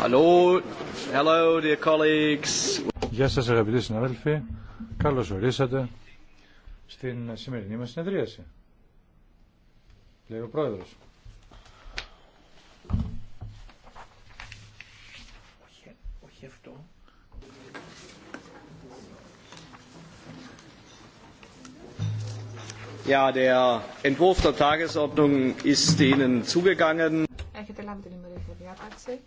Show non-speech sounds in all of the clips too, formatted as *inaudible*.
Hello, hello dear colleagues. Γεια σας αγαπητοί συναδέλφοι, καλώς ορίσατε στην σημερινή μας συνεδρίαση. Λέει ο Πρόεδρος. Όχι, όχι αυτό. der Entwurf der Tagesordnung ist Ihnen zugegangen. Έχετε λάβει την ημερήσια διάταξη.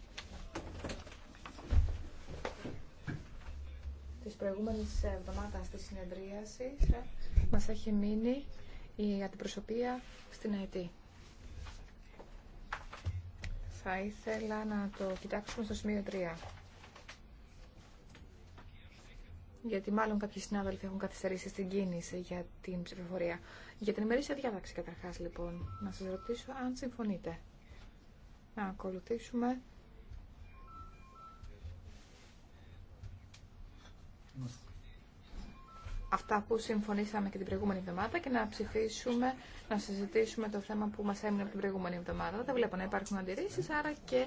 Τη προηγούμενη εβδομάδα τη συνεδρίασης μας έχει μείνει η αντιπροσωπεία στην ΑΕΤ. Θα ήθελα να το κοιτάξουμε στο σημείο 3. Γιατί μάλλον κάποιοι συνάδελφοι έχουν καθυστερήσει στην κίνηση για την ψηφοφορία. Για την ημερήσια διάταξη καταρχάς λοιπόν, να σας ρωτήσω αν συμφωνείτε. Να ακολουθήσουμε αυτά που συμφωνήσαμε και την προηγούμενη εβδομάδα και να ψηφίσουμε, να συζητήσουμε το θέμα που μας έμεινε από την προηγούμενη εβδομάδα. Δεν βλέπω να υπάρχουν αντιρρήσεις, άρα και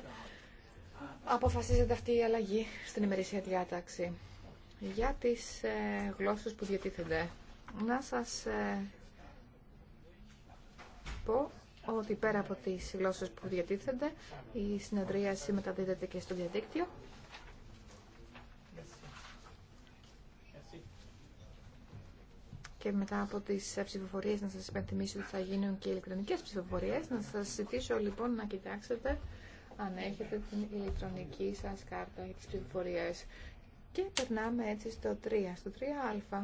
αποφασίζεται αυτή η αλλαγή στην ημερήσια διάταξη. Για τις ε, γλώσσες που διατίθενται, να σας ε, πω ότι πέρα από τις γλώσσες που διατίθενται, η συνεδρία μεταδίδεται και στο διαδίκτυο. Και μετά από τις ψηφοφορίες να σας υπενθυμίσω ότι θα γίνουν και ηλεκτρονικές ψηφοφορίες. Να σας ζητήσω λοιπόν να κοιτάξετε αν έχετε την ηλεκτρονική σας κάρτα για τις ψηφοφορίες. Και περνάμε έτσι στο 3, στο 3α.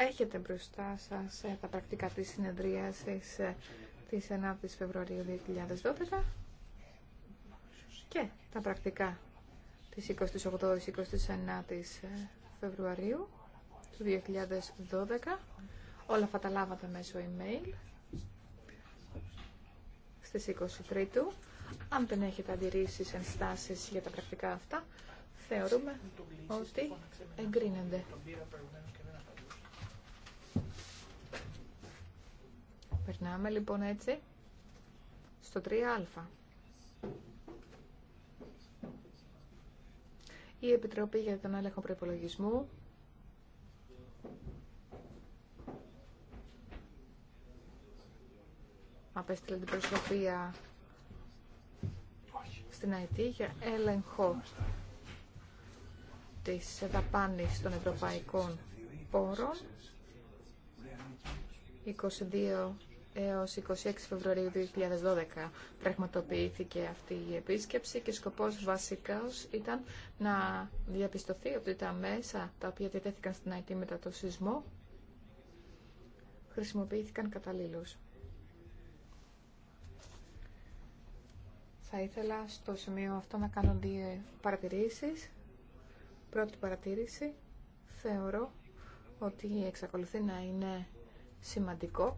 Έχετε μπροστά σας ε, τα πρακτικά της συνεδρίασης ε, της 9ης Φεβρουαρίου 2012 και τα πρακτικά της 28ης-29ης Φεβρουαρίου του 2012. Όλα αυτά τα λάβατε μέσω email στις 23 του. Αν δεν έχετε αντιρρήσεις, ενστάσεις για τα πρακτικά αυτά, θεωρούμε ότι εγκρίνεται. Περνάμε λοιπόν έτσι στο 3α. Η Επιτροπή για τον Έλεγχο Προπολογισμού απέστειλε την προσωπία στην ΑΕΤ για έλεγχο της δαπάνης των ευρωπαϊκών πόρων 22 έως 26 Φεβρουαρίου 2012 πραγματοποιήθηκε αυτή η επίσκεψη και σκοπός βασικά ήταν να διαπιστωθεί ότι τα μέσα τα οποία διατέθηκαν στην ΑΕΤ μετά το σεισμό χρησιμοποιήθηκαν καταλήλως. Θα ήθελα στο σημείο αυτό να κάνω δύο παρατηρήσεις. Πρώτη παρατήρηση, θεωρώ ότι εξακολουθεί να είναι σημαντικό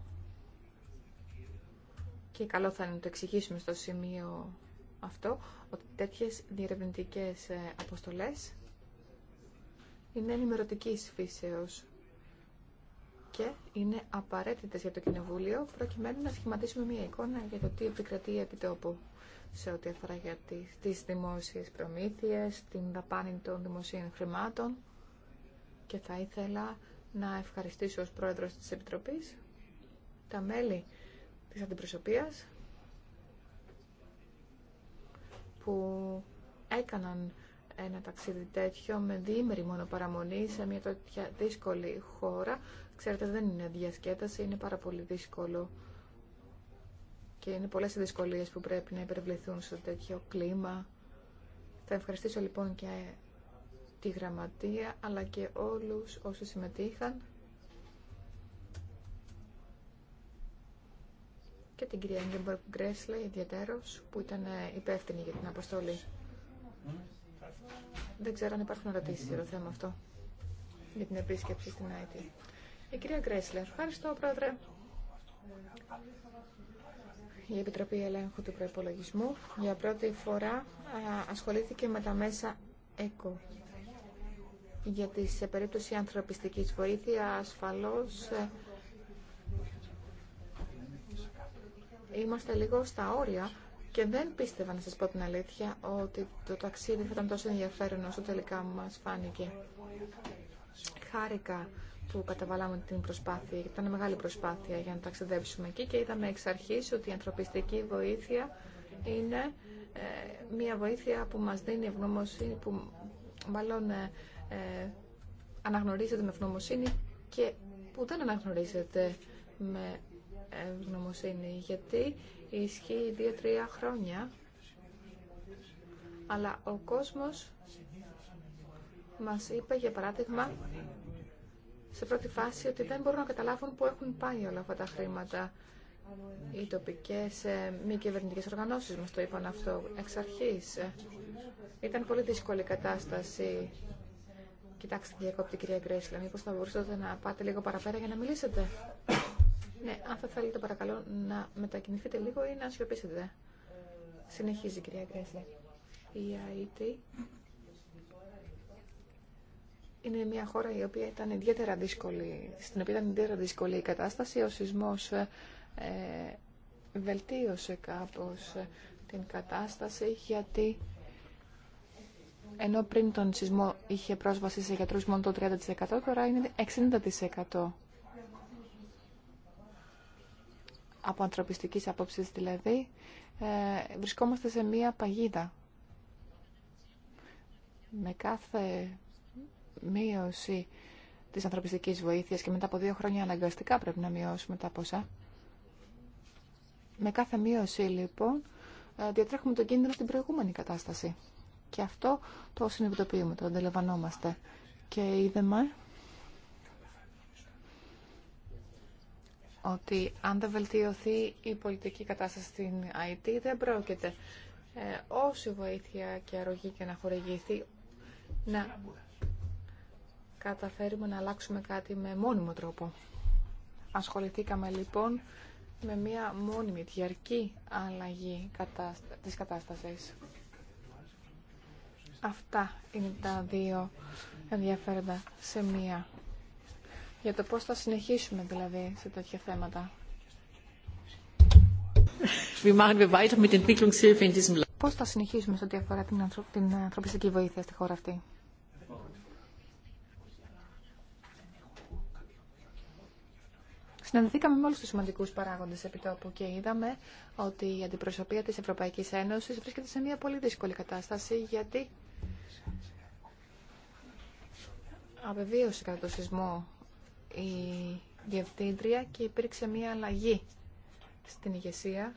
και καλό θα είναι να το εξηγήσουμε στο σημείο αυτό, ότι τέτοιες διερευνητικές ε, αποστολές είναι ενημερωτική φύσεως και είναι απαραίτητες για το Κοινοβούλιο προκειμένου να σχηματίσουμε μια εικόνα για το τι επικρατεί επί τόπου σε ό,τι αφορά για τις, τις δημόσιες προμήθειες, την δαπάνη των δημοσίων χρημάτων και θα ήθελα να ευχαριστήσω ως πρόεδρος της Επιτροπής τα μέλη της αντιπροσωπείας που έκαναν ένα ταξίδι τέτοιο με διήμερη μόνο παραμονή σε μια τέτοια δύσκολη χώρα. Ξέρετε δεν είναι διασκέταση, είναι πάρα πολύ δύσκολο και είναι πολλές οι δυσκολίες που πρέπει να υπερβληθούν σε τέτοιο κλίμα. Θα ευχαριστήσω λοιπόν και τη γραμματεία αλλά και όλους όσοι συμμετείχαν. και την κυρία Γκέμπορ Γκρέσλε, ιδιαίτερος, που ήταν ε, υπεύθυνη για την αποστολή. Δεν ξέρω αν υπάρχουν ερωτήσει για το θέμα αυτό, για την επίσκεψη στην ΑΕΤ. Η κυρία Γκρέσλε, ευχαριστώ, πρόεδρε. Η Επιτροπή Ελέγχου του Προπολογισμού για πρώτη φορά ασχολήθηκε με τα μέσα ΕΚΟ. Γιατί σε περίπτωση ανθρωπιστικής βοήθεια ασφαλώς ε, είμαστε λίγο στα όρια και δεν πίστευα να σας πω την αλήθεια ότι το ταξίδι θα ήταν τόσο ενδιαφέρον όσο τελικά μας φάνηκε. Χάρηκα που καταβάλαμε την προσπάθεια, ήταν μεγάλη προσπάθεια για να ταξιδέψουμε εκεί και είδαμε εξ αρχής ότι η ανθρωπιστική βοήθεια είναι ε, μια βοήθεια που μας δίνει ευγνωμοσύνη, που μάλλον ε, ε αναγνωρίζεται με ευγνωμοσύνη και που δεν αναγνωρίζεται με ευγνωμοσύνη, γιατί ισχύει δύο-τρία χρόνια, αλλά ο κόσμος μας είπε, για παράδειγμα, σε πρώτη φάση ότι δεν μπορούν να καταλάβουν πού έχουν πάει όλα αυτά τα χρήματα. Οι τοπικές ε, μη κυβερνητικέ οργανώσεις μας το είπαν αυτό εξ αρχής. Ήταν πολύ δύσκολη η κατάσταση. Κοιτάξτε, διακόπτη κυρία Γκρέσλα, μήπως θα μπορούσατε να πάτε λίγο παραπέρα για να μιλήσετε. Ναι, αν θα θέλετε παρακαλώ να μετακινηθείτε λίγο ή να σιωπήσετε. Συνεχίζει η κυρία Γκρέσλε. Η ΑΕΤ είναι μια χώρα η οποία ήταν ιδιαίτερα δύσκολη, στην οποία ήταν ιδιαίτερα δύσκολη η κατάσταση. Ο σεισμός ε, βελτίωσε κάπως ε, την κατάσταση γιατί ενώ πριν τον σεισμό είχε πρόσβαση σε γιατρούς μόνο το 30% τώρα είναι 60% από ανθρωπιστικής απόψης δηλαδή, ε, βρισκόμαστε σε μία παγίδα. Με κάθε μείωση της ανθρωπιστικής βοήθειας και μετά από δύο χρόνια αναγκαστικά πρέπει να μειώσουμε τα ποσά. Με κάθε μείωση λοιπόν ε, διατρέχουμε τον κίνδυνο στην προηγούμενη κατάσταση. Και αυτό το συνειδητοποιούμε, το αντιλαμβανόμαστε. Και είδαμε ότι αν δεν βελτιωθεί η πολιτική κατάσταση στην IT δεν πρόκειται ε, όση βοήθεια και αρρωγή και να χορηγηθεί να καταφέρουμε να αλλάξουμε κάτι με μόνιμο τρόπο. Ασχοληθήκαμε λοιπόν με μία μόνιμη διαρκή αλλαγή της κατάστασης. Αυτά είναι τα δύο ενδιαφέροντα σε μία για το πώς θα συνεχίσουμε δηλαδή σε τέτοια θέματα. Πώς θα συνεχίσουμε σε ό,τι αφορά την, ανθρω... την ανθρωπιστική βοήθεια στη χώρα αυτή. Συναντηθήκαμε με όλου του σημαντικού παράγοντε επιτόπου και είδαμε ότι η αντιπροσωπεία τη Ευρωπαϊκή Ένωση βρίσκεται σε μια πολύ δύσκολη κατάσταση γιατί απεβίωσε κατά το σεισμό η διευθύντρια και υπήρξε μία αλλαγή στην ηγεσία.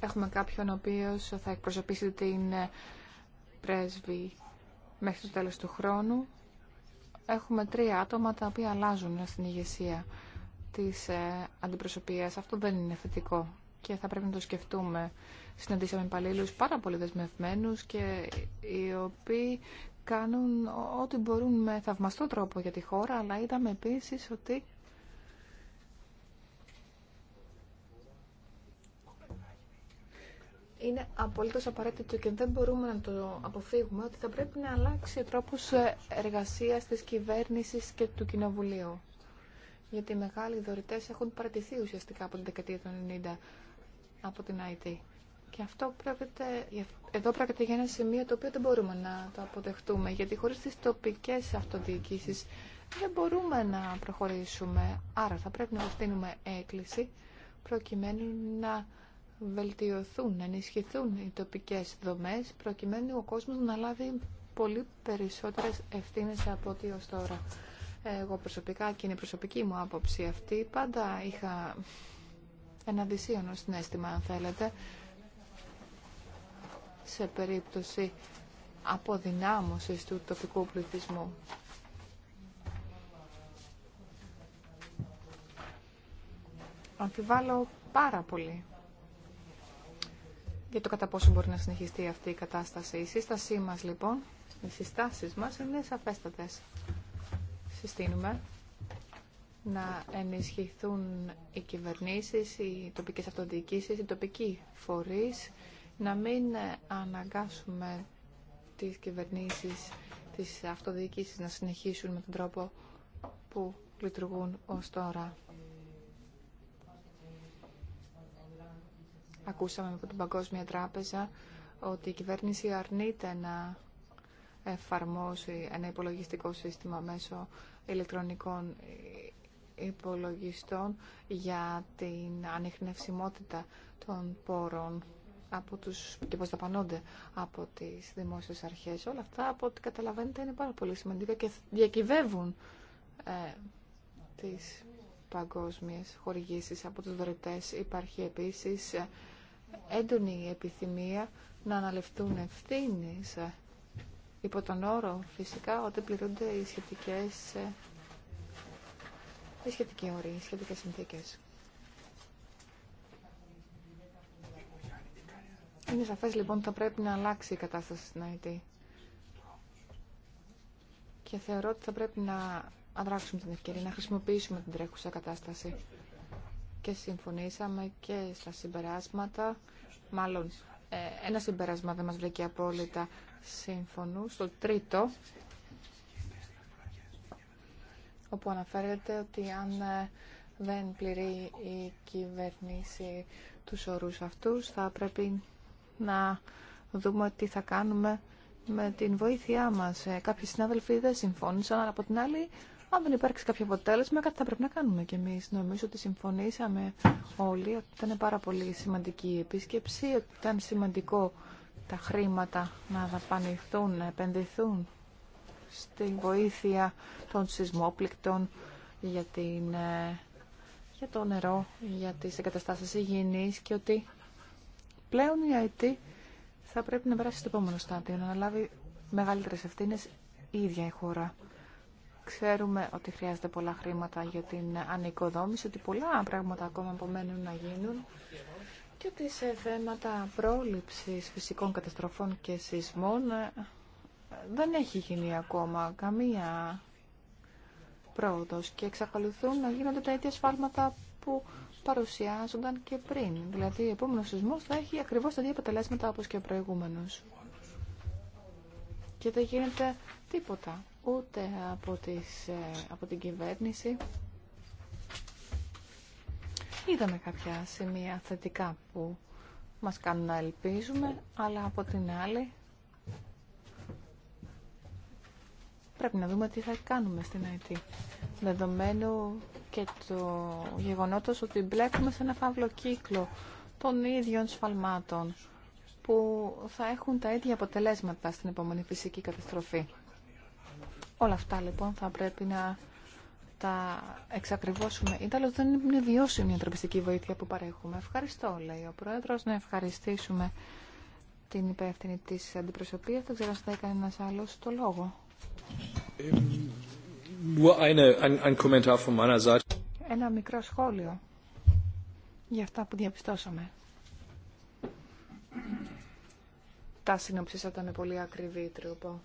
Έχουμε κάποιον ο οποίος θα εκπροσωπήσει την ε, πρέσβη μέχρι το τέλος του χρόνου. Έχουμε τρία άτομα τα οποία αλλάζουν στην ηγεσία της ε, αντιπροσωπείας. Αυτό δεν είναι θετικό και θα πρέπει να το σκεφτούμε. Συναντήσαμε υπαλλήλου πάρα πολύ δεσμευμένου και οι οποίοι κάνουν ό,τι μπορούν με θαυμαστό τρόπο για τη χώρα, αλλά είδαμε επίσης ότι είναι απολύτως απαραίτητο και δεν μπορούμε να το αποφύγουμε ότι θα πρέπει να αλλάξει ο τρόπος ε, εργασίας της κυβέρνησης και του Κοινοβουλίου. Γιατί οι μεγάλοι δωρητές έχουν παρατηθεί ουσιαστικά από την δεκαετία των 90 από την IT. Και αυτό πρόκειται, εδώ πρόκειται για ένα σημείο το οποίο δεν μπορούμε να το αποδεχτούμε, γιατί χωρίς τις τοπικές αυτοδιοικήσεις δεν μπορούμε να προχωρήσουμε. Άρα θα πρέπει να απευθύνουμε έκκληση προκειμένου να βελτιωθούν, να ενισχυθούν οι τοπικές δομές, προκειμένου ο κόσμος να λάβει πολύ περισσότερες ευθύνες από ό,τι ως τώρα. Εγώ προσωπικά και είναι η προσωπική μου άποψη αυτή, πάντα είχα ένα δυσίωνο συνέστημα αν θέλετε σε περίπτωση αποδυνάμωσης του τοπικού πληθυσμού. Αμφιβάλλω πάρα πολύ για το κατά πόσο μπορεί να συνεχιστεί αυτή η κατάσταση. Η σύστασή μας λοιπόν, οι συστάσεις μας είναι σαφέστατες. Συστήνουμε να ενισχυθούν οι κυβερνήσεις, οι τοπικές αυτοδιοίκησεις, οι τοπικοί φορείς, να μην αναγκάσουμε τις κυβερνήσεις της αυτοδιοίκησης να συνεχίσουν με τον τρόπο που λειτουργούν ως τώρα. Ακούσαμε από την Παγκόσμια Τράπεζα ότι η κυβέρνηση αρνείται να εφαρμόσει ένα υπολογιστικό σύστημα μέσω ηλεκτρονικών υπολογιστών για την ανιχνευσιμότητα των πόρων από τους, και πώς δαπανώνται από τις δημόσιες αρχές. Όλα αυτά, από ό,τι καταλαβαίνετε, είναι πάρα πολύ σημαντικά και διακυβεύουν ε, τις παγκόσμιες χορηγήσεις από τους δωρητές. Υπάρχει επίσης ε, έντονη επιθυμία να αναλευτούν ευθύνε ε, υπό τον όρο φυσικά ότι πληρούνται οι σχετικές ε, οι σχετικοί οι σχετικές συνθήκες. Είναι σαφές λοιπόν ότι θα πρέπει να αλλάξει η κατάσταση στην ΑΕΤ. Και θεωρώ ότι θα πρέπει να αδράξουμε την ευκαιρία, να χρησιμοποιήσουμε την τρέχουσα κατάσταση. Και συμφωνήσαμε και στα συμπεράσματα, μάλλον ε, ένα συμπέρασμα δεν μας βρήκε απόλυτα σύμφωνο, στο τρίτο, όπου αναφέρεται ότι αν ε, δεν πληρεί η κυβέρνηση τους όρους αυτούς, θα πρέπει να δούμε τι θα κάνουμε με την βοήθειά μας. Ε, κάποιοι συνάδελφοι δεν συμφώνησαν, αλλά από την άλλη, αν δεν υπάρξει κάποιο αποτέλεσμα, κάτι θα πρέπει να κάνουμε κι εμείς. Νομίζω ότι συμφωνήσαμε όλοι ότι ήταν πάρα πολύ σημαντική η επίσκεψη, ότι ήταν σημαντικό τα χρήματα να δαπανηθούν, να επενδυθούν στην βοήθεια των σεισμόπληκτων για, ε, το νερό, για τις εγκαταστάσεις υγιεινής και ότι Πλέον η IT θα πρέπει να περάσει στο επόμενο στάδιο, να αναλάβει μεγαλύτερες ευθύνες η ίδια η χώρα. Ξέρουμε ότι χρειάζεται πολλά χρήματα για την ανοικοδόμηση, ότι πολλά πράγματα ακόμα απομένουν να γίνουν και ότι σε θέματα πρόληψης φυσικών καταστροφών και σεισμών ε, δεν έχει γίνει ακόμα καμία πρόοδος και εξακολουθούν να γίνονται τα ίδια σφάλματα που παρουσιάζονταν και πριν. Δηλαδή, ο επόμενο σεισμό θα έχει ακριβώ τα ίδια αποτελέσματα όπω και ο προηγούμενο. Και δεν γίνεται τίποτα ούτε από, τις, ε, από την κυβέρνηση. Είδαμε κάποια σημεία θετικά που μας κάνουν να ελπίζουμε, αλλά από την άλλη πρέπει να δούμε τι θα κάνουμε στην ΑΕΤ. Δεδομένου και το γεγονότος ότι μπλέκουμε σε ένα φαύλο κύκλο των ίδιων σφαλμάτων που θα έχουν τα ίδια αποτελέσματα στην επόμενη φυσική καταστροφή. Όλα αυτά λοιπόν θα πρέπει να τα εξακριβώσουμε. Ήταλος δεν είναι βιώσιμη η ανθρωπιστική βοήθεια που παρέχουμε. Ευχαριστώ, λέει ο Πρόεδρος, να ευχαριστήσουμε την υπεύθυνη της αντιπροσωπείας. Δεν ξέρω αν θα έκανε ένας άλλος το λόγο. Nur eine, ein, ein Ένα μικρό σχόλιο για αυτά που διαπιστώσαμε. Τα συνοψίσατε ήταν πολύ ακριβή τρόπο.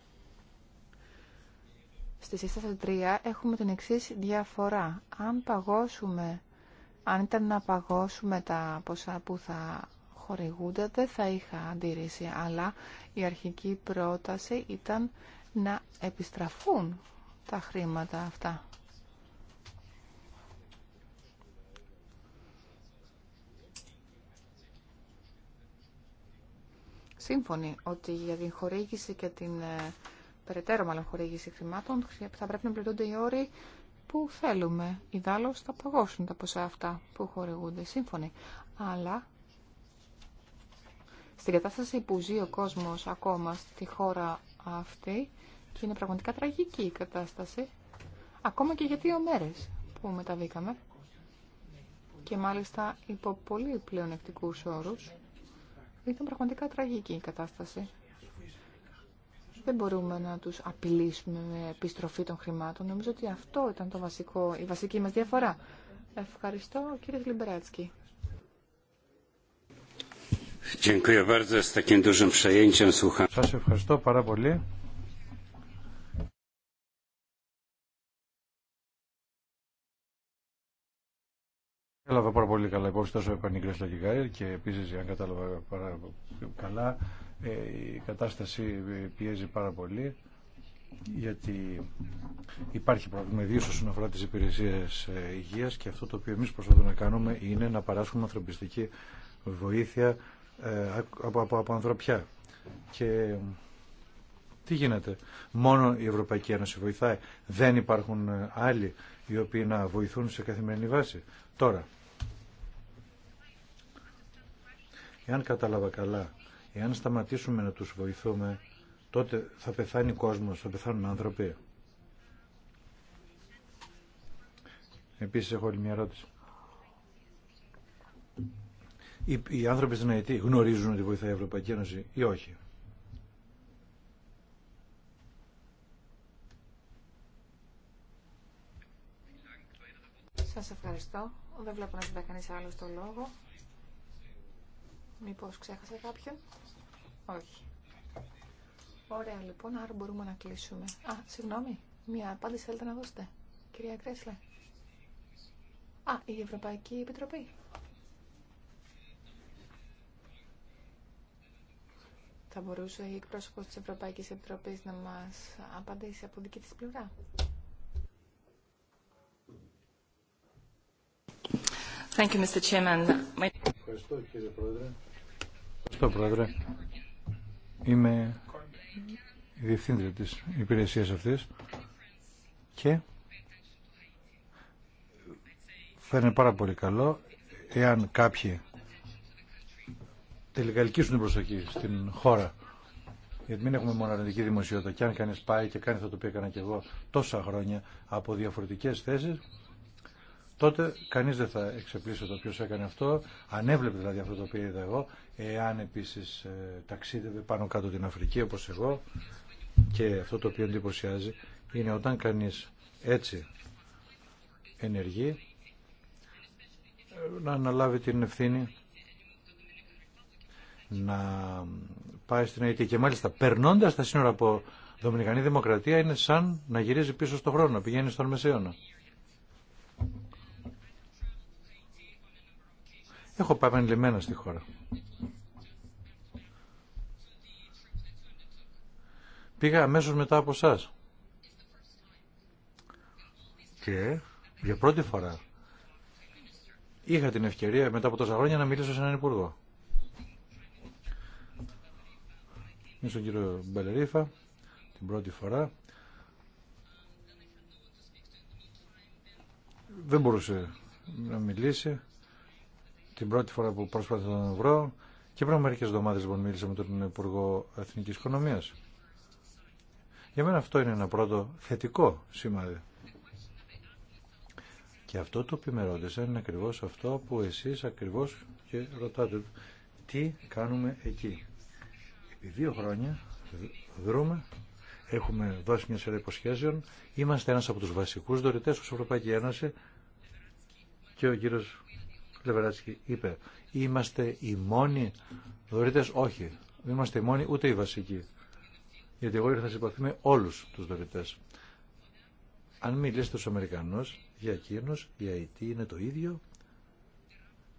Στη σύσταση 3 έχουμε την εξή διαφορά. Αν παγώσουμε, αν ήταν να παγώσουμε τα ποσά που θα χορηγούνται, δεν θα είχα αντίρρηση. Αλλά η αρχική πρόταση ήταν να επιστραφούν τα χρήματα αυτά. Σύμφωνοι ότι για την χορήγηση και την ε, περαιτέρω μάλλον χορήγηση χρημάτων θα πρέπει να πληρούνται οι όροι που θέλουμε. Ιδάλλως θα παγώσουν τα ποσά αυτά που χορηγούνται. Σύμφωνοι. Αλλά στην κατάσταση που ζει ο κόσμος ακόμα στη χώρα αυτή και είναι πραγματικά τραγική η κατάσταση, ακόμα και για δύο μέρε που μεταβήκαμε. Και μάλιστα υπό πολύ πλεονεκτικού όρου, Ήταν πραγματικά τραγική η κατάσταση. Δεν μπορούμε να τους απειλήσουμε με επιστροφή των χρημάτων. Νομίζω ότι αυτό ήταν το βασικό, η βασική μας διαφορά. Ευχαριστώ, κύριε Λιμπεράτσκι. Σα ευχαριστώ πάρα πολύ. Κατάλαβα πάρα πολύ καλά υπόψη τόσο επανήκρες λογικά και επίσης αν κατάλαβα πάρα καλά ε, η κατάσταση πιέζει πάρα πολύ γιατί υπάρχει πρόβλημα ιδίως όσον αφορά τις υπηρεσίες ε, υγείας και αυτό το οποίο εμείς προσπαθούμε να κάνουμε είναι να παράσχουμε ανθρωπιστική βοήθεια ε, από, από, από ανθρωπιά. Και τι γίνεται, μόνο η Ευρωπαϊκή Ένωση βοηθάει, δεν υπάρχουν άλλοι οι οποίοι να βοηθούν σε καθημερινή βάση. Τώρα, Εάν κατάλαβα καλά, εάν σταματήσουμε να τους βοηθούμε, τότε θα πεθάνει ο κόσμος, θα πεθάνουν άνθρωποι. Επίσης έχω άλλη μια ερώτηση. Οι, οι άνθρωποι στην ΑΕΤ γνωρίζουν ότι βοηθάει η Ευρωπαϊκή Ένωση ή όχι. Σας ευχαριστώ. Δεν βλέπω να ζητά κανείς άλλο το λόγο. Μήπως ξέχασα κάποιον. Όχι. Ωραία λοιπόν, άρα μπορούμε να κλείσουμε. Α, συγγνώμη, μια απάντηση θέλετε να δώσετε. Κυρία Κρέσλε. Α, η Ευρωπαϊκή Επιτροπή. Θα μπορούσε η εκπρόσωπος της Ευρωπαϊκής Επιτροπής να μας απαντήσει από δική της πλευρά. Ευχαριστώ, κύριε Πρόεδρε. Ευχαριστώ, Πρόεδρε. Είμαι η διευθύντρια της υπηρεσίας αυτής και φαίνεται πάρα πολύ καλό εάν κάποιοι τελικά ελκύσουν την προσοχή στην χώρα. Γιατί μην έχουμε μόνο αρνητική δημοσιότητα. Και αν κανεί πάει και κάνει αυτό το οποίο έκανα και εγώ τόσα χρόνια από διαφορετικές θέσεις τότε κανείς δεν θα εξεπλήσει το ποιο έκανε αυτό. Αν δηλαδή αυτό το οποίο είδα εγώ, Εάν επίσης ε, ταξίδευε πάνω κάτω την Αφρική όπως εγώ και αυτό το οποίο εντυπωσιάζει είναι όταν κανείς έτσι ενεργεί ε, να αναλάβει την ευθύνη να πάει στην Αιτία και μάλιστα περνώντας τα σύνορα από Δομινικανή Δημοκρατία είναι σαν να γυρίζει πίσω στον χρόνο, να πηγαίνει στον Μεσαίωνα. Έχω πάει στη χώρα. Πήγα αμέσως μετά από εσά. Και για πρώτη φορά είχα την ευκαιρία μετά από τόσα χρόνια να μιλήσω σε έναν υπουργό. Είμαι στον κύριο Μπελερίφα την πρώτη φορά. Δεν μπορούσε να μιλήσει την πρώτη φορά που προσπάθησα να τον βρω και πριν μερικές εβδομάδες λοιπόν μίλησα με τον Υπουργό Εθνικής Οικονομίας. Για μένα αυτό είναι ένα πρώτο θετικό σημάδι. Και αυτό το οποίο με ρώτησαν είναι ακριβώς αυτό που εσείς ακριβώς και ρωτάτε. Τι κάνουμε εκεί. Επί δύο χρόνια δρούμε, έχουμε δώσει μια σειρά υποσχέσεων, είμαστε ένας από τους βασικούς δωρητές της Ευρωπαϊκή Ένωση και ο κύριος Λεβεράτσκι είπε είμαστε οι μόνοι δωρητές, όχι, είμαστε οι μόνοι ούτε οι βασικοί γιατί εγώ ήρθα σε επαφή με όλους τους δωρητές. Αν μιλήσετε στους Αμερικανούς, για εκείνους η Αιτή είναι το ίδιο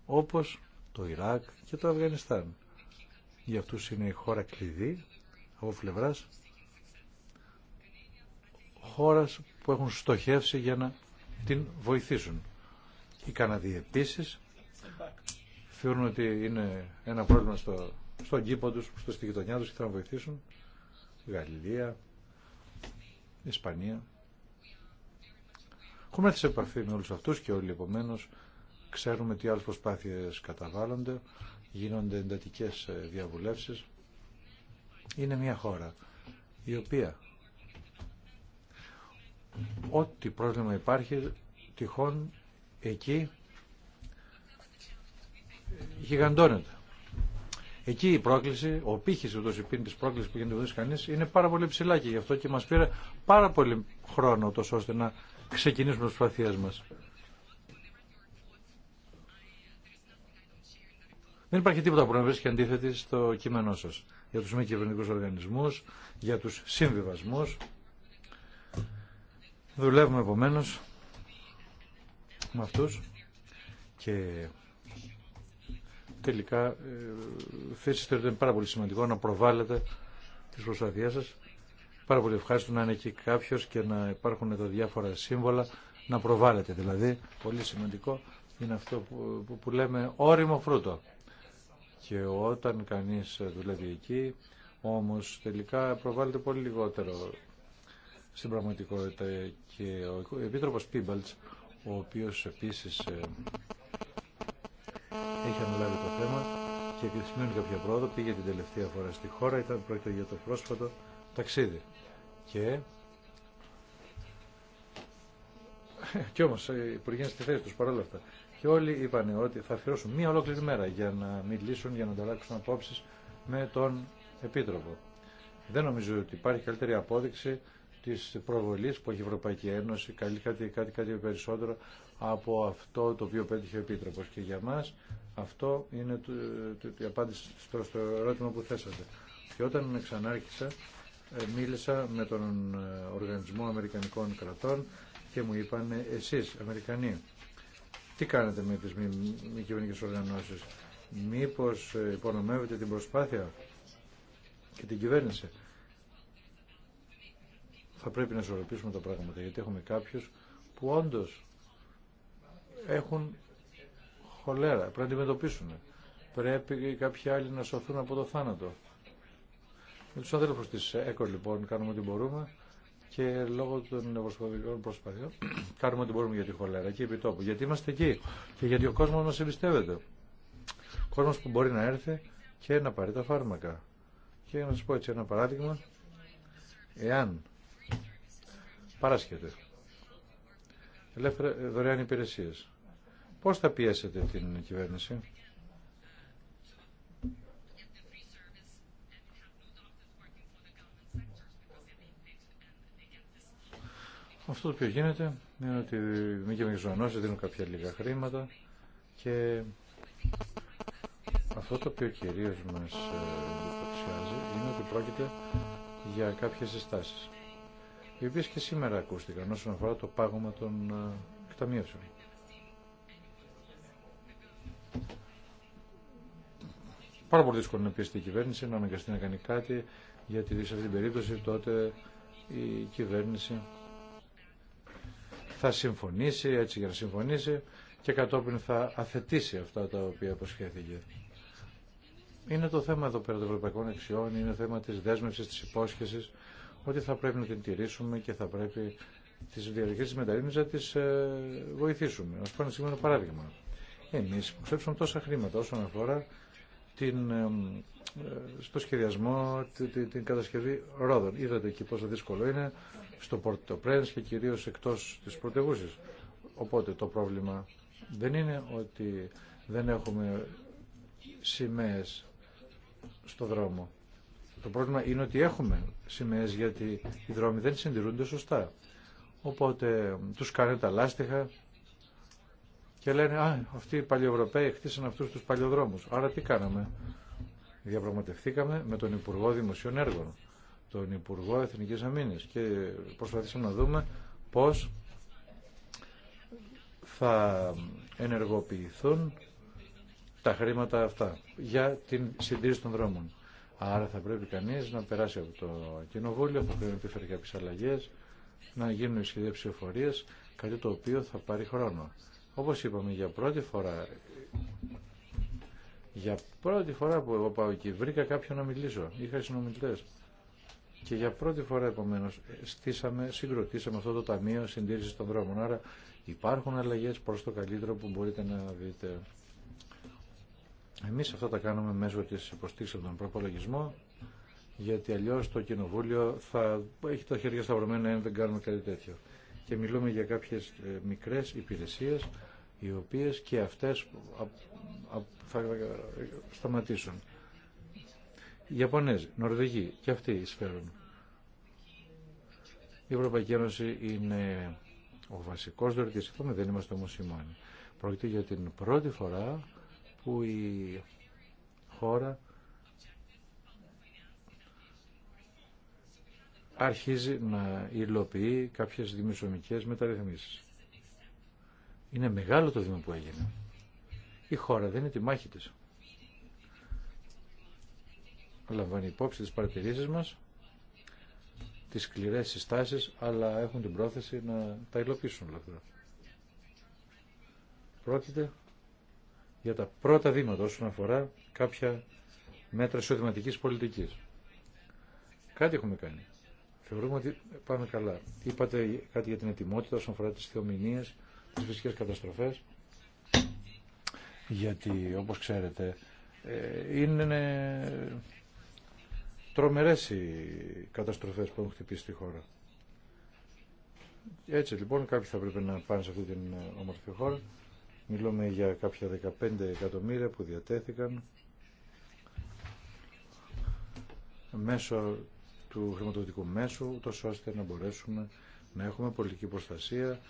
όπως το Ιράκ και το Αφγανιστάν. Για αυτούς είναι η χώρα κλειδί από πλευράς χώρας που έχουν στοχεύσει για να την βοηθήσουν. Οι Καναδοί επίσης θεωρούν ότι είναι ένα πρόβλημα στο, στον κήπο τους, στο στη γειτονιά τους και θέλουν βοηθήσουν. Γαλλία, Ισπανία. Έχουμε έρθει σε επαφή με όλους αυτούς και όλοι επομένω ξέρουμε τι άλλες προσπάθειες καταβάλλονται, γίνονται εντατικές ε, διαβουλεύσεις. Είναι μια χώρα η οποία ό,τι πρόβλημα υπάρχει τυχόν εκεί γιγαντώνεται. Εκεί η πρόκληση, ο πύχη ούτω η πίνη τη πρόκληση που γίνεται ουδή κανεί είναι πάρα πολύ ψηλά και γι' αυτό και μα πήρε πάρα πολύ χρόνο τόσο ώστε να ξεκινήσουμε τι προσπαθίε μα. Δεν υπάρχει τίποτα που να βρίσκει αντίθετη στο κείμενό σα για του μη κυβερνητικού οργανισμού, για του συμβιβασμού. Δουλεύουμε επομένω με αυτού και τελικά ε, θέσει είναι πάρα πολύ σημαντικό να προβάλλετε τις προσπαθίες σας. Πάρα πολύ ευχάριστο να είναι εκεί κάποιο και να υπάρχουν εδώ διάφορα σύμβολα να προβάλλετε. Δηλαδή, πολύ σημαντικό είναι αυτό που, που λέμε όριμο φρούτο. Και όταν κανείς δουλεύει εκεί, όμως τελικά προβάλλεται πολύ λιγότερο στην πραγματικότητα. Και ο Επίτροπος Πίμπαλτς, ο οποίος επίσης ε, έχει αναλάβει και σημαίνει κάποια πρόοδο, πήγε την τελευταία φορά στη χώρα, ήταν πρόκειτο για το πρόσφατο ταξίδι. Και... *laughs* Κι όμως, οι υπουργοί στη θέση τους παρόλα αυτά. Και όλοι είπαν ότι θα αφιερώσουν μία ολόκληρη μέρα για να μιλήσουν, για να ανταλλάξουν απόψεις με τον Επίτροπο. Δεν νομίζω ότι υπάρχει καλύτερη απόδειξη Τη προβολή που έχει η Ευρωπαϊκή Ένωση, καλή κάτι, κάτι, κάτι περισσότερο από αυτό το οποίο πέτυχε ο Επίτροπο. Και για μα αυτό είναι η απάντηση στο, στο ερώτημα που θέσατε. Και όταν ξανάρχισα, ε, μίλησα με τον ε, Οργανισμό Αμερικανικών Κρατών και μου είπαν ε, εσείς, Αμερικανοί, τι κάνετε με τις μη, μη κυβερνικές οργανώσεις, μήπως υπονομεύετε την προσπάθεια και την κυβέρνηση θα πρέπει να ισορροπήσουμε τα πράγματα γιατί έχουμε κάποιους που όντω έχουν χολέρα, πρέπει να αντιμετωπίσουν. Πρέπει κάποιοι άλλοι να σωθούν από το θάνατο. Με τους αδέλφους της ΕΚΟ λοιπόν κάνουμε ό,τι μπορούμε και λόγω των νευροσπαθικών προσπαθειών *clears throat* κάνουμε ό,τι μπορούμε για τη χολέρα και επί τόπου. Γιατί είμαστε εκεί και γιατί ο κόσμος μας εμπιστεύεται. Ο κόσμος που μπορεί να έρθει και να πάρει τα φάρμακα. Και να σα πω έτσι ένα παράδειγμα, εάν παράσχεται. Ελεύθερα ε, δωρεάν υπηρεσίες. Πώς θα πιέσετε την κυβέρνηση. Αυτό το οποίο γίνεται είναι ότι μη και μεγιστονώσει δίνουν κάποια λίγα χρήματα και αυτό το οποίο κυρίως μας ε, εντυπωσιάζει είναι ότι πρόκειται για κάποιες συστάσεις οι οποίες και σήμερα ακούστηκαν όσον αφορά το πάγωμα των ε, εκταμείωσεων. Πάρα πολύ δύσκολο να πει η κυβέρνηση να αναγκαστεί να κάνει κάτι, γιατί σε αυτή την περίπτωση τότε η κυβέρνηση θα συμφωνήσει, έτσι για να συμφωνήσει, και κατόπιν θα αθετήσει αυτά τα οποία αποσχέθηκε. Είναι το θέμα εδώ πέρα των ευρωπαϊκών αξιών, είναι θέμα της δέσμευσης, της υπόσχεσης ότι θα πρέπει να την τηρήσουμε και θα πρέπει τις διαδικασίες της να τις ε, βοηθήσουμε. Ας πω ένα σημείο παράδειγμα. Εμείς ξέψαμε τόσα χρήματα όσον αφορά την, ε, ε, στο σχεδιασμό, την, κατασκευή ρόδων. Είδατε εκεί πόσο δύσκολο είναι στο Πόρτο Πρένς και κυρίως εκτός της πρωτεγούσης. Οπότε το πρόβλημα δεν είναι ότι δεν έχουμε σημαίες στο δρόμο. Το πρόβλημα είναι ότι έχουμε σημαίε γιατί οι δρόμοι δεν συντηρούνται σωστά. Οπότε τους κάνουν τα λάστιχα και λένε «Α, αυτοί οι παλιοευρωπαίοι χτίσαν αυτούς τους παλιοδρόμους». Άρα τι κάναμε. Διαπραγματευθήκαμε με τον Υπουργό Δημοσίων Έργων, τον Υπουργό Εθνικής Αμήνης και προσπαθήσαμε να δούμε πώς θα ενεργοποιηθούν τα χρήματα αυτά για την συντήρηση των δρόμων. Άρα θα πρέπει κανείς να περάσει από το κοινοβούλιο, θα πρέπει να επιφέρει κάποιε αλλαγέ, να γίνουν οι σχεδία ψηφοφορίες, κάτι το οποίο θα πάρει χρόνο. Όπως είπαμε για πρώτη φορά, για πρώτη φορά που εγώ πάω εκεί βρήκα κάποιον να μιλήσω, είχα συνομιλητέ. Και για πρώτη φορά επομένω στήσαμε, συγκροτήσαμε αυτό το Ταμείο Συντήρηση των Δρόμων. Άρα υπάρχουν αλλαγέ προ το καλύτερο που μπορείτε να δείτε. Εμείς αυτά τα κάνουμε μέσω της υποστήριξης από τον προπολογισμό, γιατί αλλιώς το Κοινοβούλιο θα έχει τα χέρια σταυρωμένα αν δεν κάνουμε κάτι τέτοιο. Και μιλούμε για κάποιες ε, μικρές υπηρεσίες, οι οποίες και αυτές θα ε, σταματήσουν. Οι Ιαπωνέζοι, Νορβηγοί και αυτοί εισφέρουν. Η Ευρωπαϊκή Ένωση είναι ο βασικός δωρητής. Δεν είμαστε όμως οι μόνοι. Πρόκειται για την πρώτη φορά που η χώρα αρχίζει να υλοποιεί κάποιες δημοσιονομικές μεταρρυθμίσεις. Είναι μεγάλο το δήμα που έγινε. Η χώρα δεν είναι τη μάχη της. Λαμβάνει υπόψη τις παρατηρήσεις μας, τις σκληρές συστάσεις, αλλά έχουν την πρόθεση να τα υλοποιήσουν όλα αυτά. Πρόκειται για τα πρώτα βήματα όσον αφορά κάποια μέτρα εισοδηματικής πολιτικής. Κάτι έχουμε κάνει. Θεωρούμε ότι πάμε καλά. Είπατε κάτι για την ετοιμότητα όσον αφορά τις θεομηνίες, τις φυσικές καταστροφές. Γιατί, όπως ξέρετε, ε, είναι ε, τρομερές οι καταστροφές που έχουν χτυπήσει τη χώρα. Έτσι λοιπόν κάποιοι θα πρέπει να πάνε σε αυτή την ε, όμορφη χώρα Μιλούμε για κάποια 15 εκατομμύρια που διατέθηκαν μέσω του χρηματοδοτικού μέσου, τόσο ώστε να μπορέσουμε να έχουμε πολιτική προστασία,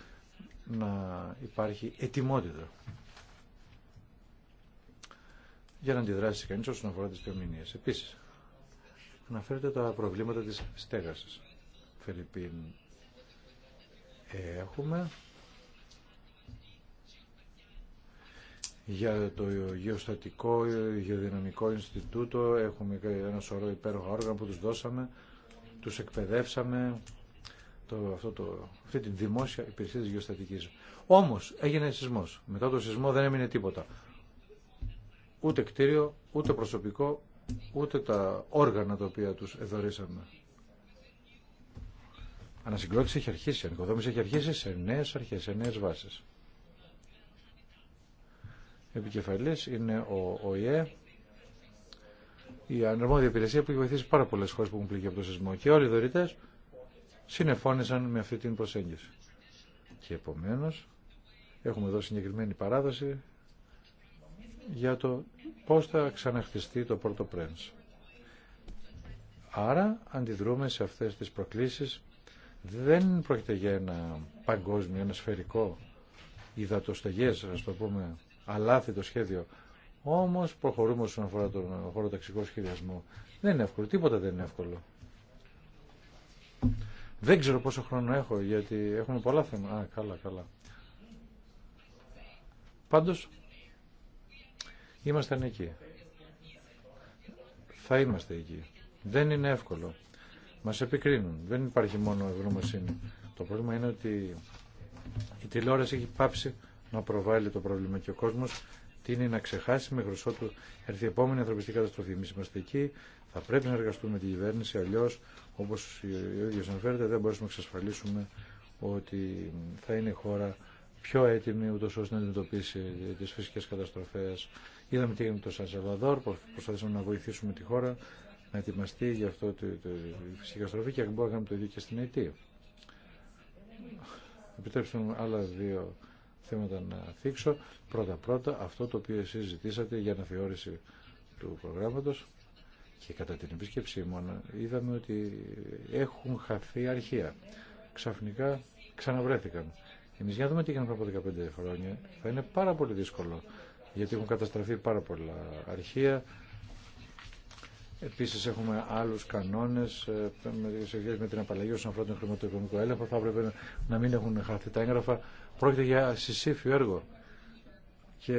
να υπάρχει ετοιμότητα για να αντιδράσει κανείς όσον αφορά τις θεομηνίες. Επίσης, αναφέρεται τα προβλήματα της στέγασης. Φερρυπίν, ε, έχουμε για το Γεωστατικό Γεωδυναμικό Ινστιτούτο. Έχουμε ένα σωρό υπέροχα όργανα που τους δώσαμε, τους εκπαιδεύσαμε, το, αυτό το, αυτή τη δημόσια υπηρεσία της γεωστατικής. Όμως έγινε σεισμός. Μετά το σεισμό δεν έμεινε τίποτα. Ούτε κτίριο, ούτε προσωπικό, ούτε τα όργανα τα οποία τους εδωρήσαμε. Ανασυγκρότηση έχει αρχίσει, ανοικοδόμηση έχει αρχίσει σε νέες αρχές, σε νέες βάσεις επικεφαλής είναι ο ΟΗΕ, η ανερμόδια υπηρεσία που έχει βοηθήσει πάρα πολλές χώρες που έχουν πληγεί από το σεισμό και όλοι οι δωρητές συνεφώνησαν με αυτή την προσέγγιση. Και επομένως έχουμε εδώ συγκεκριμένη παράδοση για το πώς θα ξαναχτιστεί το πρώτο Πρένς. Άρα αντιδρούμε σε αυτές τις προκλήσεις. Δεν πρόκειται για ένα παγκόσμιο, ένα σφαιρικό υδατοστεγές, ας το πούμε, αλάθη το σχέδιο. Όμως προχωρούμε όσον αφορά τον χώρο ταξικό σχεδιασμό. Δεν είναι εύκολο, τίποτα δεν είναι εύκολο. Δεν ξέρω πόσο χρόνο έχω γιατί έχουμε πολλά θέματα. Α, καλά, καλά. Πάντως, ήμασταν εκεί. Θα είμαστε εκεί. Δεν είναι εύκολο. Μας επικρίνουν. Δεν υπάρχει μόνο ευγνωμοσύνη. Το πρόβλημα είναι ότι η τηλεόραση έχει πάψει να προβάλλει το πρόβλημα και ο κόσμο, τι είναι να ξεχάσει μέχρι ότου έρθει η επόμενη ανθρωπιστική καταστροφή. Εμεί είμαστε εκεί, θα πρέπει να εργαστούμε με την κυβέρνηση, αλλιώ όπω ο ίδιο αναφέρεται δεν μπορούμε να εξασφαλίσουμε ότι θα είναι η χώρα πιο έτοιμη ούτω ώστε να αντιμετωπίσει τι φυσικέ καταστροφέ. Είδαμε τι έγινε με το Σαν Σαλβαδόρ, προσπαθήσαμε να βοηθήσουμε τη χώρα να ετοιμαστεί για αυτό τη φυσική καταστροφή και μπορούμε να κάνουμε το ίδιο και στην Αιτία. Επιτρέψτε μου άλλα δύο θέματα να θίξω. Πρώτα-πρώτα αυτό το οποίο εσείς ζητήσατε για αναθεώρηση του προγράμματος και κατά την επίσκεψή μου είδαμε ότι έχουν χαθεί αρχεία. Ξαφνικά ξαναβρέθηκαν. Εμείς για να δούμε τι πριν από 15 χρόνια θα είναι πάρα πολύ δύσκολο γιατί έχουν καταστραφεί πάρα πολλά αρχεία. Επίσης έχουμε άλλους κανόνες ε, με την απαλλαγή όσον αφορά τον χρηματοοικονομικό έλεγχο. Θα έπρεπε να μην έχουν χαθεί τα έγγραφα Πρόκειται για συσήφιο έργο και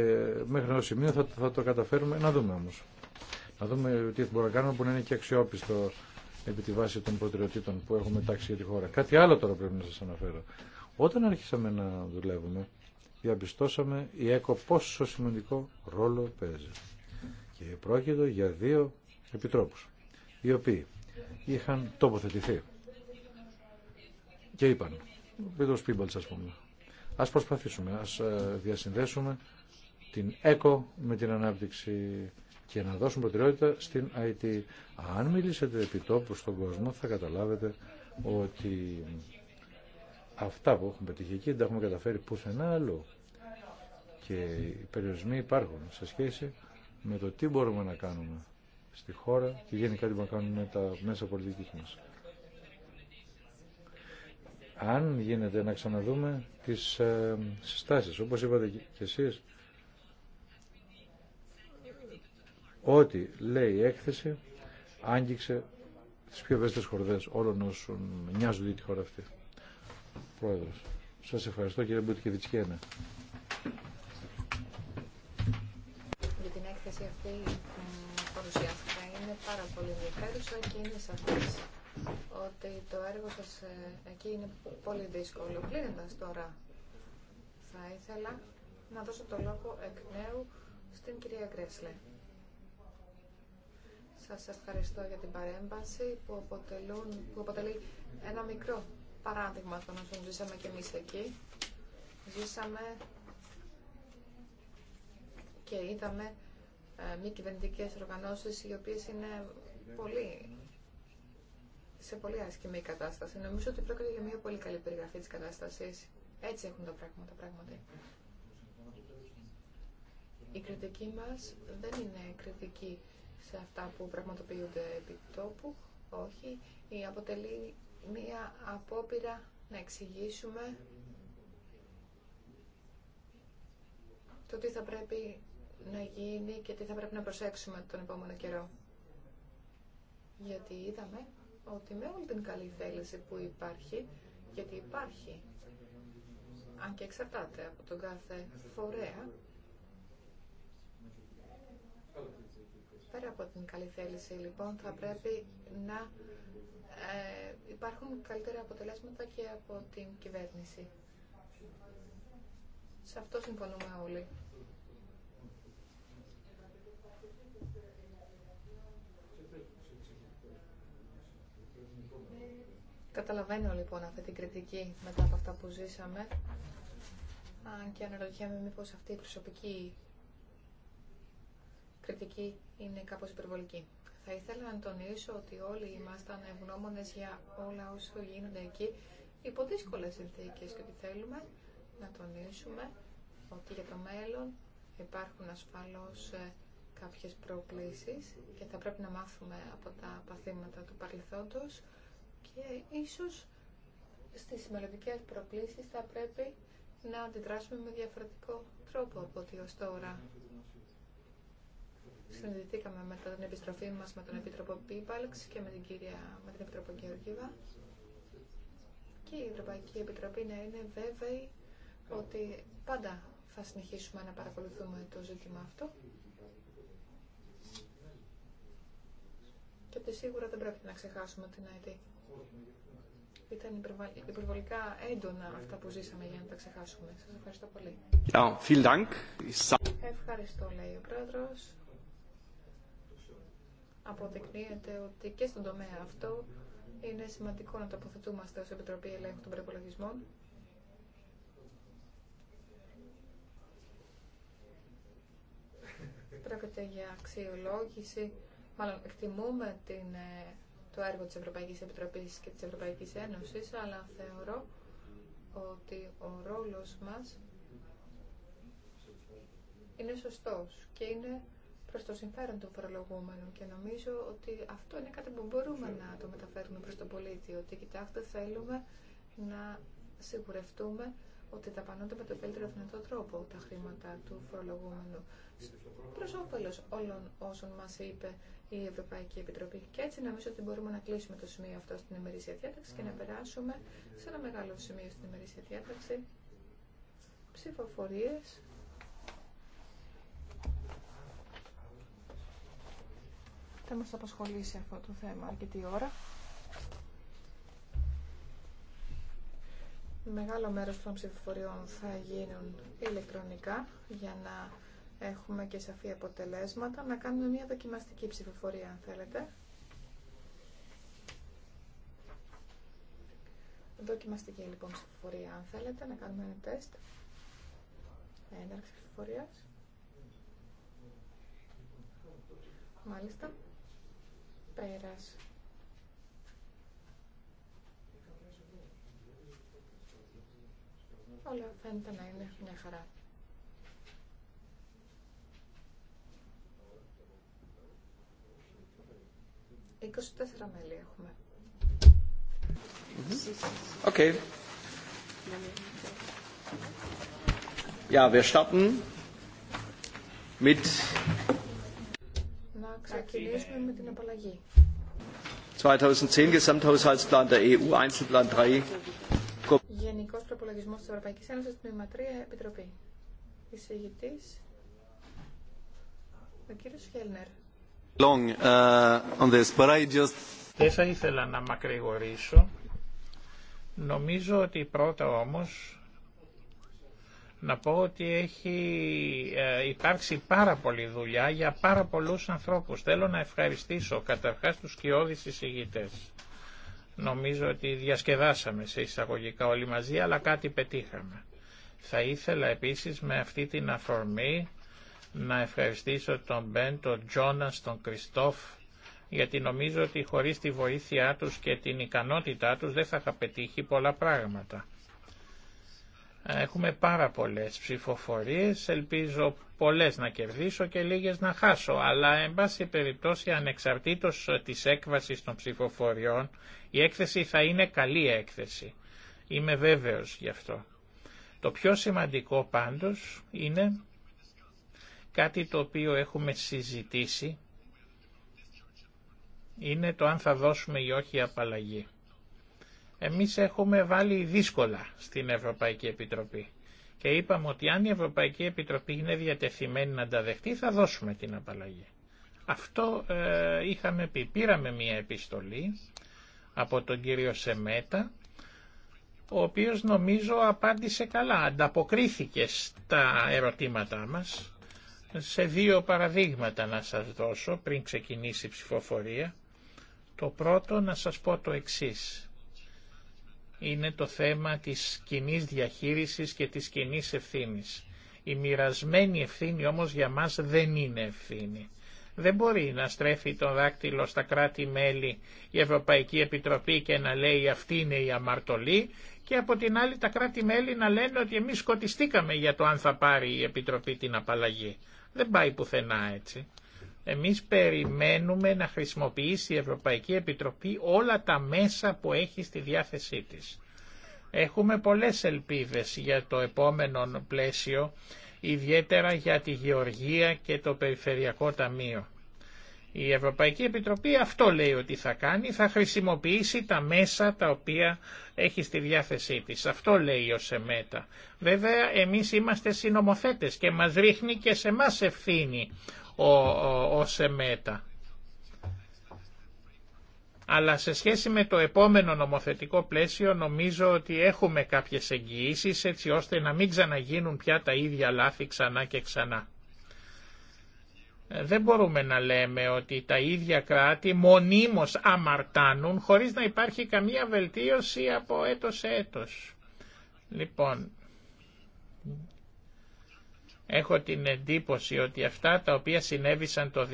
μέχρι ένα σημείο θα, θα το καταφέρουμε να δούμε όμως. Να δούμε τι μπορούμε να κάνουμε που να είναι και αξιόπιστο επί τη βάση των προτεραιοτήτων που έχουμε τάξει για τη χώρα. Κάτι άλλο τώρα πρέπει να σας αναφέρω. Όταν άρχισαμε να δουλεύουμε, διαπιστώσαμε η ΕΚΟ πόσο σημαντικό ρόλο παίζει. Και πρόκειται για δύο επιτρόπους, οι οποίοι είχαν τοποθετηθεί και είπαν, ο Πίτρος α πούμε, Ας προσπαθήσουμε, ας ε, διασυνδέσουμε την ΕΚΟ με την ανάπτυξη και να δώσουμε προτεραιότητα στην IT. Αν μιλήσετε επί τόπου στον κόσμο θα καταλάβετε ότι αυτά που έχουμε πετύχει δεν τα έχουμε καταφέρει πουθενά Και οι περιορισμοί υπάρχουν σε σχέση με το τι μπορούμε να κάνουμε στη χώρα και γενικά τι μπορούμε να κάνουμε με τα μέσα πολιτική μας αν γίνεται να ξαναδούμε τις ε, συστάσεις, όπως είπατε και εσείς, ότι λέει η έκθεση άγγιξε τις πιο ευαίσθητες χορδές όλων όσων νοιάζουν τη χώρα αυτή. Πρόεδρος, σας ευχαριστώ κύριε Μπουτικεβιτσκένα. Για την έκθεση αυτή η ε, παρουσιάστηκα είναι πάρα πολύ ενδιαφέρουσα και είναι σαφής ότι το έργο σας ε, εκεί είναι πολύ δύσκολο. Κλείνοντας τώρα, θα ήθελα να δώσω το λόγο εκ νέου στην κυρία Γκρέσλε. Σας ευχαριστώ για την παρέμβαση που, αποτελούν, που αποτελεί ένα μικρό παράδειγμα των όσων ζήσαμε και εμείς εκεί. Ζήσαμε και είδαμε ε, μη κυβερνητικέ οργανώσεις οι οποίες είναι πολύ σε πολύ άσχημη κατάσταση. Νομίζω ότι πρόκειται για μια πολύ καλή περιγραφή της κατάστασης. Έτσι έχουν τα πράγματα πράγματι. Η κριτική μας δεν είναι κριτική σε αυτά που πραγματοποιούνται επί τόπου, όχι. Η αποτελεί μια απόπειρα να εξηγήσουμε το τι θα πρέπει να γίνει και τι θα πρέπει να προσέξουμε τον επόμενο καιρό. Γιατί είδαμε ότι με όλη την καλή θέληση που υπάρχει, γιατί υπάρχει, αν και εξαρτάται από τον κάθε φορέα, πέρα από την καλή θέληση λοιπόν θα πρέπει να ε, υπάρχουν καλύτερα αποτελέσματα και από την κυβέρνηση. Σε αυτό συμφωνούμε όλοι. Καταλαβαίνω λοιπόν αυτή την κριτική μετά από αυτά που ζήσαμε. Αν και αναρωτιέμαι μήπως αυτή η προσωπική κριτική είναι κάπως υπερβολική. Θα ήθελα να τονίσω ότι όλοι ήμασταν ευγνώμονε για όλα όσα γίνονται εκεί υπό δύσκολε συνθήκε και ότι θέλουμε να τονίσουμε ότι για το μέλλον υπάρχουν ασφαλώς ε, κάποιες προκλήσεις και θα πρέπει να μάθουμε από τα παθήματα του παρελθόντος και ίσως στις μελλοντικέ προκλήσεις θα πρέπει να αντιδράσουμε με διαφορετικό τρόπο από ό,τι ως τώρα. Συνδεθήκαμε με την επιστροφή μας με τον Επίτροπο Πίπαλξ και με την, κυρία, με την Επίτροπο Γεωργίβα και η Ευρωπαϊκή Επιτροπή να είναι βέβαιη ότι πάντα θα συνεχίσουμε να παρακολουθούμε το ζήτημα αυτό και ότι σίγουρα δεν πρέπει να ξεχάσουμε την ΑΕΤΗ. Ήταν υπερβολικά έντονα αυτά που ζήσαμε για να τα ξεχάσουμε. Σας ευχαριστώ πολύ. Ευχαριστώ, λέει ο πρόεδρο. Αποδεικνύεται ότι και στον τομέα αυτό είναι σημαντικό να τοποθετούμαστε ως Επιτροπή Ελέγχου των Προπολογισμών. Πρόκειται για αξιολόγηση. Μάλλον εκτιμούμε την ε, το έργο της Ευρωπαϊκής Επιτροπής και της Ευρωπαϊκής Ένωσης, αλλά θεωρώ ότι ο ρόλος μας είναι σωστός και είναι προς το συμφέρον των φορολογούμενων και νομίζω ότι αυτό είναι κάτι που μπορούμε να το μεταφέρουμε προς τον πολίτη, ότι κοιτάξτε θέλουμε να σιγουρευτούμε ότι δαπανώνται με τον καλύτερο δυνατό τρόπο τα χρήματα του φορολογούμενου προ όφελο όλων όσων μα είπε η Ευρωπαϊκή Επιτροπή. Και έτσι νομίζω ότι μπορούμε να κλείσουμε το σημείο αυτό στην ημερήσια διάταξη και να περάσουμε σε ένα μεγάλο σημείο στην ημερήσια διάταξη. Ψηφοφορίε. Θα μα απασχολήσει αυτό το θέμα αρκετή ώρα. Μεγάλο μέρος των ψηφοφοριών θα γίνουν ηλεκτρονικά για να έχουμε και σαφή αποτελέσματα. Να κάνουμε μια δοκιμαστική ψηφοφορία αν θέλετε. Δοκιμαστική λοιπόν ψηφοφορία αν θέλετε. Να κάνουμε ένα τεστ. Έναρξη ψηφοφορίας. Μάλιστα. Πέρας. αλλά φαίνεται να είναι μια χαρά. μέλη έχουμε. Okay. Ja, wir starten mit. Να ξεκινήσουμε με την απαλλαγή. 2010 Gesamthaushaltsplan der EU, Einzelplan 3. Γενικό Προπολογισμό τη Ευρωπαϊκή Ένωση, τμήμα 3, Επιτροπή. Εισηγητή, ο κύριο Χέλνερ. Long, uh, on this, but I Δεν θα ήθελα να μακρηγορήσω. Νομίζω ότι πρώτα όμως να πω ότι έχει ε, υπάρξει πάρα πολλή δουλειά για πάρα πολλούς ανθρώπους. Θέλω να ευχαριστήσω καταρχάς τους κοιόδης εισηγητές Νομίζω ότι διασκεδάσαμε σε εισαγωγικά όλοι μαζί, αλλά κάτι πετύχαμε. Θα ήθελα επίσης με αυτή την αφορμή να ευχαριστήσω τον Μπεν, τον Τζόνας, τον Κριστόφ, γιατί νομίζω ότι χωρίς τη βοήθειά τους και την ικανότητά τους δεν θα είχα πετύχει πολλά πράγματα. Έχουμε πάρα πολλές ψηφοφορίες, ελπίζω πολλές να κερδίσω και λίγες να χάσω, αλλά εν πάση περιπτώσει ανεξαρτήτως της έκβασης των ψηφοφοριών, η έκθεση θα είναι καλή έκθεση. Είμαι βέβαιος γι' αυτό. Το πιο σημαντικό πάντως είναι κάτι το οποίο έχουμε συζητήσει, είναι το αν θα δώσουμε ή όχι απαλλαγή. Εμείς έχουμε βάλει δύσκολα στην Ευρωπαϊκή Επιτροπή και είπαμε ότι αν η Ευρωπαϊκή Επιτροπή είναι διατεθειμένη να τα δεχτεί θα δώσουμε την απαλλαγή. Αυτό ε, είχαμε πει. Πήραμε μία επιστολή από τον κύριο Σεμέτα ο οποίος νομίζω απάντησε καλά, ανταποκρίθηκε στα ερωτήματά μας. Σε δύο παραδείγματα να σας δώσω πριν ξεκινήσει η ψηφοφορία. Το πρώτο να σας πω το εξής είναι το θέμα της κοινή διαχείρισης και της κοινή ευθύνη. Η μοιρασμένη ευθύνη όμως για μας δεν είναι ευθύνη. Δεν μπορεί να στρέφει το δάκτυλο στα κράτη-μέλη η Ευρωπαϊκή Επιτροπή και να λέει αυτή είναι η αμαρτωλή και από την άλλη τα κράτη-μέλη να λένε ότι εμείς σκοτιστήκαμε για το αν θα πάρει η Επιτροπή την απαλλαγή. Δεν πάει πουθενά έτσι. Εμείς περιμένουμε να χρησιμοποιήσει η Ευρωπαϊκή Επιτροπή όλα τα μέσα που έχει στη διάθεσή της. Έχουμε πολλές ελπίδες για το επόμενο πλαίσιο, ιδιαίτερα για τη Γεωργία και το Περιφερειακό Ταμείο. Η Ευρωπαϊκή Επιτροπή αυτό λέει ότι θα κάνει, θα χρησιμοποιήσει τα μέσα τα οποία έχει στη διάθεσή της. Αυτό λέει ο ΣΕΜΕΤΑ. Βέβαια εμείς είμαστε συνομοθέτες και μας ρίχνει και σε μας ευθύνη ο ΕΜΕΤΑ. Αλλά σε σχέση με το επόμενο νομοθετικό πλαίσιο νομίζω ότι έχουμε κάποιες εγγυήσεις έτσι ώστε να μην ξαναγίνουν πια τα ίδια λάθη ξανά και ξανά. Ε, δεν μπορούμε να λέμε ότι τα ίδια κράτη μονίμως αμαρτάνουν χωρίς να υπάρχει καμία βελτίωση από έτος σε έτος. Λοιπόν, Έχω την εντύπωση ότι αυτά τα οποία συνέβησαν το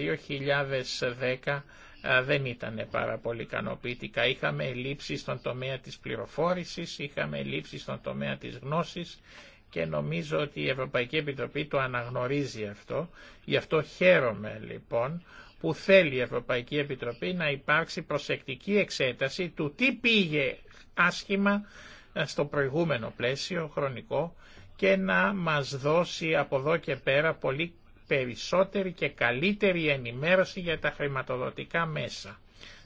2010 δεν ήταν πάρα πολύ ικανοποιητικά. Είχαμε ελλείψεις στον τομέα της πληροφόρησης, είχαμε ελλείψεις στον τομέα της γνώσης και νομίζω ότι η Ευρωπαϊκή Επιτροπή το αναγνωρίζει αυτό. Γι' αυτό χαίρομαι λοιπόν που θέλει η Ευρωπαϊκή Επιτροπή να υπάρξει προσεκτική εξέταση του τι πήγε άσχημα στο προηγούμενο πλαίσιο χρονικό και να μας δώσει από εδώ και πέρα πολύ περισσότερη και καλύτερη ενημέρωση για τα χρηματοδοτικά μέσα.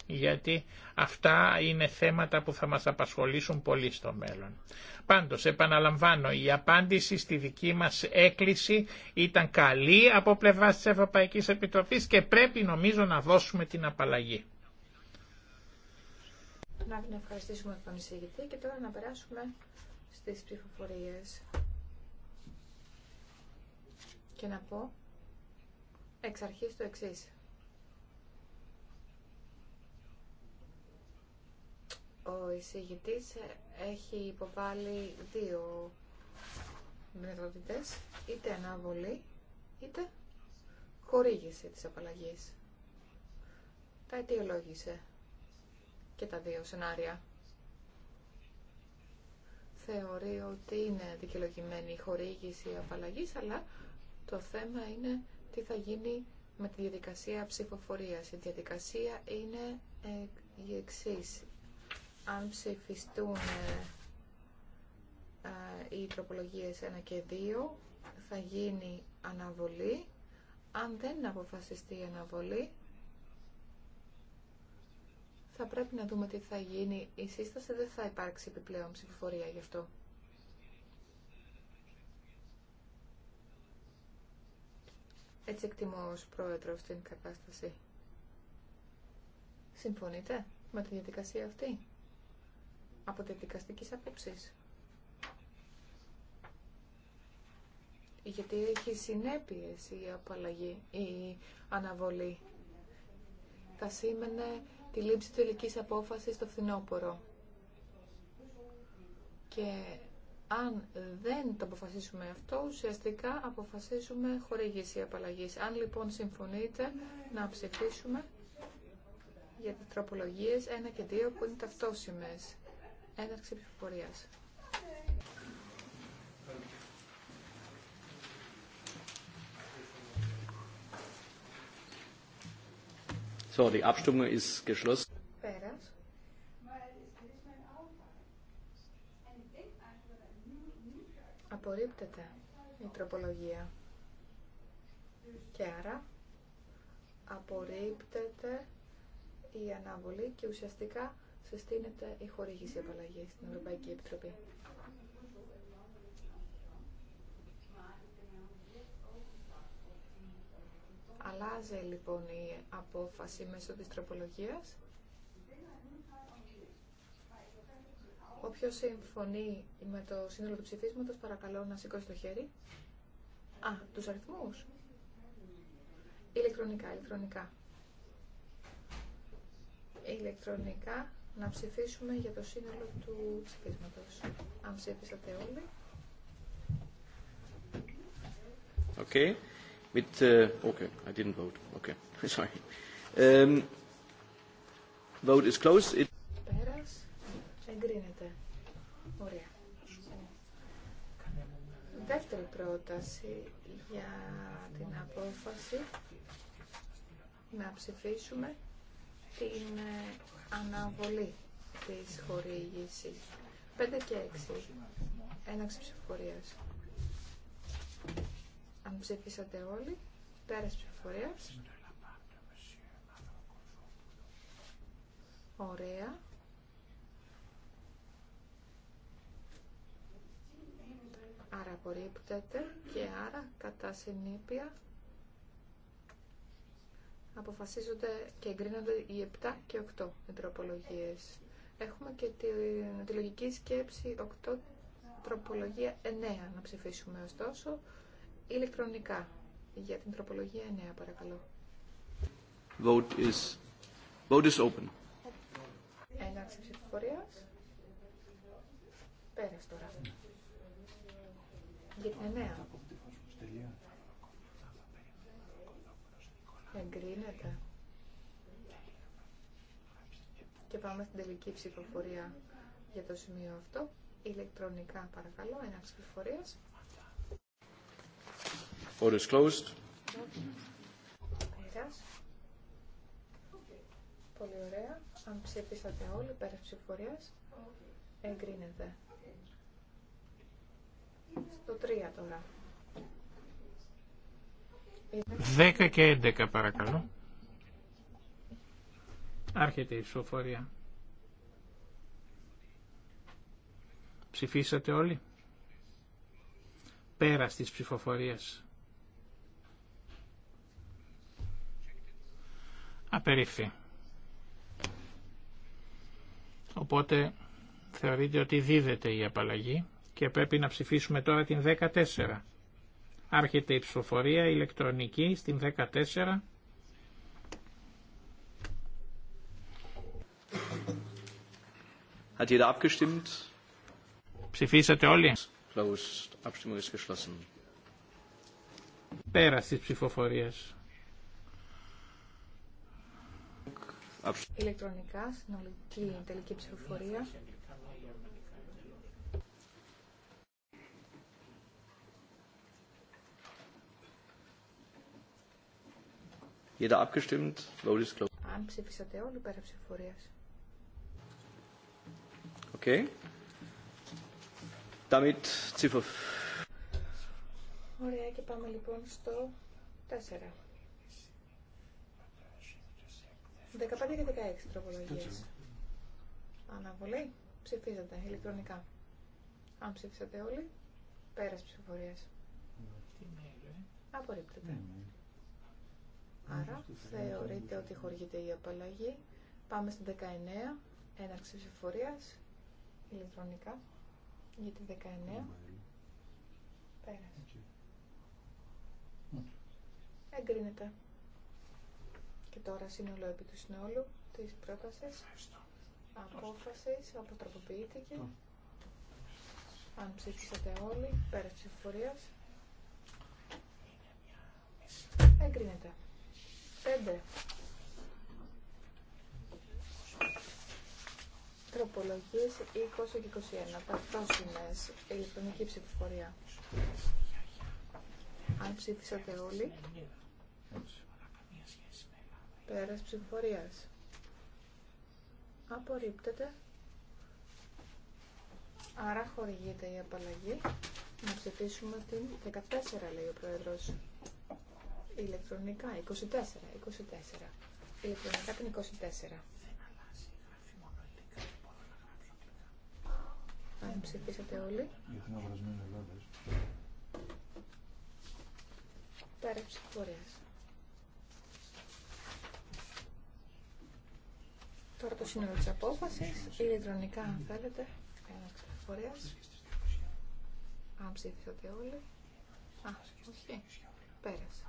Γιατί αυτά είναι θέματα που θα μας απασχολήσουν πολύ στο μέλλον. Πάντως, επαναλαμβάνω, η απάντηση στη δική μας έκκληση ήταν καλή από πλευρά της Ευρωπαϊκής Επιτροπής και πρέπει νομίζω να δώσουμε την απαλλαγή. Να ευχαριστήσουμε τον εισηγητή και τώρα να περάσουμε στις ψηφοφορίες και να πω εξ αρχής το εξής. Ο εισηγητής έχει υποβάλει δύο δυνατότητες, είτε αναβολή, είτε χορήγηση της απαλλαγής. Τα αιτιολόγησε και τα δύο σενάρια. Θεωρεί ότι είναι δικαιολογημένη η χορήγηση απαλλαγής, αλλά το θέμα είναι τι θα γίνει με τη διαδικασία ψηφοφορίας. Η διαδικασία είναι ε, η εξή. Αν ψηφιστούν ε, οι τροπολογίες 1 και 2, θα γίνει αναβολή. Αν δεν αποφασιστεί η αναβολή, θα πρέπει να δούμε τι θα γίνει. Η σύσταση δεν θα υπάρξει επιπλέον ψηφοφορία γι' αυτό. Έτσι εκτιμώ ως πρόεδρο την κατάσταση. Συμφωνείτε με τη διαδικασία αυτή από τη δικαστική απόψη. Γιατί έχει συνέπειες η απαλλαγή, η αναβολή. Θα σήμαινε τη λήψη του ηλικής απόφασης στο φθινόπωρο. Και αν ε, δεν το αποφασίσουμε αυτό, ουσιαστικά αποφασίσουμε η απαλλαγή. Αν λοιπόν συμφωνείτε να ψηφίσουμε για τις τροπολογίες 1 και 2 που είναι ταυτόσιμες. Έναρξη ψηφοφορίας. So, die Abstimmung ist geschlossen. απορρίπτεται η τροπολογία. Και άρα απορρίπτεται η αναβολή και ουσιαστικά συστήνεται η χορήγηση απαλλαγή στην Ευρωπαϊκή Επιτροπή. Αλλάζει λοιπόν η απόφαση μέσω της τροπολογίας Όποιο συμφωνεί με το σύνολο του ψηφίσματο, παρακαλώ να σηκώσει το χέρι. Α, του αριθμού. Ηλεκτρονικά, ηλεκτρονικά. Ηλεκτρονικά να ψηφίσουμε για το σύνολο του ψηφίσματος. Αν ψήφισατε όλοι. Okay. With, uh, okay, I didn't vote. Okay, *laughs* sorry. Um, vote is closed. Ωραία. Δεύτερη πρόταση για την απόφαση να ψηφίσουμε την ε, αναβολή της χορήγησης 5 και 6 έναξη ψηφοφορίας αν ψηφίσατε όλοι πέρας ψηφοφορίας ωραία άρα απορρίπτεται και άρα κατά συνήπεια αποφασίζονται και εγκρίνονται οι 7 και 8 τροπολογίε. Έχουμε και τη, τη λογική σκέψη 8 τροπολογία 9 να ψηφίσουμε ωστόσο ηλεκτρονικά για την τροπολογία 9 παρακαλώ. Vote is, vote is open. Έναρξη ψηφοφορίας. Πέρας τώρα. Εγκρίνεται. Και πάμε στην τελική ψηφοφορία για το σημείο αυτό. Ηλεκτρονικά παρακαλώ, ένα ψηφοφορία. is closed. Πολύ ωραία. Αν ψήφισατε όλοι, πέρα ψηφοφορία. εγκρίνεται. Στο 3 τώρα. 10 και 11 παρακαλώ. Άρχεται η ψηφοφορία. Ψηφίσατε όλοι. Πέρα στις ψηφοφορίες Απερίφθη. Οπότε θεωρείται ότι δίδεται η απαλλαγή και πρέπει να ψηφίσουμε τώρα την 14. Άρχεται η ψηφοφορία ηλεκτρονική στην 14. Hat jeder abgestimmt? Ψηφίσατε όλοι. Klaus, Abstimmung ist geschlossen. Πέρασε τη ψηφοφορία. Ηλεκτρονικά, συνολική τελική ψηφοφορία. Jeder abgestimmt. Vote Αν ψηφίσατε όλοι πέρα ψηφορίας. Okay. Damit Ziffer. Ωραία και πάμε λοιπόν στο 4. 15 και 16 τροπολογίες. Αναβολή. Ψηφίζονται ηλεκτρονικά. Αν ψήφισατε όλοι, πέρα ψηφοφορίας. Ε? Απορρίπτεται. Ναι, Άρα θεωρείται ότι χορηγείται η απαλλαγή. Πάμε στην 19, έναρξη ψηφοφορία ηλεκτρονικά για το 19. Πέρασε. Εγκρίνεται. Και τώρα σύνολο επί του συνόλου της πρότασης απόφασης αποτροποποιήθηκε. Αν ψήφισατε όλοι, πέρα ψηφοφορίας. Εγκρίνεται. 5. Τροπολογίες 20 και 21. ηλεκτρονική ψηφοφορία. Αν ψήφισατε όλοι. Πέρας ψηφοφορίας. Απορρίπτεται. Άρα χορηγείται η απαλλαγή. Να ψηφίσουμε την 14, λέει ο Πρόεδρος. Ηλεκτρονικά 24, 24. Ηλεκτρονικά την 24. Αν ψηφίσατε όλοι. Ελλάδα. Πέρα ψηφοφορία. Τώρα το σύνολο της απόφασης, ηλεκτρονικά αν θέλετε, πέρα ψηφοφορία. Αν ψήφισατε όλοι. Α, όχι. Πέρασε.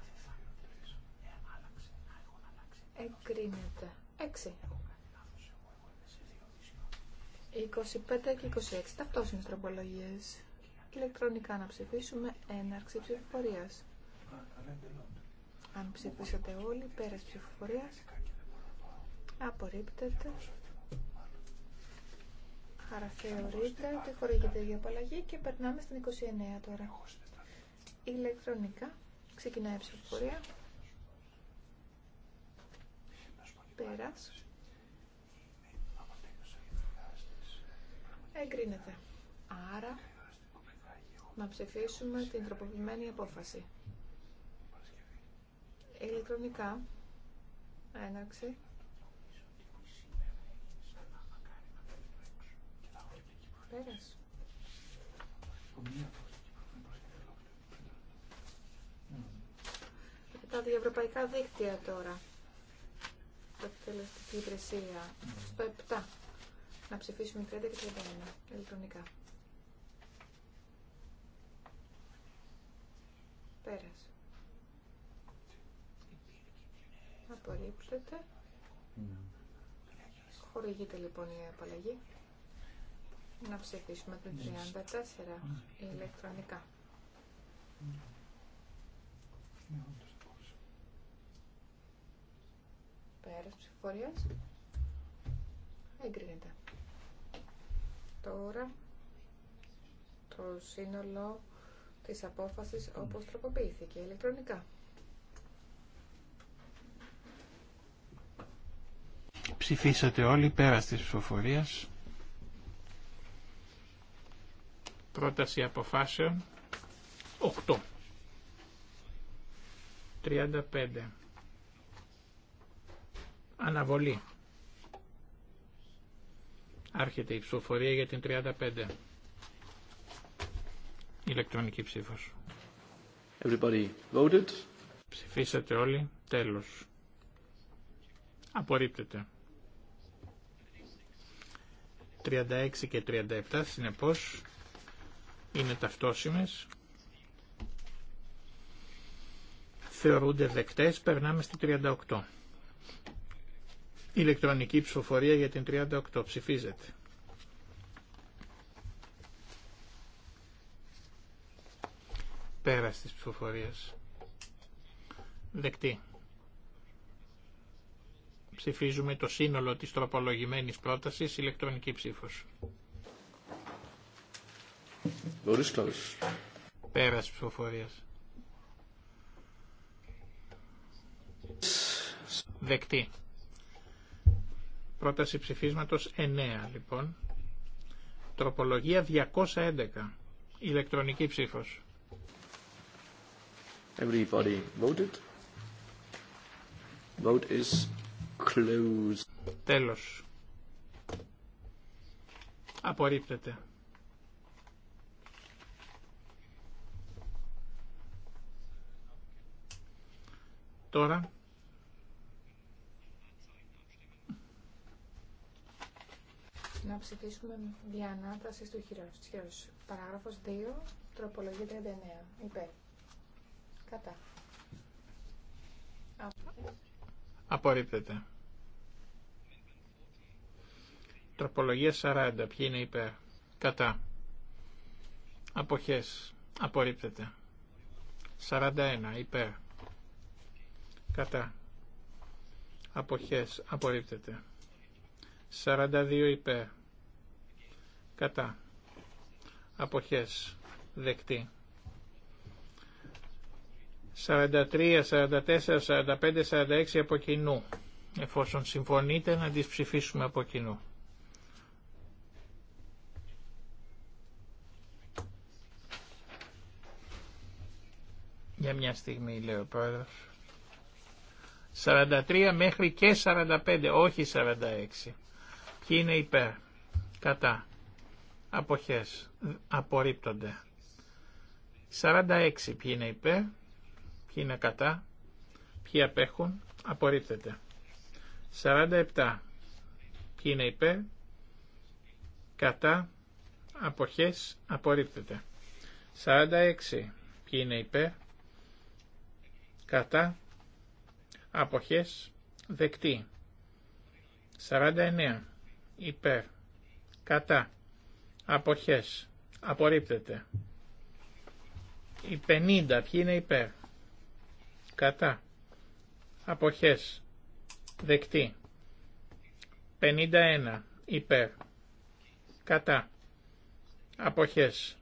Εγκρίνεται. 6. 25 και 26. Ταυτός είναι τροπολογίες. Ηλεκτρονικά να ψηφίσουμε έναρξη ψηφοφορία. Αν ψηφίσατε όλοι, πέρας ψηφοφορία. Απορρίπτεται. Άρα θεωρείται ότι χορηγείται η απαλλαγή και περνάμε στην 29 τώρα. Ηλεκτρονικά ξεκινάει η ψηφοφορία. Πέρας. Εγκρίνεται. Άρα, να ψηφίσουμε την τροποποιημένη απόφαση. Ηλεκτρονικά, έναρξη. Πέρας. Τα διευρωπαϊκά δίκτυα τώρα εκτελεστική υπηρεσία. Στο 7. Να ψηφίσουμε 30 και 31 ηλεκτρονικά. Πέρασε. Απορρίπτεται. Mm. Χορηγείται λοιπόν η απαλλαγή. Να ψηφίσουμε το 34 ηλεκτρονικά. Ναι, ναι. τη ψηφοφορία Εγκρίνεται. Τώρα το σύνολο τη απόφαση όπως τροποποιήθηκε ηλεκτρονικά. Ψηφίσατε όλοι πέρα της ψηφοφορίας. Πρόταση αποφάσεων 8. 35. Αναβολή. Άρχεται η ψηφοφορία για την 35. Ηλεκτρονική ψήφος. Everybody voted. Ψηφίσατε όλοι. Τέλος. Απορρίπτεται. 36 και 37 συνεπώς είναι ταυτόσιμες. Θεωρούνται δεκτές. Περνάμε στη 38. Ηλεκτρονική ψηφοφορία για την 38. Ψηφίζεται. Πέρας της ψηφοφορίας. Δεκτή. Ψηφίζουμε το σύνολο της τροπολογημένης πρότασης ηλεκτρονική ψήφος. Πέρας ψηφοφορίας. Δεκτή. Πρόταση ψηφίσματος 9 λοιπόν. Τροπολογία 211. Ηλεκτρονική ψήφος. Everybody voted. Vote is closed. Τέλος. Απορρίπτεται. Τώρα να ψηφίσουμε διανάταση του χειρός. Παράγραφος 2, τροπολογία 39. Υπέρ. Κατά. Απορρίπτεται. Τροπολογία 40. Ποιοι είναι υπέρ. Κατά. Αποχές. Απορρίπτεται. 41. Υπέρ. Κατά. Αποχές. Απορρίπτεται. 42 υπέρ. Κατά. Αποχές. Δεκτή. 43, 44, 45, 46 από κοινού. Εφόσον συμφωνείτε να τις ψηφίσουμε από κοινού. Για μια στιγμή λέει ο πρόεδρος. 43 μέχρι και 45, όχι 46. Ποιοι είναι υπέρ. Κατά. Αποχές. Απορρίπτονται. 46. Ποιοι είναι υπέρ. Ποιοι είναι κατά. Ποιοι απέχουν. Απορρίπτεται. 47. Ποιοι είναι υπέρ. Κατά. Αποχές. Απορρίπτεται. 46. Ποιοι είναι υπέρ. Κατά. Αποχές. Δεκτή. 49 υπέρ, κατά, αποχές, απορρίπτεται. Οι 50, ποιοι είναι υπέρ, κατά, αποχές, δεκτή. 51, υπέρ, κατά, αποχές.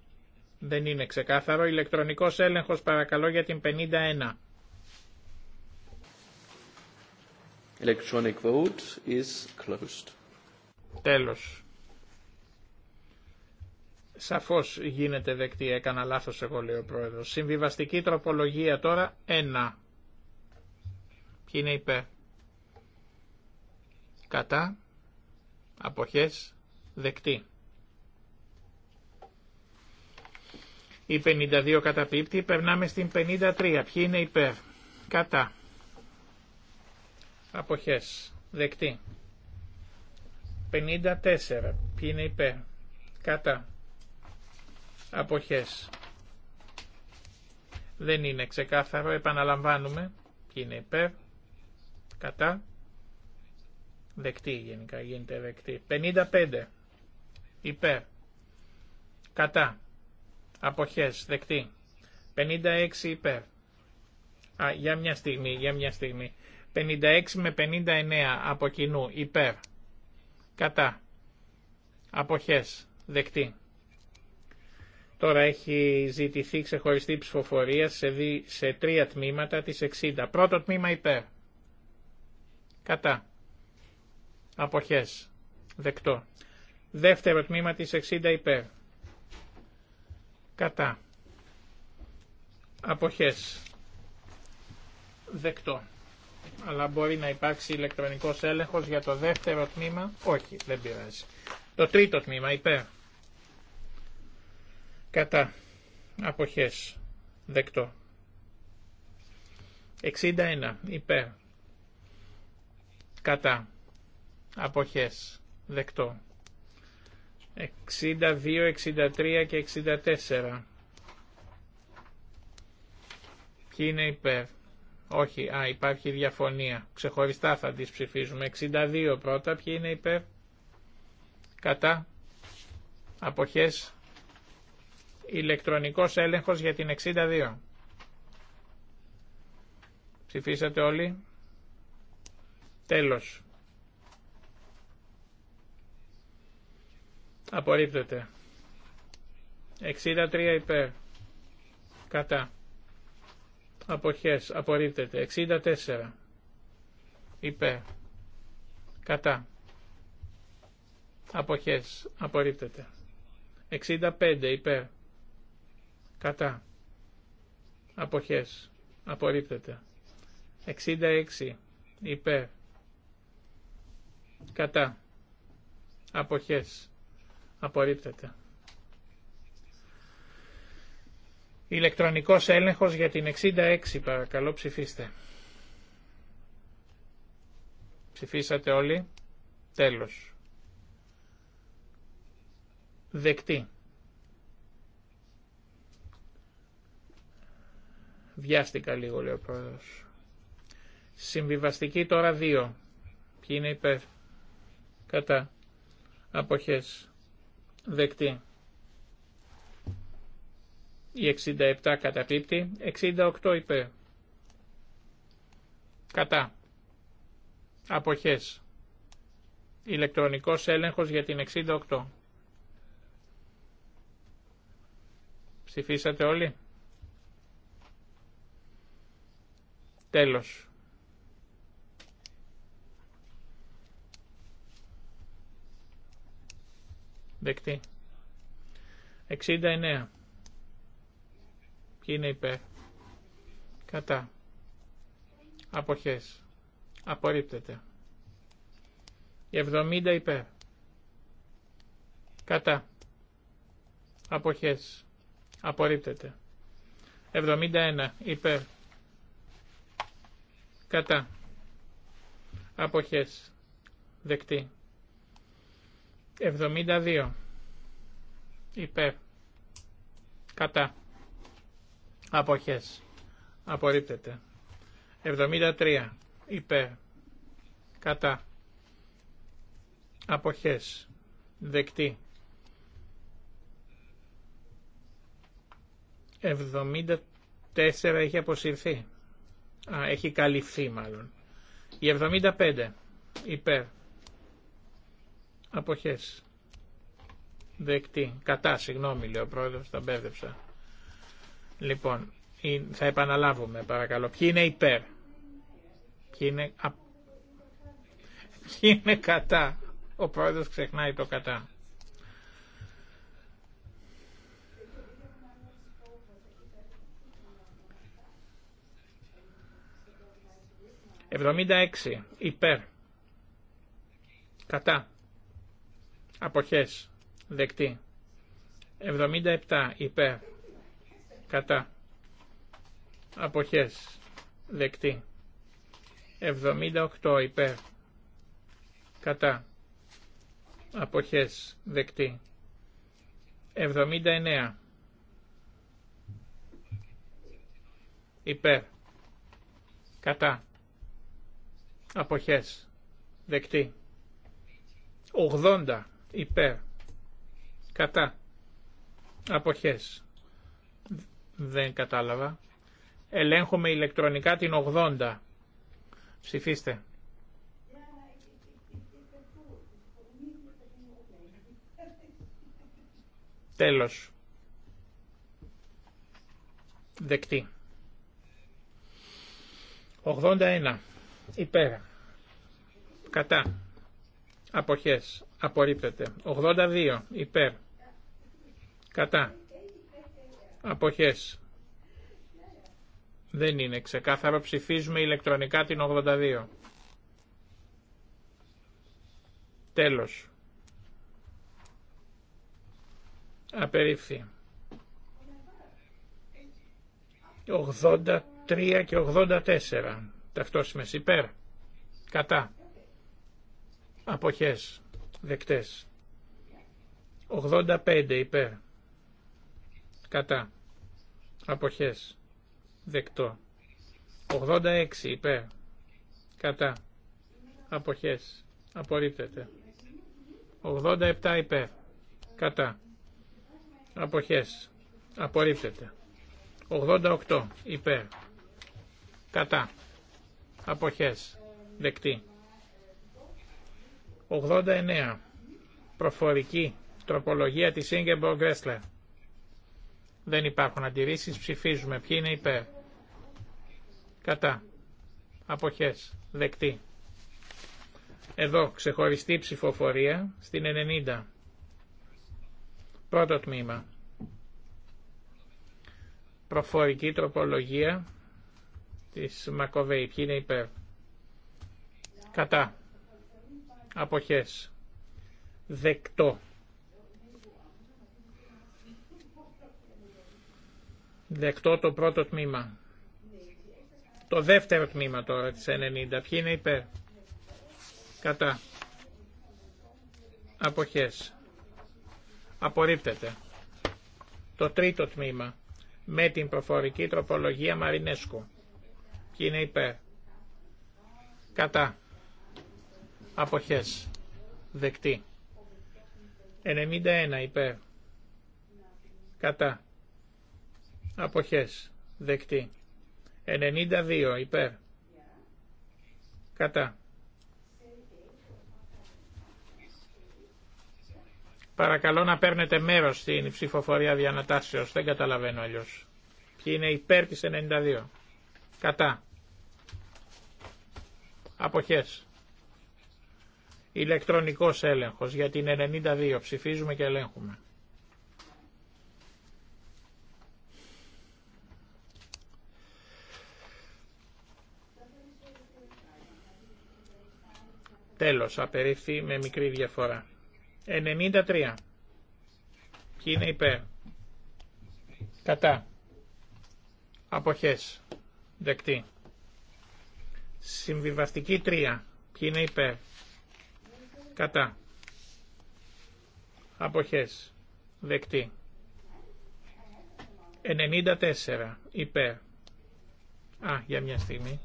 Δεν είναι ξεκάθαρο. Ηλεκτρονικός έλεγχος παρακαλώ για την 51. Electronic vote is closed. Τέλος. Σαφώς γίνεται δεκτή, έκανα λάθος εγώ λέει ο Πρόεδρος. Συμβιβαστική τροπολογία τώρα, ένα. Ποιοι είναι υπέρ. Κατά. Αποχές. Δεκτή. Η 52 καταπίπτει, περνάμε στην 53. Ποιοι είναι υπέρ. Κατά. Αποχές. Δεκτή. 54. Ποιοι είναι υπέρ. Κατά. Αποχές. Δεν είναι ξεκάθαρο. Επαναλαμβάνουμε. Ποιοι είναι υπέρ. Κατά. Δεκτή γενικά. Γίνεται δεκτή. 55. Υπέρ. Κατά. Αποχές. Δεκτή. 56 υπέρ. Α, για μια στιγμή, για μια στιγμή. 56 με 59 από κοινού υπέρ. Κατά. Αποχές. Δεκτή. Τώρα έχει ζητηθεί ξεχωριστή ψηφοφορία σε, δι... σε τρία τμήματα της 60. Πρώτο τμήμα υπέρ. Κατά. Αποχές. Δεκτό. Δεύτερο τμήμα της 60 υπέρ. Κατά. Αποχές. Δεκτό αλλά μπορεί να υπάρξει ηλεκτρονικός έλεγχος για το δεύτερο τμήμα. Όχι, δεν πειράζει. Το τρίτο τμήμα, υπέρ. Κατά. Αποχές. Δεκτό. 61. Υπέρ. Κατά. Αποχές. Δεκτό. 62, 63 και 64. Ποιοι είναι υπέρ. Όχι, α, υπάρχει διαφωνία. Ξεχωριστά θα τις ψηφίζουμε. 62 πρώτα, ποιοι είναι υπέρ, κατά, αποχές, ηλεκτρονικός έλεγχος για την 62. Ψηφίσατε όλοι. Τέλος. Απορρίπτεται. 63 υπέρ. Κατά. Αποχές. Απορρίπτεται. 64. Υπέρ. Κατά. Αποχές. Απορρίπτεται. 65. Υπέρ. Κατά. Αποχές. Απορρίπτεται. 66. Υπέρ. Κατά. Αποχές. Απορρίπτεται. Ηλεκτρονικός έλεγχος για την 66 παρακαλώ ψηφίστε. Ψηφίσατε όλοι. Τέλος. Δεκτή. Βιάστηκα λίγο λέει ο Συμβιβαστική τώρα 2. Ποιοι είναι υπέρ. Κατά. Αποχές. Δεκτή. Η 67 καταπίπτει. 68 υπέρ. Κατά. Αποχές. Ηλεκτρονικός έλεγχος για την 68. Ψηφίσατε όλοι. Τέλος. Δεκτή. 69. Ποιοι είναι υπέρ. Κατά. Αποχές. Απορρίπτεται. 70 υπέρ. Κατά. Αποχές. Απορρίπτεται. 71 υπέρ. Κατά. Αποχές. Δεκτή. 72 υπέρ. Κατά. Αποχές. Απορρίπτεται. 73. Υπέρ. Κατά. Αποχές. Δεκτή. 74 έχει αποσυρθεί. Α, έχει καλυφθεί μάλλον. Η 75. Υπέρ. Αποχές. Δεκτή. Κατά, συγγνώμη λέει ο πρόεδρος, τα μπέρδεψα. Λοιπόν, θα επαναλάβουμε παρακαλώ. Ποιοι είναι υπέρ. Ποιοι είναι, κατά. Ο πρόεδρος ξεχνάει το κατά. Εβδομήντα έξι. Υπέρ. Κατά. Αποχές. Δεκτή. Εβδομήντα επτά. Υπέρ κατά αποχές δεκτή 78 υπέρ κατά αποχές δεκτή 79 υπέρ κατά αποχές δεκτή 80 υπέρ κατά αποχές δεν κατάλαβα. Ελέγχουμε ηλεκτρονικά την 80. Ψηφίστε. Τέλος. Δεκτή. 81. Υπέρ. Κατά. Αποχές. Απορρίπτεται. 82. Υπέρ. Κατά. Αποχές. Δεν είναι ξεκάθαρο. Ψηφίζουμε ηλεκτρονικά την 82. Τέλος. Απερίφθη. 83 και 84. Ταυτόσιμες υπέρ. Κατά. Αποχές. Δεκτές. 85 υπέρ κατά, αποχές, δεκτό. 86 υπέρ, κατά, αποχές, απορρίπτεται. 87 υπέρ, κατά, αποχές, απορρίπτεται. 88 υπέρ, κατά, αποχές, δεκτή. 89 προφορική τροπολογία της Ingeborg Gressler δεν υπάρχουν αντιρρήσεις. Ψηφίζουμε. Ποιοι είναι υπέρ. Κατά. Αποχές. Δεκτή. Εδώ ξεχωριστή ψηφοφορία στην 90. Πρώτο τμήμα. Προφορική τροπολογία της Μακοβέη. Ποιοι είναι υπέρ. Κατά. Αποχές. Δεκτό. Δεκτό το πρώτο τμήμα. Το δεύτερο τμήμα τώρα της 90. Ποιοι είναι υπέρ. Κατά. Αποχές. Απορρίπτεται. Το τρίτο τμήμα. Με την προφορική τροπολογία Μαρινέσκου. Ποιοι είναι υπέρ. Κατά. Αποχές. Δεκτή. 91 υπέρ. Κατά. Αποχές. Δεκτή. 92 υπέρ. Κατά. Παρακαλώ να παίρνετε μέρος στην ψηφοφορία διανατάσεως. Δεν καταλαβαίνω αλλιώς. Ποιοι είναι υπέρ της 92. Κατά. Αποχές. Ηλεκτρονικός έλεγχος για την 92. Ψηφίζουμε και ελέγχουμε. Τέλος, απερίφθη με μικρή διαφορά. 93. Ποιοι είναι υπέρ. Κατά. Αποχές. Δεκτή. Συμβιβαστική 3. Ποιοι είναι υπέρ. Κατά. Αποχές. Δεκτή. 94. Υπέρ. Α, για μια στιγμή.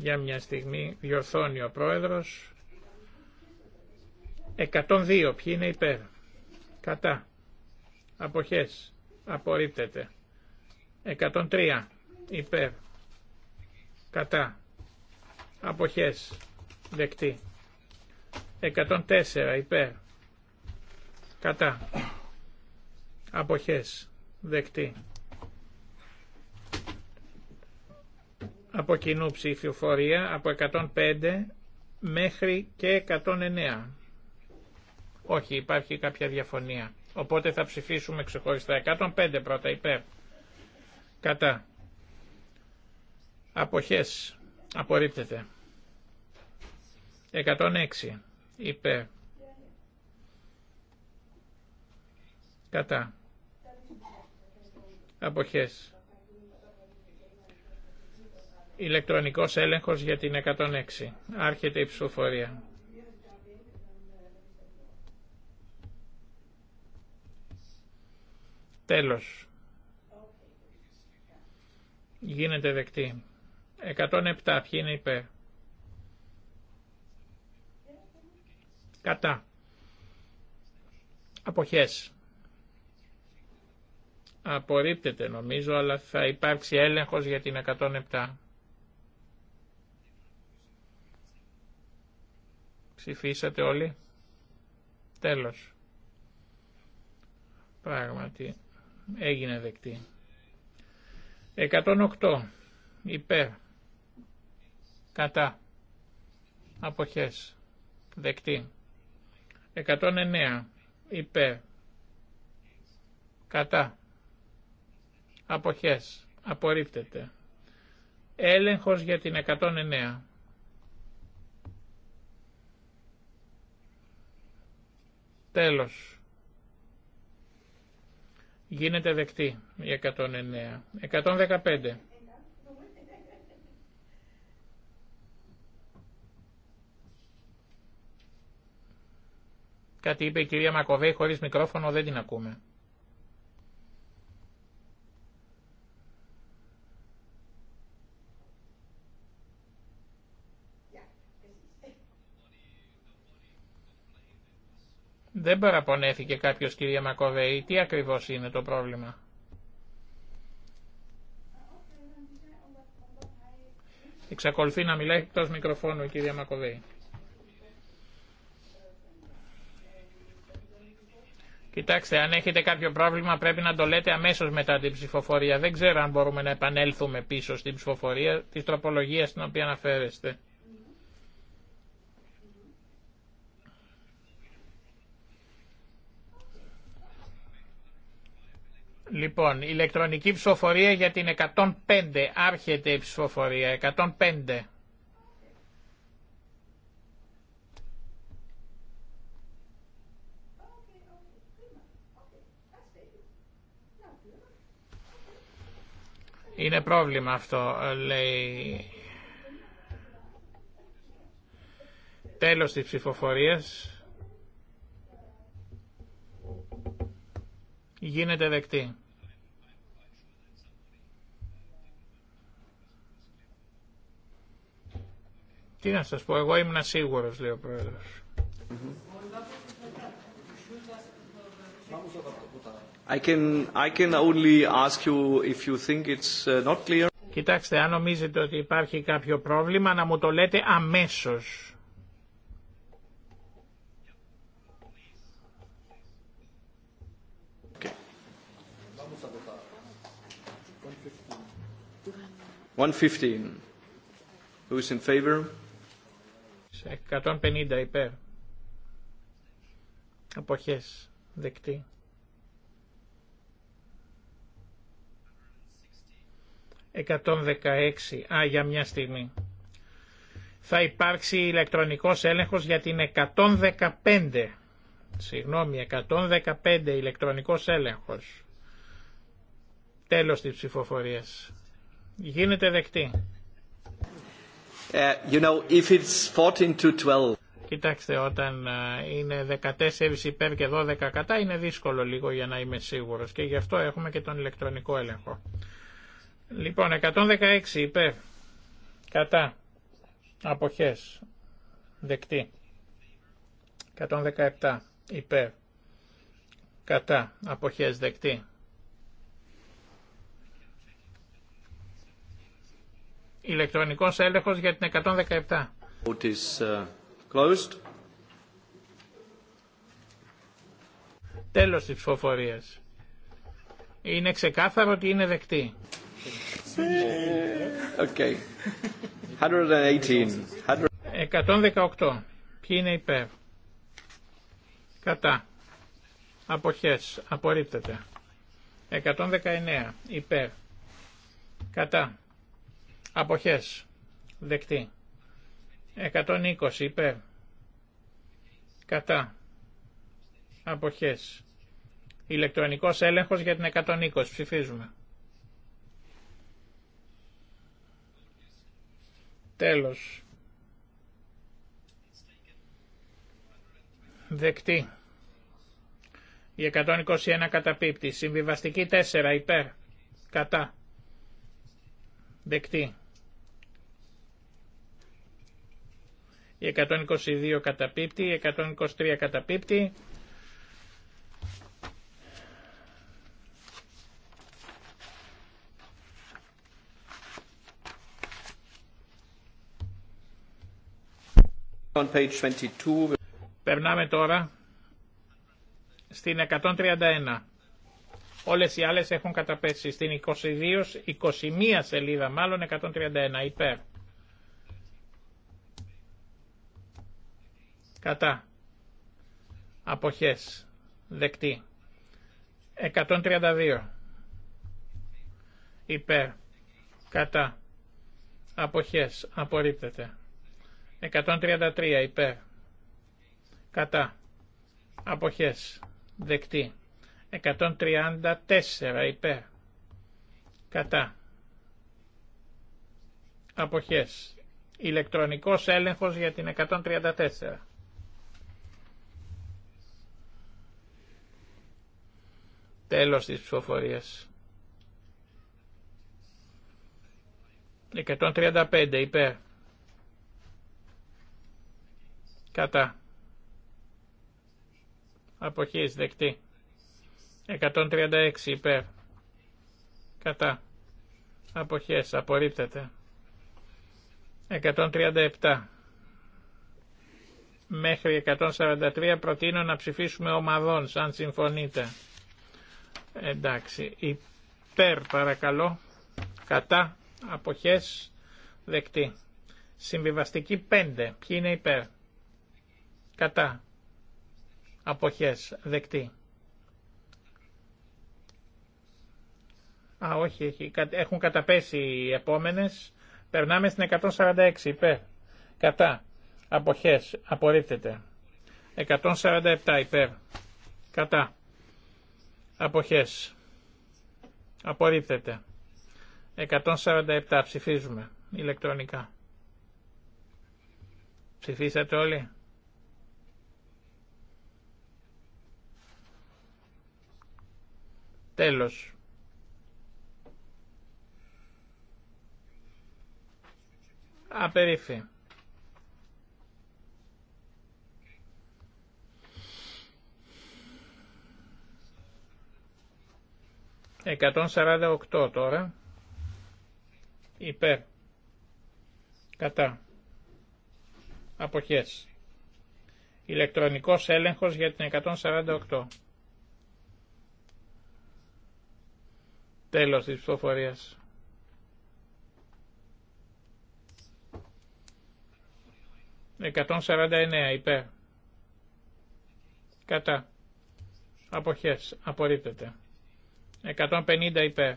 Για μια στιγμή διορθώνει ο πρόεδρος. 102. Ποιοι είναι υπέρ. Κατά. Αποχές. Απορρίπτεται. 103. Υπέρ. Κατά. Αποχές. Δεκτή. 104. Υπέρ. Κατά. Αποχές. Δεκτή. από κοινού ψηφιοφορία από 105 μέχρι και 109. Όχι, υπάρχει κάποια διαφωνία. Οπότε θα ψηφίσουμε ξεχωριστά. 105 πρώτα υπέρ. Κατά. Αποχές. Απορρίπτεται. 106 υπέρ. Κατά. Αποχές. Ηλεκτρονικός έλεγχος για την 106. Άρχεται η ψηφοφορία. Τέλος. Γίνεται δεκτή. 107. Ποιοι είναι υπέρ. Κατά. Αποχές. Απορρίπτεται νομίζω, αλλά θα υπάρξει έλεγχος για την 107. Ψηφίσατε όλοι. Τέλος. Πράγματι. Έγινε δεκτή. 108. Υπέρ. Κατά. Αποχές. Δεκτή. 109. Υπέρ. Κατά. Αποχές. Απορρίπτεται. Έλεγχος για την 109. Τέλος. Γίνεται δεκτή η 109. 115. Κάτι είπε η κυρία Μακοβέη χωρίς μικρόφωνο, δεν την ακούμε. Δεν παραπονέθηκε κάποιος κυρία Μακοβέη. Τι ακριβώς είναι το πρόβλημα. Εξακολουθεί να μιλάει εκτό μικροφώνου η κυρία Μακοβέη. Κοιτάξτε, αν έχετε κάποιο πρόβλημα πρέπει να το λέτε αμέσως μετά την ψηφοφορία. Δεν ξέρω αν μπορούμε να επανέλθουμε πίσω στην ψηφοφορία της τροπολογίας στην οποία αναφέρεστε. Λοιπόν, ηλεκτρονική ψηφοφορία για την 105. Άρχεται η ψηφοφορία. 105. Είναι πρόβλημα αυτό, λέει. Τέλος της ψηφοφορίας. Γίνεται δεκτή. Τι να σας πω, εγώ ήμουν σίγουρος, λέει ο Πρόεδρος. Κοιτάξτε, αν νομίζετε ότι υπάρχει κάποιο πρόβλημα, να μου το λέτε αμέσως. 115. Who is in favor? 150 υπέρ. Αποχές. Δεκτή. 116. Α, για μια στιγμή. Θα υπάρξει ηλεκτρονικός έλεγχος για την 115. Συγγνώμη, 115 ηλεκτρονικός έλεγχος. Τέλος της ψηφοφορίας. Γίνεται δεκτή. Uh, Κοιτάξτε, όταν uh, είναι 14 υπέρ και 12 κατά είναι δύσκολο λίγο για να είμαι σίγουρος και γι' αυτό έχουμε και τον ηλεκτρονικό έλεγχο. Λοιπόν, 116 υπέρ, κατά, αποχές, δεκτή. 117 υπέρ, κατά, αποχές, δεκτή. Ηλεκτρονικός έλεγχος για την 117. Uh, closed. Τέλος της ψηφοφορίας. Είναι ξεκάθαρο ότι είναι δεκτή. *laughs* Okay. 118. 118. Ποιοι είναι υπέρ. Κατά. Αποχές. Απορρίπτεται. 119. Υπέρ. Κατά. Αποχές. Δεκτή. 120 υπέρ. Κατά. Αποχές. Ηλεκτρονικός έλεγχος για την 120. Ψηφίζουμε. Τέλος. Δεκτή. Η 121 καταπίπτει. Συμβιβαστική 4 υπέρ. Κατά. Δεκτή. Η 122 καταπίπτει, η 123 καταπίπτει. Περνάμε τώρα στην 131. Όλες οι άλλες έχουν καταπέσει στην 22, 21 σελίδα μάλλον 131 υπέρ. κατά αποχές δεκτή 132 υπέρ κατά αποχές απορρίπτεται 133 υπέρ κατά αποχές δεκτή 134 υπέρ κατά αποχές ηλεκτρονικός έλεγχος για την 134 Τέλος της ψηφοφορίας. 135 υπέρ. Κατά. Αποχής δεκτή. 136 υπέρ. Κατά. Αποχές απορρίπτεται. 137 μέχρι 143 προτείνω να ψηφίσουμε ομαδών, σαν συμφωνείτε. Εντάξει, υπέρ παρακαλώ, κατά, αποχές, δεκτή. Συμβιβαστική 5, ποιοι είναι υπέρ, κατά, αποχές, δεκτή. Α, όχι, έχουν καταπέσει οι επόμενες. Περνάμε στην 146, υπέρ, κατά, αποχές, απορρίπτεται. 147 υπέρ, κατά, Αποχές. Απορρίπτεται. 147 ψηφίζουμε ηλεκτρονικά. Ψηφίσατε όλοι. Τέλος. Απερίφη. 148 τώρα. Υπέρ. Κατά. Αποχές. Ηλεκτρονικός έλεγχος για την 148. Τέλος της ψηφοφορίας. 149 υπέρ. Κατά. Αποχές. Απορρίπτεται. 150 υπέρ.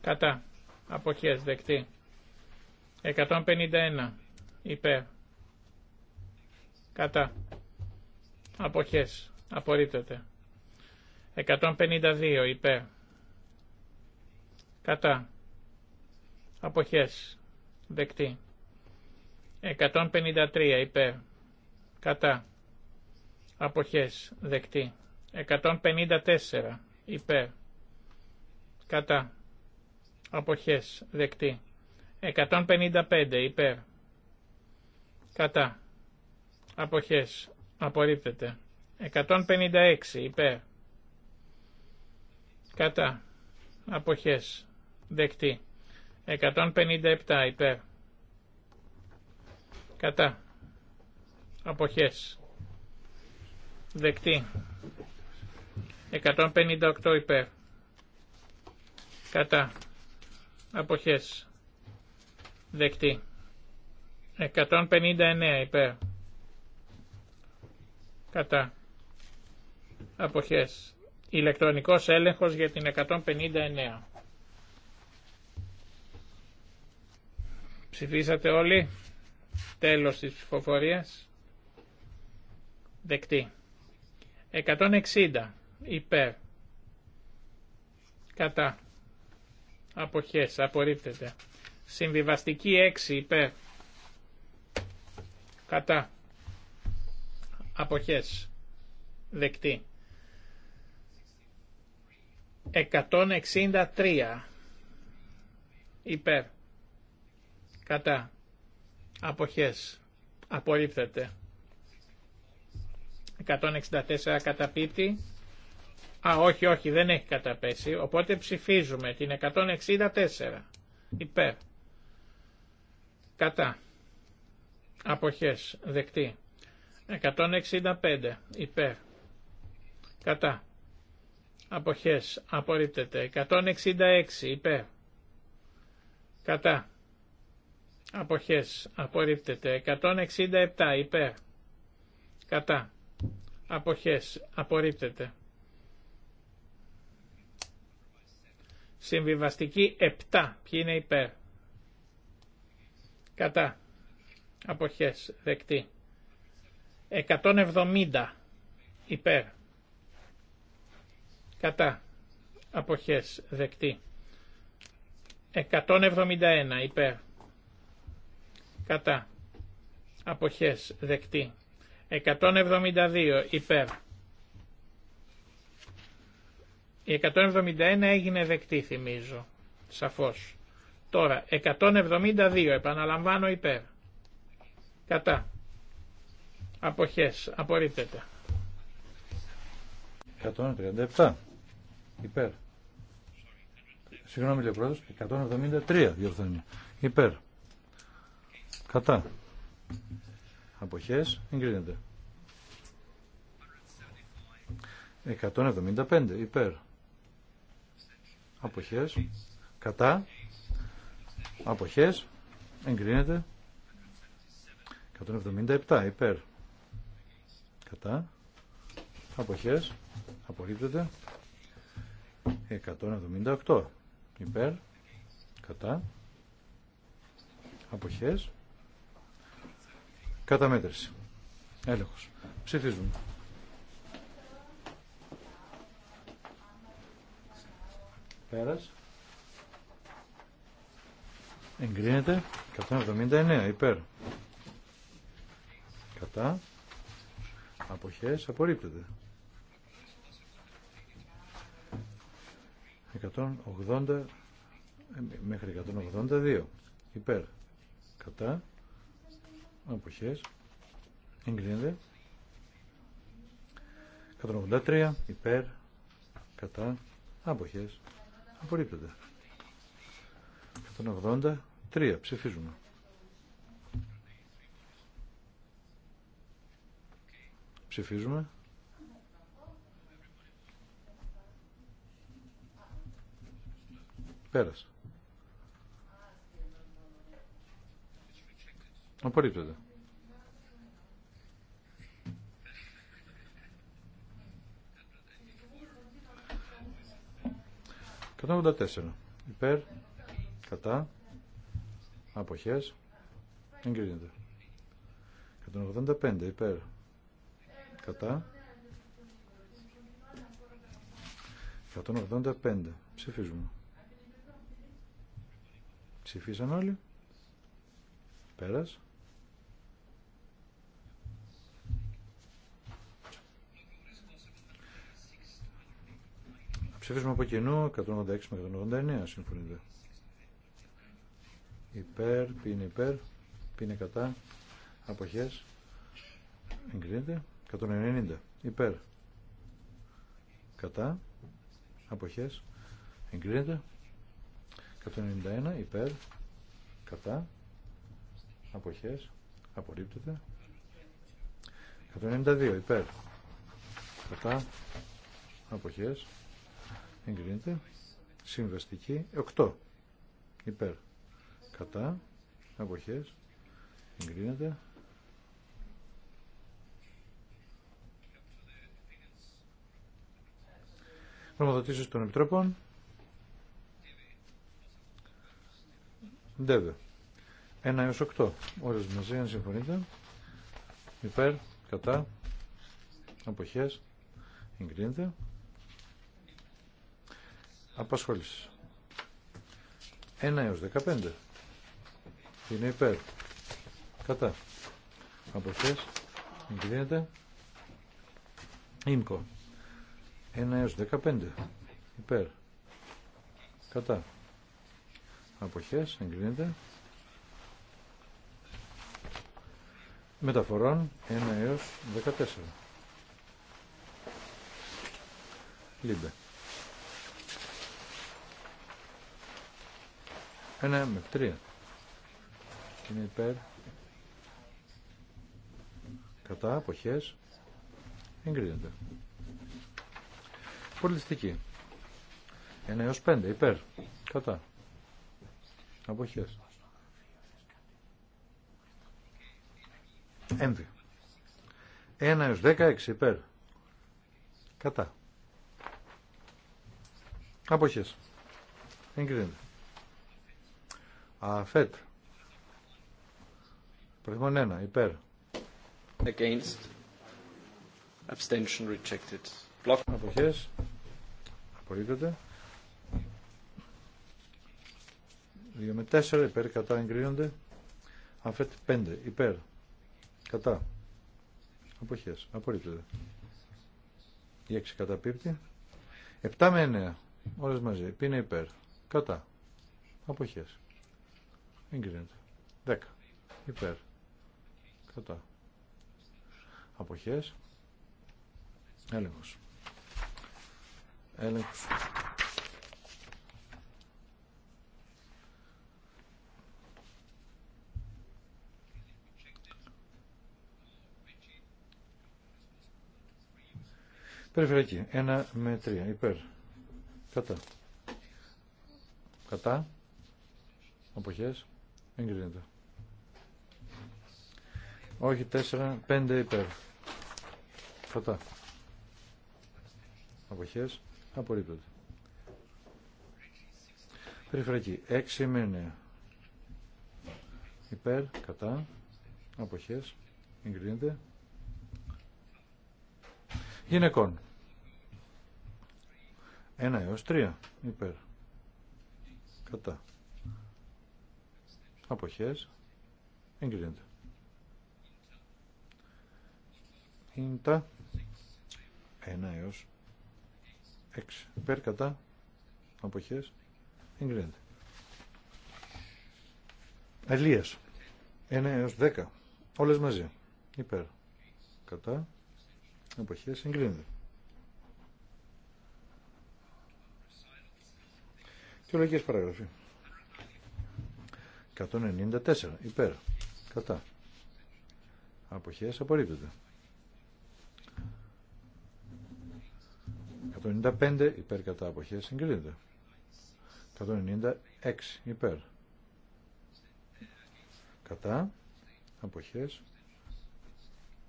Κατά. Αποχές δεκτή. 151 υπέρ. Κατά. Αποχές. Απορρίπτεται. 152 υπέρ. Κατά. Αποχές. Δεκτή. 153 υπέρ. Κατά. Αποχές. Δεκτή. 154 υπέρ κατά αποχές δεκτή 155 υπέρ κατά αποχές απορρίπτεται 156 υπέρ κατά αποχές δεκτή 157 υπέρ κατά αποχές δεκτή 158 υπέρ. Κατά. Αποχές. Δεκτή. 159 υπέρ. Κατά. Αποχές. Ηλεκτρονικός έλεγχος για την 159. Ψηφίσατε όλοι. Τέλος της ψηφοφορίας. Δεκτή. 160 υπέρ κατά αποχές απορρίπτεται συμβιβαστική 6 υπέρ κατά αποχές δεκτή 163 υπέρ κατά αποχές απορρίπτεται 164 καταπίτη Α, όχι, όχι, δεν έχει καταπέσει, οπότε ψηφίζουμε την 164. Υπέρ. Κατά. Αποχές. Δεκτή. 165. Υπέρ. Κατά. Αποχές. Απορρίπτεται. 166. Υπέρ. Κατά. Αποχές. Απορρίπτεται. 167. Υπέρ. Κατά. Αποχές. Απορρίπτεται. Συμβιβαστική 7. Ποιοι είναι υπέρ. Κατά. Αποχές. Δεκτή. 170. Υπέρ. Κατά. Αποχές. Δεκτή. 171. Υπέρ. Κατά. Αποχές. Δεκτή. 172. Υπέρ. Η 171 έγινε δεκτή θυμίζω, σαφώς. Τώρα, 172, επαναλαμβάνω υπέρ. Κατά. Αποχές, απορρίπτεται. 137, υπέρ. Συγγνώμη λέει 173 διορθώνει. Υπέρ. Κατά. Αποχές, εγκρίνεται. 175, υπέρ αποχές, κατά, αποχές, εγκρίνεται, 177 υπέρ, κατά, αποχές, απορρίπτεται, 178 υπέρ, κατά, αποχές, καταμέτρηση, έλεγχος, ψηφίζουμε. Πέρας. Εγκρίνεται. 179 υπέρ. Κατά. Αποχές. Απορρίπτεται. 180 ε, μέχρι 182 υπέρ. Κατά. Αποχές. Εγκρίνεται. 183 υπέρ. Κατά. Αποχές. Απορρίπτεται. 183. Ψηφίζουμε. Ψηφίζουμε. Πέρασε. Απορρίπτεται. 184 υπέρ κατά αποχές εγκρίνεται 185 υπέρ κατά 185 ψηφίζουμε ψηφίσαν όλοι πέρας ψηφίσουμε από κοινού 186 με 189, συμφωνείτε. Υπέρ, ποι είναι υπέρ, ποι κατά, αποχές, εγκρίνεται. 190, υπέρ, κατά, αποχές, εγκρίνεται. 191, υπέρ, κατά, αποχές, απορρίπτεται. 192, υπέρ, κατά, αποχές, εγκρίνεται. Συμβαστική 8 υπέρ κατά αποχές εγκρίνεται. Νομοδοτήσεις των Επιτρόπων. Ντεβε. 1 έως 8. Όλες μαζί, αν συμφωνείτε. Υπέρ, κατά, αποχές, εγκρίνεται απασχόληση. 1 έως 15 είναι υπέρ. Κατά. Αποχές εγκρίνεται. Ήμκο. 1 έως 15 υπέρ. Κατά. Αποχές εγκρίνεται. Μεταφορών 1 έως 14. Λίμπε. Ένα με τρία. Είναι υπέρ. Κατά, αποχές. Εγκρίνεται. Πολιτιστική. Ένα έως πέντε, υπέρ. Κατά. Αποχές. Ένδυ. Ένα έως δέκα, υπέρ. Κατά. Αποχές. Εγκρίνεται. ΑΦΕΤ. Προηγούμενο 1. Υπέρ. Against. Abstention rejected. Αποχές. Απορρίπτεται. 2 με 4. Υπέρ. Κατά εγκρίνονται. ΑΦΕΤ 5. Υπέρ. Κατά. Αποχές. Απορρίπτεται. Η 6 καταπίπτει. 7 με 9. Όλες μαζί. Πίνε υπέρ. Κατά. Αποχές. Εγκρίνεται. Δέκα. Υπέρ. Κατά. Αποχές. Έλεγχος. Έλεγχος. Περιφερειακή. Ένα με τρία. Υπέρ. Κατά. Κατά. Αποχές. Εγκρίνεται. Όχι 4, 5 υπέρ. Φωτά. Αποχές. Απορρίπτονται. Περιφρακή. 6 με 9. Υπέρ. Κατά. Αποχές. Εγκρίνεται. Γυναικών. 1 έως 3. Υπέρ. Κατά. Αποχές. Εγκρίνεται. Είναι τα 1 έως 6. Υπέρ κατά. Αποχές. Εγκρίνεται. Ελίας. 1 έως 10. Όλες μαζί. Υπέρ. Κατά. Αποχές. Εγκρίνεται. Και ολογικές παραγραφή. 194 υπέρ κατά Αποχέ, απορρίπτεται 195 υπέρ κατά αποχές συγκρίνεται 196 υπέρ κατά απόχέ.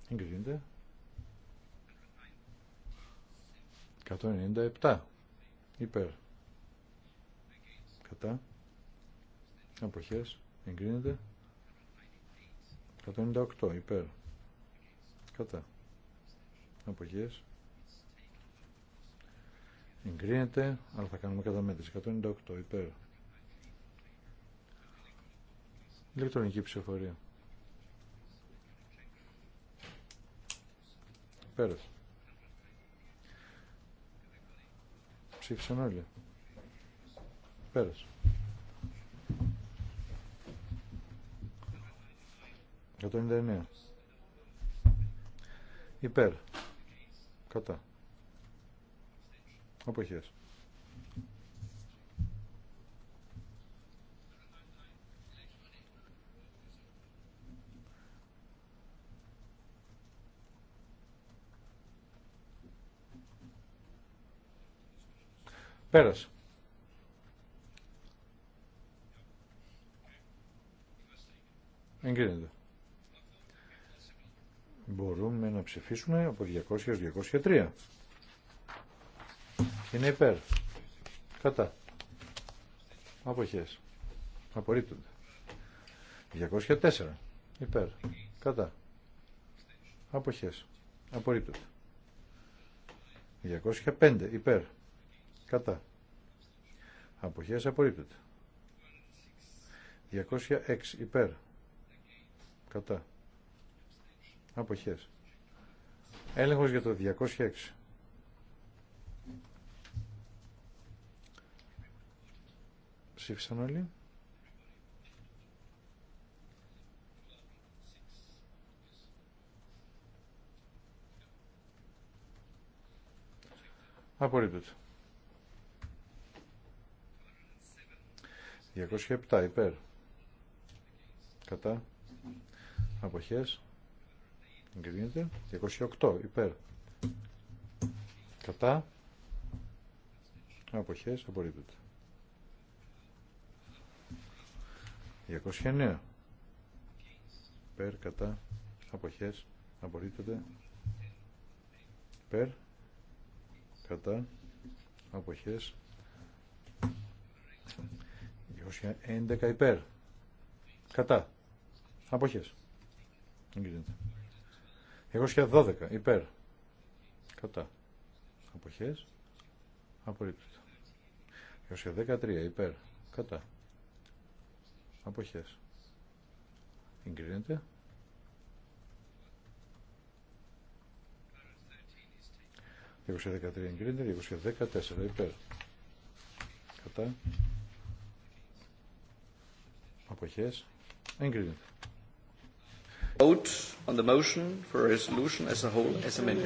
εγκρίνεται 197 υπέρ κατά αποχές εγκρίνεται 198 υπέρ κατά αποχές εγκρίνεται αλλά θα κάνουμε κατά μέτρηση 198 υπέρ ηλεκτρονική ψηφοφορία πέρασε ψήφισαν όλοι πέρασε 199. Υπέρ. Κατά. Αποχές. Πέρασε. Εγκρίνεται μπορούμε να ψηφίσουμε από 200 203. Είναι υπέρ. Κατά. Αποχές. Απορρίπτονται. 204. Υπέρ. Κατά. Αποχές. Απορρίπτονται. 205. Υπέρ. Κατά. Αποχές Απορρίπτονται. 206. Υπέρ. Κατά. Αποχές. Έλεγχος για το 206. Ψήφισαν όλοι. Απορρίπτωτο. 207 υπέρ. Κατά. Αποχές. Εγκρίνεται. 28 υπέρ. Κατά. Αποχές. Απορρίπτεται. 209 υπέρ. Κατά. Αποχές. Απορρίπτεται. Υπέρ. Κατά. Αποχές. 211 υπέρ. Κατά. Αποχές. Εγκρίνεται. 212 υπέρ. Κατά. Αποχές. Απορρίπτεται. 213 υπέρ. Κατά. Αποχές. Εγκρίνεται. 213 εγκρίνεται. 214 υπέρ. Κατά. Αποχές. Εγκρίνεται.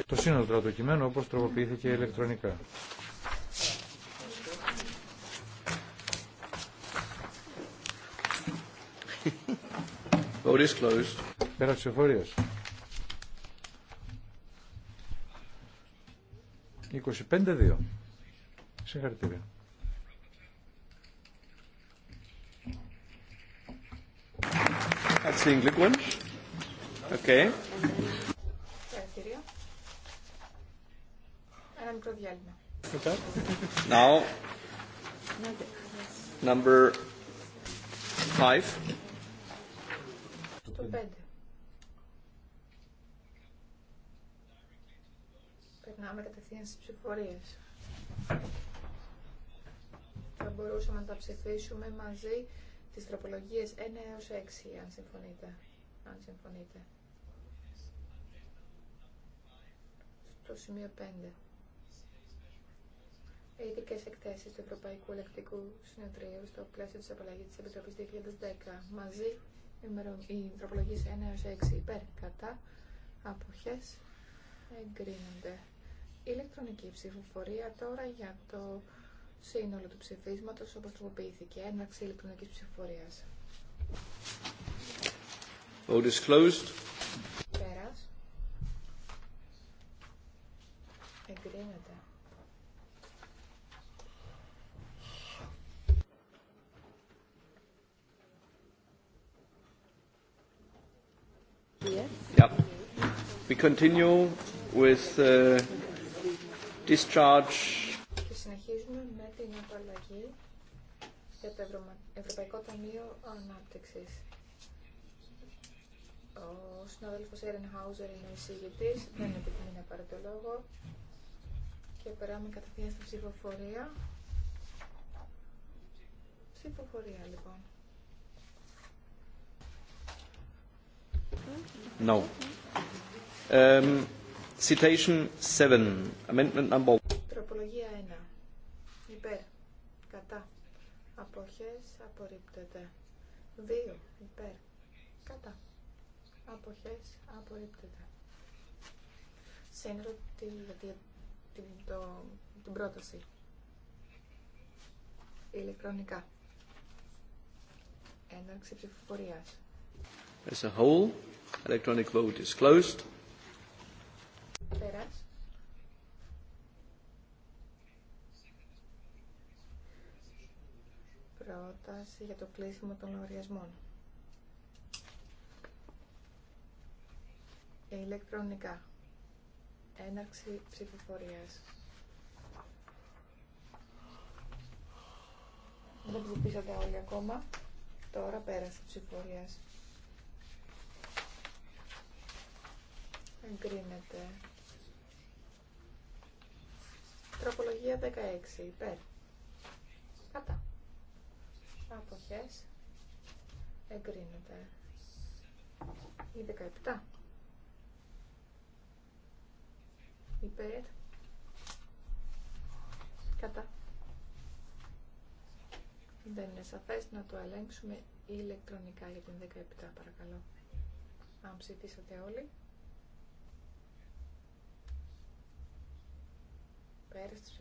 Το σύνολο του κειμένου όπως τροποποιήθηκε ηλεκτρονικά. Vote is closed. ψηφορίας. 25-2. Συγχαρητήρια. Herzlichen Okay. Ένα μικρό διάλειμμα. Now, number five. Περνάμε κατευθείαν στι ψηφορίε. Θα μπορούσαμε να τα ψηφίσουμε μαζί τι τροπολογίε 1 έω 6, αν συμφωνείτε. Αν συμφωνείτε. το σημείο 5. Ειδικέ εκθέσει του Ευρωπαϊκού Ελεκτικού Συνεδρίου στο πλαίσιο τη απαλλαγή τη Επιτροπή 2010. Μαζί οι τροπολογίε 1 έω 6 υπέρ κατά αποχέ εγκρίνονται. Ηλεκτρονική ψηφοφορία τώρα για το σύνολο του ψηφίσματο όπω τροποποιήθηκε. Έναρξη ηλεκτρονική ψηφοφορία. Vote Uh, Και συνεχίζουμε με την απαλλαγή για το Ευρωπαϊκό Ταμείο ανάπτυξη. Ο συνάδελφος Έρεν Χάουζερ είναι ο εισηγητή, δεν επιθυμεί να πάρει το λόγο. Και περάμε κατευθείαν στην ψηφοφορία. Ψηφοφορία λοιπόν. No. Um, citation 7. Amendment number Τροπολογία 1. Υπέρ. Κατά. Αποχές απορρίπτεται. 2. Υπέρ. Κατά. Αποχές απορρίπτεται. Σύνδρο τη, τη, τη, το, την πρόταση. Ηλεκτρονικά. Έναρξη ψηφοφορίας. As a whole, electronic vote is closed. Πέρας. Πρόταση για το κλείσιμο των λογαριασμών. Ηλεκτρονικά. Έναρξη ψηφοφορία. Δεν ψηφίσατε όλοι ακόμα. Τώρα πέρασε η ψηφοφορία. Εγκρίνεται. Τροπολογία 16. Υπέρ. Κατά. Αποχές. Εγκρίνεται. Η 17. Υπέρ. Κατά. Δεν είναι σαφές να το ελέγξουμε ηλεκτρονικά για την 17 παρακαλώ. Αν ψηφίσατε όλοι. Πέρας της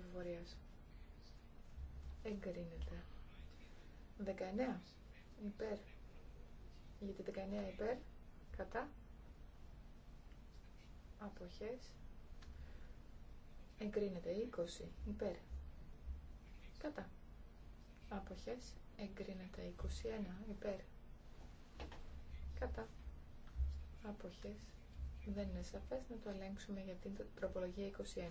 Εγκρίνεται. 19 υπέρ. Γιατί 19 υπέρ. Κατά. Αποχές. Εγκρίνεται. 20 υπέρ. Κατά. Αποχές. Εγκρίνεται. 21 υπέρ. Κατά. Αποχές. Δεν είναι σαφές να το ελέγξουμε γιατί την τροπολογία 21.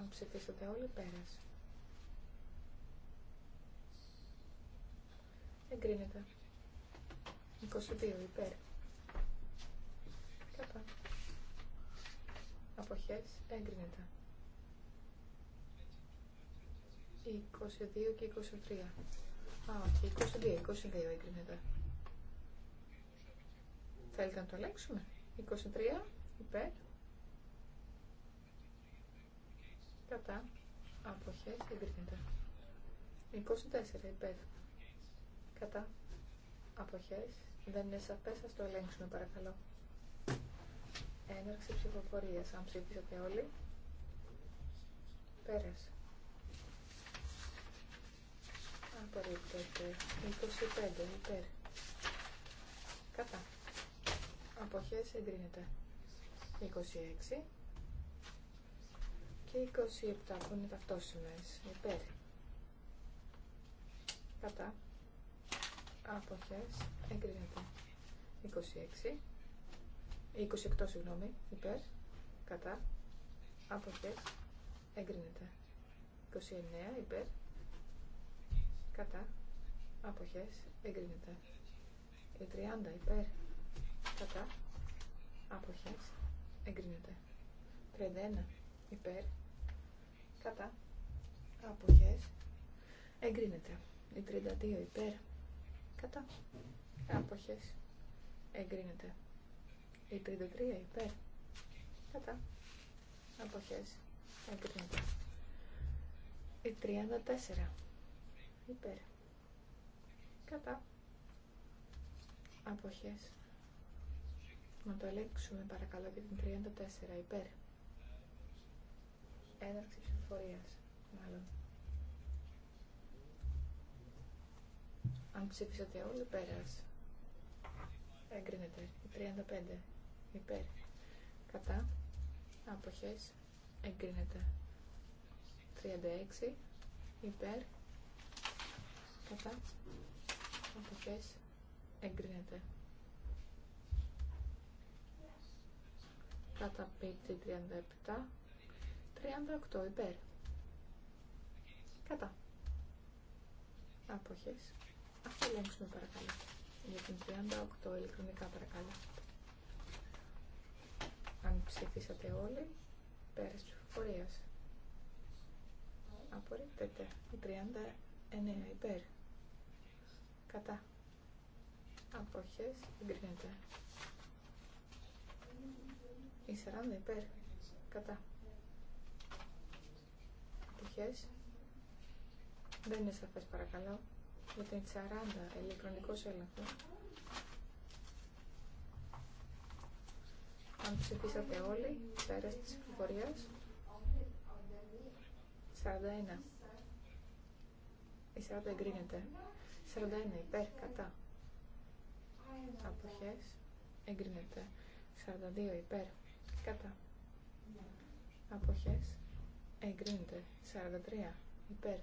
Αν ψηφίσετε όλοι, πέρας. Εγκρίνεται. 22 υπέρ. Κατά. Αποχές εγκρίνεται. 22 και 23. Α, όχι, 22, 22 εγκρίνεται. Θέλετε να το ελέγξουμε. 23 υπέρ. κατά αποχές εγκρίνεται. 24 υπέρ κατά αποχές δεν είναι σαφές, ας το ελέγξουμε παρακαλώ. Έναρξη ψηφοφορίας, αν ψήφισατε όλοι. Πέρασε. Απορρίπτεται. 25 υπέρ. Κατά. Αποχές εγκρίνεται. 26 και 27 που είναι ταυτόσιμες υπέρ κατά αποχές εγκρίνεται 26 28 συγγνώμη υπέρ κατά αποχές εγκρίνεται 29 υπέρ κατά αποχές εγκρίνεται 30 υπέρ κατά αποχές εγκρίνεται 31 υπέρ κατά αποχές εγκρίνεται η 32 υπέρ κατά αποχές εγκρίνεται η 33 υπέρ κατά αποχές εγκρίνεται η 34 υπέρ κατά αποχές να το ελέγξουμε παρακαλώ για την 34 υπέρ έναρξη ψηφοφορίας, μάλλον. Αν ψήφισατε όλοι, πέρας. Έγκρινεται. 35. Υπέρ. Κατά. Αποχές. Εγκρίνεται. 36. Υπέρ. Κατά. Αποχές. Εγκρίνεται. Κατά πίτη 37. 38 υπέρ. Κατά. Αποχές. Ας ελέγξουμε παρακαλώ. Για την 38 ηλεκτρονικά παρακαλώ. Αν ψηφίσατε όλοι, πέρας ψηφοφορίας. Απορρίπτεται. 39 υπέρ. Κατά. Αποχές. Εγκρίνεται. Η 40 υπέρ. Κατά. Δεν είναι σαφές παρακαλώ. Με την 40 ηλεκτρονικό έλεγχο. Αν ψηφίσατε όλοι, πέρας τη ψηφοφορίας. 41. Η 40 εγκρίνεται. 41 υπέρ, κατά. Αποχές. Εγκρίνεται. 42 υπέρ, κατά. Αποχές εγκρίνεται 43 υπέρ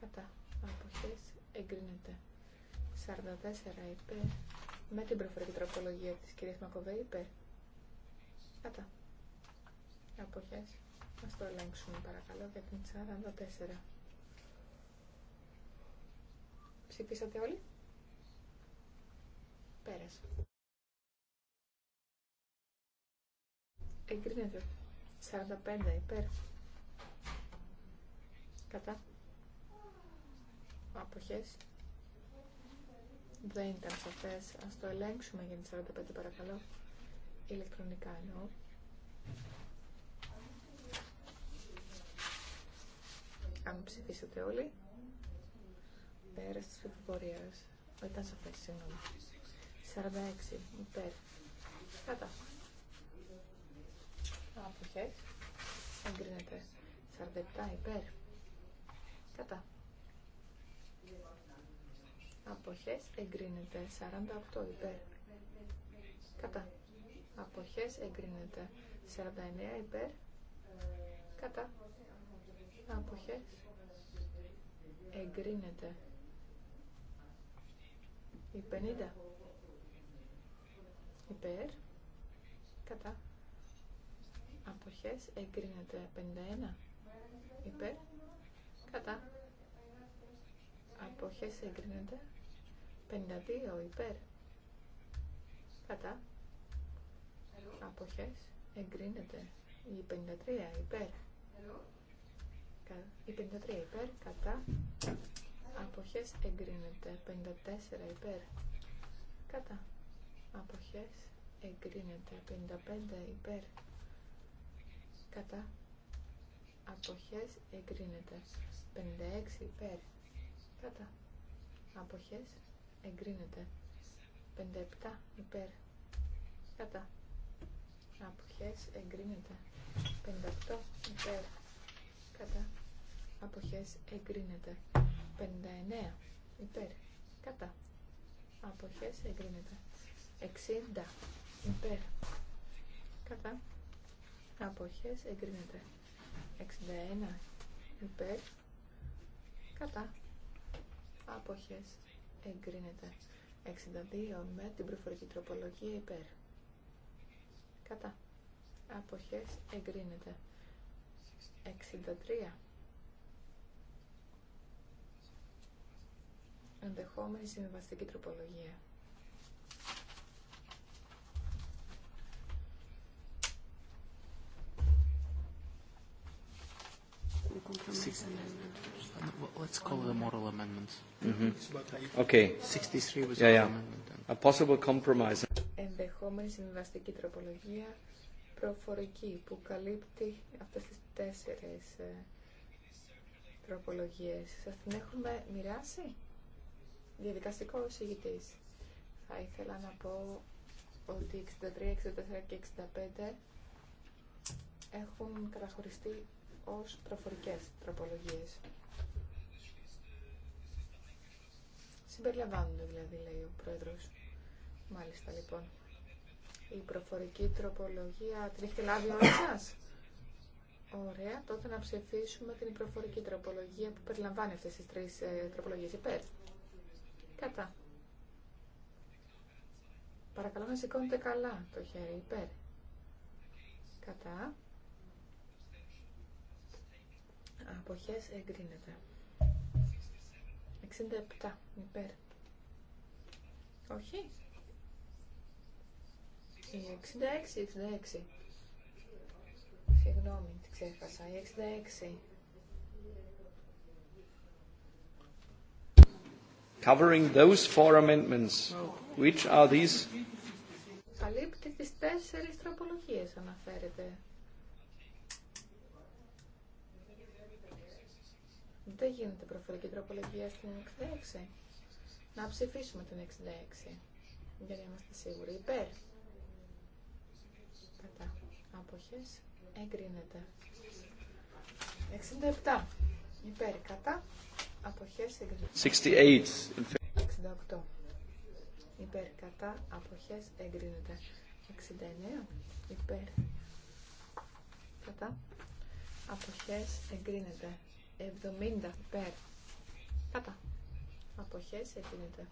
κατά αποχές εγκρίνεται 44 υπέρ με την προφορική τροπολογία της κυρίας Μακοβέ. υπέρ κατά αποχές Να το ελέγξουμε παρακαλώ για την 44 ψηφίσατε όλοι πέρασε εγκρίνεται 45 υπέρ κατά αποχές δεν ήταν σαφές ας το ελέγξουμε για την 45 παρακαλώ ηλεκτρονικά εννοώ αν ψηφίσετε όλοι πέρας της Δεν ήταν σαφές συγγνώμη 46 υπέρ κατά αποχές εγκρίνεται 47 υπέρ Κατά. Αποχές εγκρίνεται 48 υπέρ. Κατά. Αποχές εγκρίνεται 49 υπέρ. Κατά. Αποχές εγκρίνεται η 50 υπέρ. Κατά. Αποχές εγκρίνεται 51 υπέρ. Κατά. Αποχές εγκρίνεται. 52 υπέρ. Κατά. Αποχές εγκρίνεται. Η 53 υπέρ. Η 53 υπέρ. Κατά. Αποχές εγκρίνεται. 54 υπέρ. Κατά. Αποχές εγκρίνεται. 55 υπέρ. Κατά αποχές εγκρίνεται 56 υπέρ κατά αποχές εγκρίνεται 57 υπέρ κατά αποχές εγκρίνεται 58 υπέρ κατά αποχές εγκρίνεται 59 υπέρ κατά αποχές εγκρίνεται 60 υπέρ κατά αποχές εγκρίνεται 61 υπέρ κατά άποχες εγκρίνεται 62 με την προφορική τροπολογία υπέρ κατά άποχες εγκρίνεται 63 ενδεχόμενη συμβαστική τροπολογία Okay. 63 Ενδεχόμενη συμβιβαστική τροπολογία προφορική που καλύπτει αυτές τις τέσσερι ε, τροπολογίες. Σας την έχουμε μοιράσει. Διαδικαστικό εισηγητής. Θα ήθελα να πω ότι 63, 64 και 65 έχουν καταχωριστεί ως προφορικές τροπολογίες. Συμπεριλαμβάνονται δηλαδή, λέει ο Πρόεδρος. Μάλιστα, λοιπόν. Η προφορική τροπολογία την έχετε λάβει όλοι σα. Ωραία, τότε να ψηφίσουμε την προφορική τροπολογία που περιλαμβάνει αυτέ τι τρεις ε, τροπολογίες υπέρ. Κατά. Παρακαλώ να σηκώνετε καλά το χέρι υπέρ. Κατά. Αποχές εγκρίνεται. 67 υπέρ. Όχι. 66, 66. Συγγνώμη, την ξέχασα. 66. Covering those four amendments. Which are these? Καλύπτει τις τέσσερις τροπολογίες αναφέρεται. Δεν γίνεται προφορική τροπολογία στην 66. Να ψηφίσουμε την 66. Για να είμαστε σίγουροι. Υπέρ. Κατά. Αποχές. Εγκρίνεται. 67. Υπέρ. Κατά. Αποχές. Εγκρίνεται. 68. Υπέρ. Κατά. Αποχές. Εγκρίνεται. 69. Υπέρ. Κατά. Αποχές. Εγκρίνεται. 70 υπέρ. Κατά. Αποχές εγκρίνεται.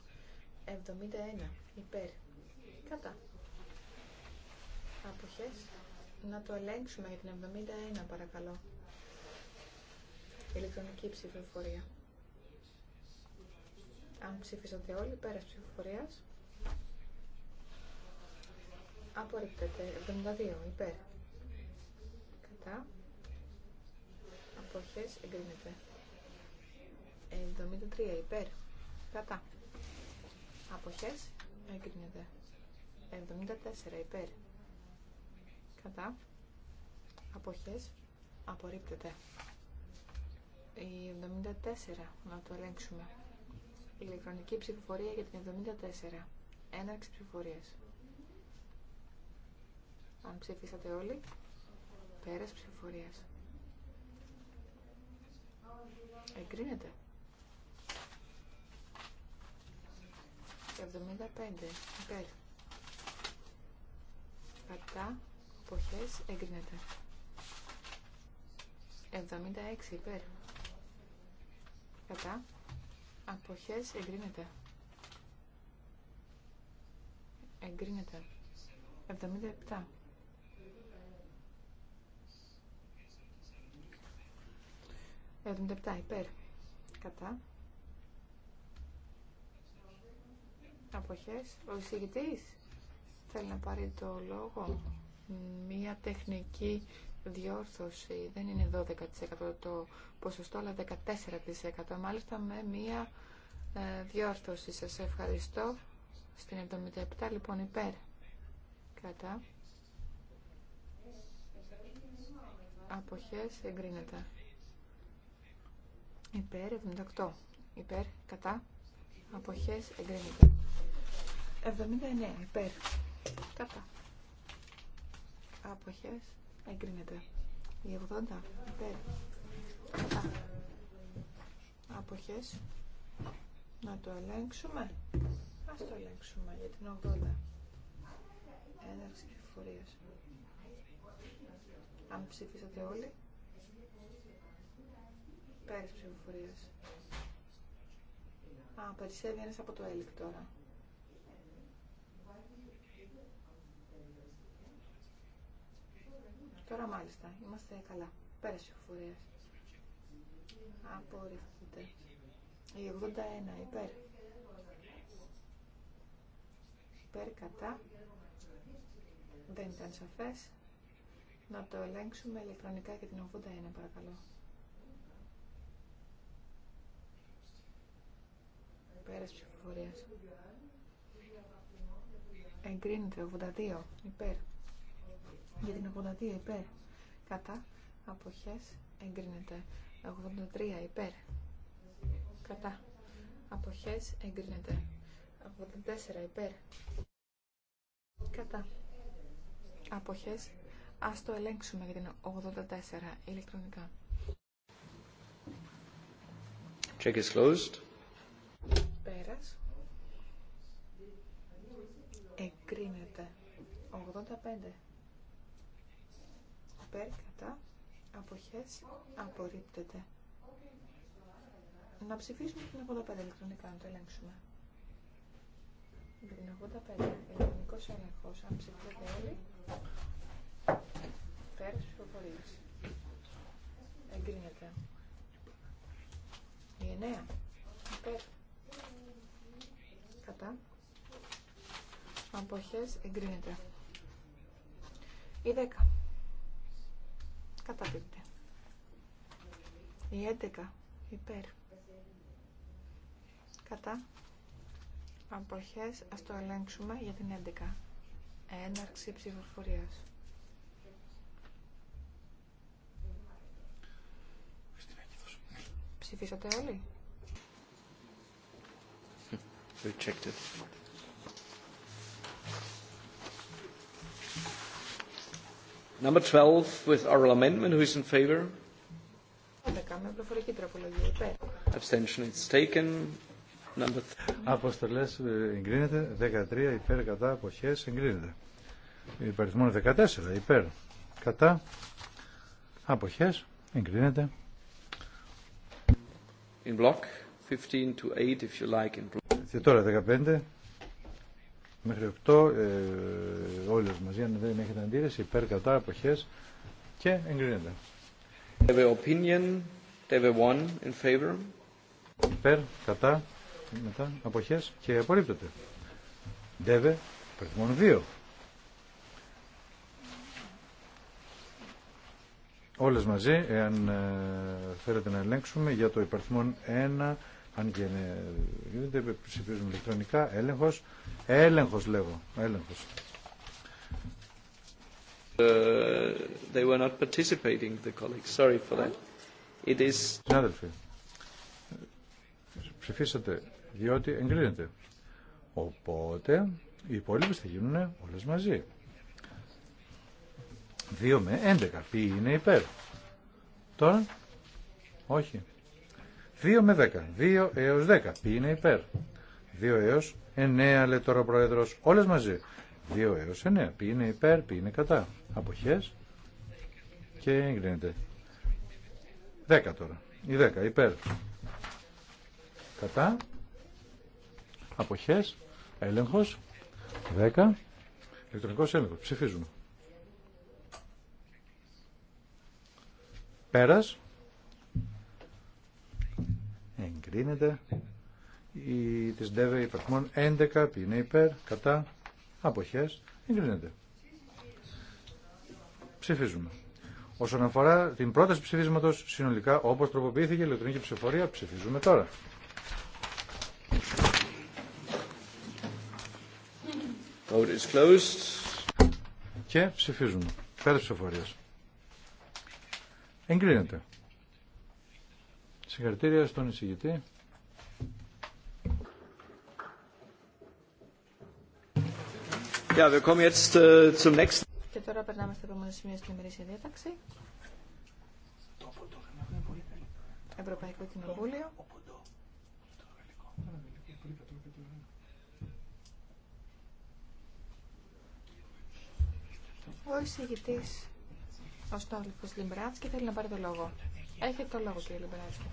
71 υπέρ. Κατά. Αποχές. Να το ελέγξουμε για την 71 παρακαλώ. Ηλεκτρονική ψηφοφορία. Αν ψήφισατε όλοι, πέρα ψηφοφορίας. Απορρίπτεται. 72 υπέρ. Κατά αποχές εγκρίνεται. 73 υπέρ. Κατά. Αποχές εγκρίνεται. 74 υπέρ. Κατά. Αποχές απορρίπτεται. Η 74 να το ελέγξουμε. Ηλεκτρονική ψηφοφορία για την 74. Έναρξη ψηφοφορίας. Αν ψηφίσατε όλοι, πέρας ψηφοφορίας. Εγκρίνεται. 75 υπέρ. Κατά εποχές εγκρίνεται. 76 υπέρ. Κατά αποχές εγκρίνεται. Εγκρίνεται. 77 77 υπέρ. Κατά. Αποχές. Ο εισηγητής θέλει να πάρει το λόγο. Μία τεχνική διόρθωση. Δεν είναι 12% το ποσοστό, αλλά 14%. Μάλιστα με μία ε, διόρθωση. Σα ευχαριστώ. Στην 77 λοιπόν υπέρ. Κατά. Αποχές εγκρίνεται. Υπέρ 78. Υπέρ κατά αποχές εγκρίνεται. 79. Υπέρ κατά αποχές εγκρίνεται. Η 80. Υπέρ κατά αποχές να το ελέγξουμε. Ας το ελέγξουμε για την 80. Έναρξη ψηφοφορίας. Αν ψηφίσατε όλοι. Πέρασε ψηφοφορία. Α, περισσεύει ένας από το ΕΛΚ τώρα. Τώρα μάλιστα, είμαστε καλά. Πέρασε ψηφοφορία. Απορρίφθηκε. Η 81 υπέρ. Υπέρ κατά. Δεν ήταν σαφές. Να το ελέγξουμε ηλεκτρονικά για την 81 παρακαλώ. Πέρας ψηφοφορίας. Εγκρίνεται 82 υπέρ. Για την 82 υπέρ. Κατά αποχές εγκρίνεται 83 υπέρ. Κατά αποχές εγκρίνεται 84 υπέρ. Κατά αποχές Ας το ελέγξουμε για την 84 ηλεκτρονικά. Check is closed μέρας Εγκρίνεται. 85. πέρκατα κατά, αποχές, απορρίπτεται. Να ψηφίσουμε την 85 ηλεκτρονικά, να το ελέγξουμε. Την 85, ηλεκτρονικός έλεγχος, αν ψηφίσετε όλοι. Πέρας ψηφοφορίας. Εγκρίνεται. Η 9. Υπέρ κατά αποχές εγκρίνεται η 10 καταπίπτει η 11 υπέρ κατά αποχές ας το ελέγξουμε για την 11 έναρξη ψηφοφορίας ψηφίσατε όλοι Rejected. Number 12 with oral amendment. Who is in favor? Abstention is taken. Number Αποστολές εγκρίνεται. 13 υπέρ κατά αποχές εγκρίνεται. Υπαριθμόν 14 υπέρ κατά αποχές εγκρίνεται. In block 15 to 8 if you like in block. Και τώρα 15 μέχρι 8 ε, όλες μαζί αν δεν έχετε αντίρρηση υπέρ κατά αποχές και εγκρίνεται. opinion, one in favor. Υπέρ, κατά, μετά, αποχές και απορρίπτεται. Δεύε, μόνο δύο. Όλες μαζί, εάν ε, θέλετε να ελέγξουμε για το υπαριθμόν 1 αν και είναι, γίνεται, ψηφίζουμε ηλεκτρονικά, έλεγχος, έλεγχος λέγω, έλεγχος. Uh, they were not participating, the colleagues. Sorry for that. It is... Συνάδελφοι, ψηφίσατε διότι εγκρίνεται. Οπότε, οι υπόλοιπες θα γίνουν όλες μαζί. 2 με 11. Ποιοι είναι υπέρ. Τώρα, όχι. 2 με 10. 2 έως 10. Ποιοι είναι υπέρ. 2 έως 9 λέει τώρα ο Πρόεδρος. Όλες μαζί. 2 έως 9. Ποιοι είναι υπέρ, ποιοι είναι κατά. Αποχές. Και εγκρίνεται. 10 τώρα. Η 10 υπέρ. Κατά. Αποχές. Έλεγχος. 10. Ηλεκτρονικός έλεγχος. Ψηφίζουμε. Πέρας εγκρίνεται. Η, της ΔΕΒΕ υπερχμών 11, ποιοι είναι υπέρ, κατά, αποχές, εγκρίνεται. Ψηφίζουμε. Όσον αφορά την πρόταση ψηφίσματος συνολικά, όπως τροποποιήθηκε η ηλεκτρονική ψηφοφορία, ψηφίζουμε τώρα. Vote is closed. Και ψηφίζουμε. Πέρα ψηφοφορίας. Εγκρίνεται. Συγχαρητήρια στον εισηγητή. Äh, Και τώρα περνάμε στο επόμενο σημείο στην ημερήσια διάταξη. Ευρωπαϊκό Κοινοβούλιο. Ο εισηγητή, ο Στόλικο Λιμπράτσκι, θέλει να πάρει το λόγο. Έχετε το λόγο, κύριε Λιμπράτσκι.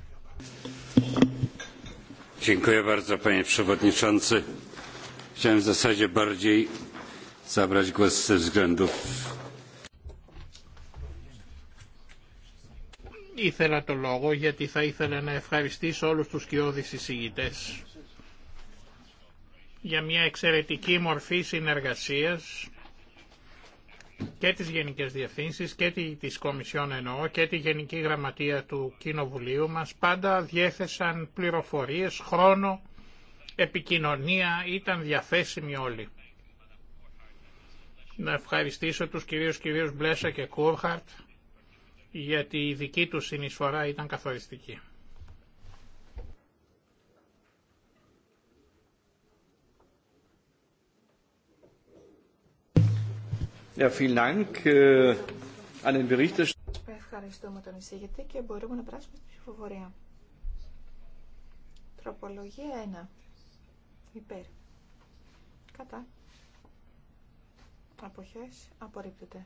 Dziękuję bardzo, panie przewodniczący. Chciałem w zasadzie bardziej zabrać głos ze Ήθελα το λόγο γιατί θα ήθελα να ευχαριστήσω όλους τους κοιόδης εισηγητές για μια εξαιρετική μορφή συνεργασίας και τις Γενικές Διευθύνσεις και της Κομισιόν εννοώ και τη Γενική Γραμματεία του Κοινοβουλίου μας πάντα διέθεσαν πληροφορίες, χρόνο, επικοινωνία, ήταν διαθέσιμοι όλοι. Να ευχαριστήσω τους κυρίους κυρίους Μπλέσα και Κούρχαρτ γιατί η δική τους συνεισφορά ήταν καθοριστική. Äh, Ευχαριστούμε τον εισηγητή και μπορούμε να περάσουμε στην ψηφοφορία. Τροπολογία 1. Υπέρ. Κατά. Αποχές. Απορρίπτεται.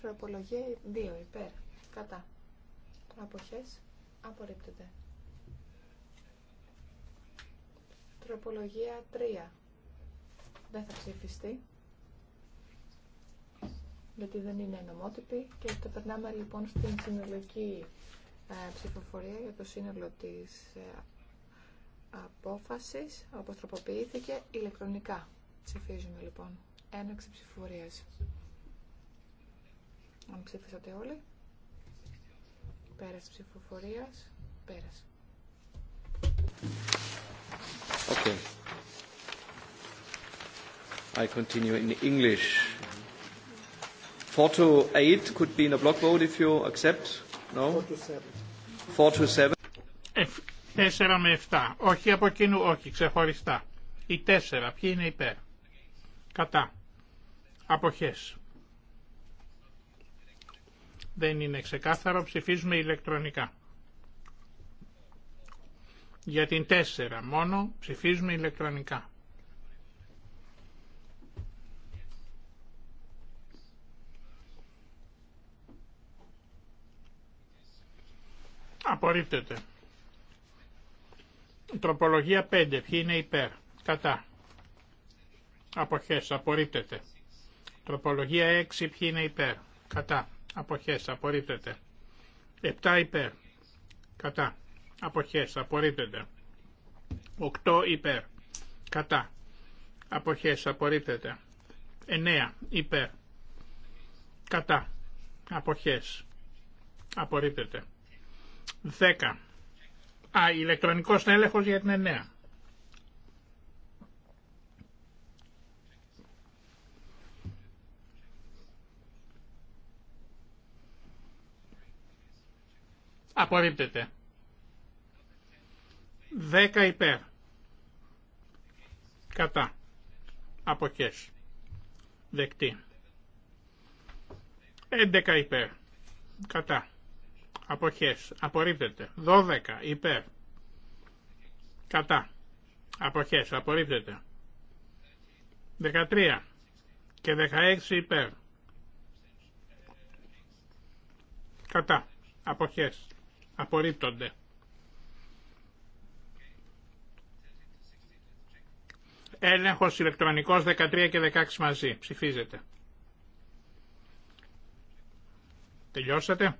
Τροπολογία 2. Υπέρ. Κατά. Αποχές. Απορρίπτεται. Τροπολογία 3. Δεν θα ψηφιστεί γιατί δεν είναι νομότυπη και το περνάμε λοιπόν στην συνολική ε, ψηφοφορία για το σύνολο της ε, απόφασης, όπως τροποποιήθηκε, ηλεκτρονικά. Ψηφίζουμε λοιπόν. Έναξη ψηφοφορίας. Αν ψήφισατε όλοι. Πέρας ψηφοφορίας. Πέρας. Okay. I continue in English. 4 to 8 could be in a block vote if you accept. No? 4 to 7. 4 με 7. Όχι από κοινού, όχι ξεχωριστά. Η 4. Ποιοι είναι υπέρ. Κατά. Αποχές. Δεν είναι ξεκάθαρο. Ψηφίζουμε ηλεκτρονικά. Για την 4 μόνο ψηφίζουμε ηλεκτρονικά. Απορρίπτεται. Τροπολογία 5. Ποιοι είναι υπέρ. Κατά. Αποχές. Απορρίπτεται. Τροπολογία 6. Ποιοι είναι υπέρ. Κατά. Αποχές. Απορρίπτεται. 7 υπέρ. Κατά. Αποχές. Απορρίπτεται. 8 υπέρ. Κατά. Αποχές. Απορρίπτεται. 9 υπέρ. Κατά. Αποχές. Απορρίπτεται. 10. Α, ηλεκτρονικός έλεγχο για την 9. Απορρίπτεται. 10 υπέρ. Κατά. Αποχές. Δεκτή. 11 υπέρ. Κατά. Αποχές. Απορρίπτεται. 12. Υπέρ. Κατά. Αποχές. Απορρίπτεται. 13. Και 16 υπέρ. Κατά. Αποχές. Απορρίπτονται. Έλεγχος ηλεκτρονικός 13 και 16 μαζί. Ψηφίζεται. Τελειώσατε.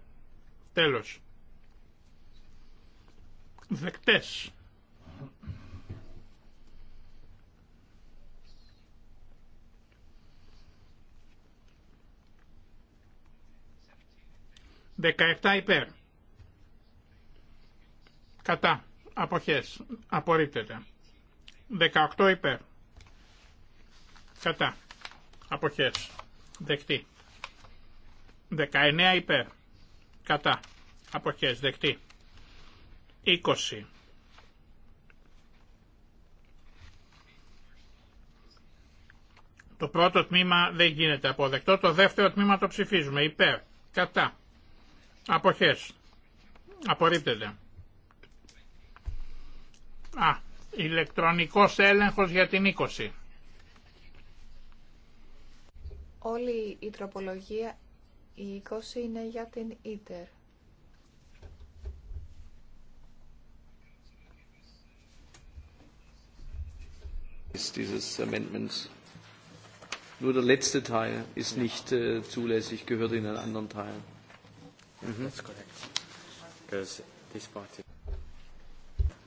Τέλος. Δεκτές. Δεκαεφτά υπέρ. Κατά. Αποχές. Απορρίπτεται. Δεκαοκτώ υπέρ. Κατά. Αποχές. Δεκτή. Δεκαεννέα υπέρ κατά, αποχές, δεκτή. 20. Το πρώτο τμήμα δεν γίνεται αποδεκτό, το δεύτερο τμήμα το ψηφίζουμε, υπέρ, κατά, αποχές, απορρίπτεται. Α, ηλεκτρονικός έλεγχος για την 20. Όλη η τροπολογία η 20 είναι για την ίτερ. Dieses Amendments. Nur der letzte Teil ist nicht äh, zulässig, gehört in einen anderen Teil. Mhm. That's correct. Because this part is,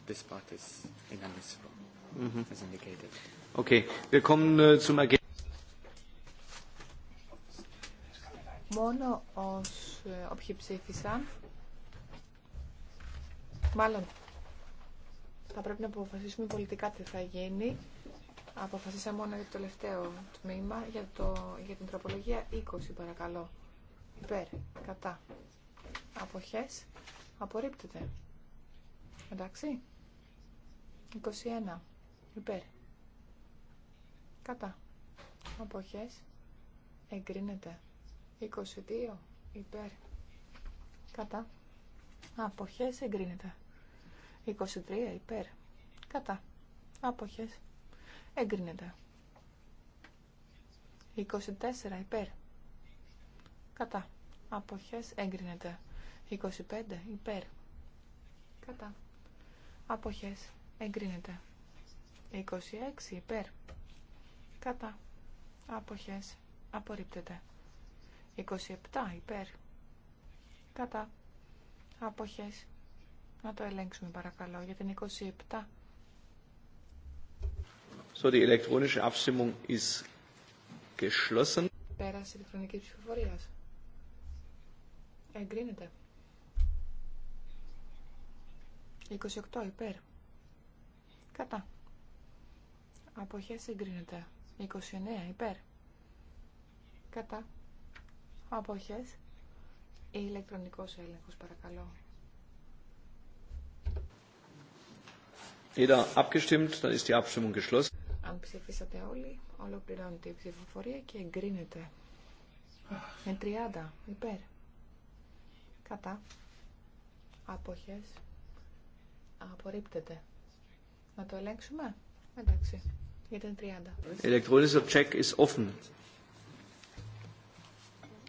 this part is inadmissible, mm as indicated. Okay, wir kommen äh, zum Ergebnis. μόνο ως ε, όποιοι ψήφισαν. Μάλλον θα πρέπει να αποφασίσουμε πολιτικά τι θα γίνει. Αποφασίσαμε μόνο για το τελευταίο τμήμα, για, το, για την τροπολογία 20 παρακαλώ. Υπέρ, κατά, αποχές, απορρίπτεται. Εντάξει. 21. Υπέρ. Κατά. Αποχές. Εγκρίνεται. 22 υπέρ κατά αποχές εγκρίνεται 23 υπέρ κατά αποχές εγκρίνεται 24 υπέρ κατά αποχές εγκρίνεται 25 υπέρ κατά αποχές εγκρίνεται 26 υπέρ κατά αποχές απορρίπτεται 27 υπέρ. Κατά. Αποχές. Να το ελέγξουμε παρακαλώ για την 27. So, die elektronische Abstimmung ist geschlossen. Πέρασε ηλεκτρονική ψηφοφορία. Εγκρίνεται. 28 υπέρ. Κατά. Αποχές εγκρίνεται. 29 υπέρ. Κατά. Αποχές. Ηλεκτρονικός έλεγχος, παρακαλώ. Jeder abgestimmt, dann ist die Abstimmung geschlossen. Αν ψηφίσατε όλοι, ολοκληρώνεται η ψηφοφορία και εγκρίνεται. Με 30 υπέρ. Κατά. Αποχές. Απορρίπτεται. Να το ελέγξουμε. Εντάξει. Για την 30. Ηλεκτρονικός check is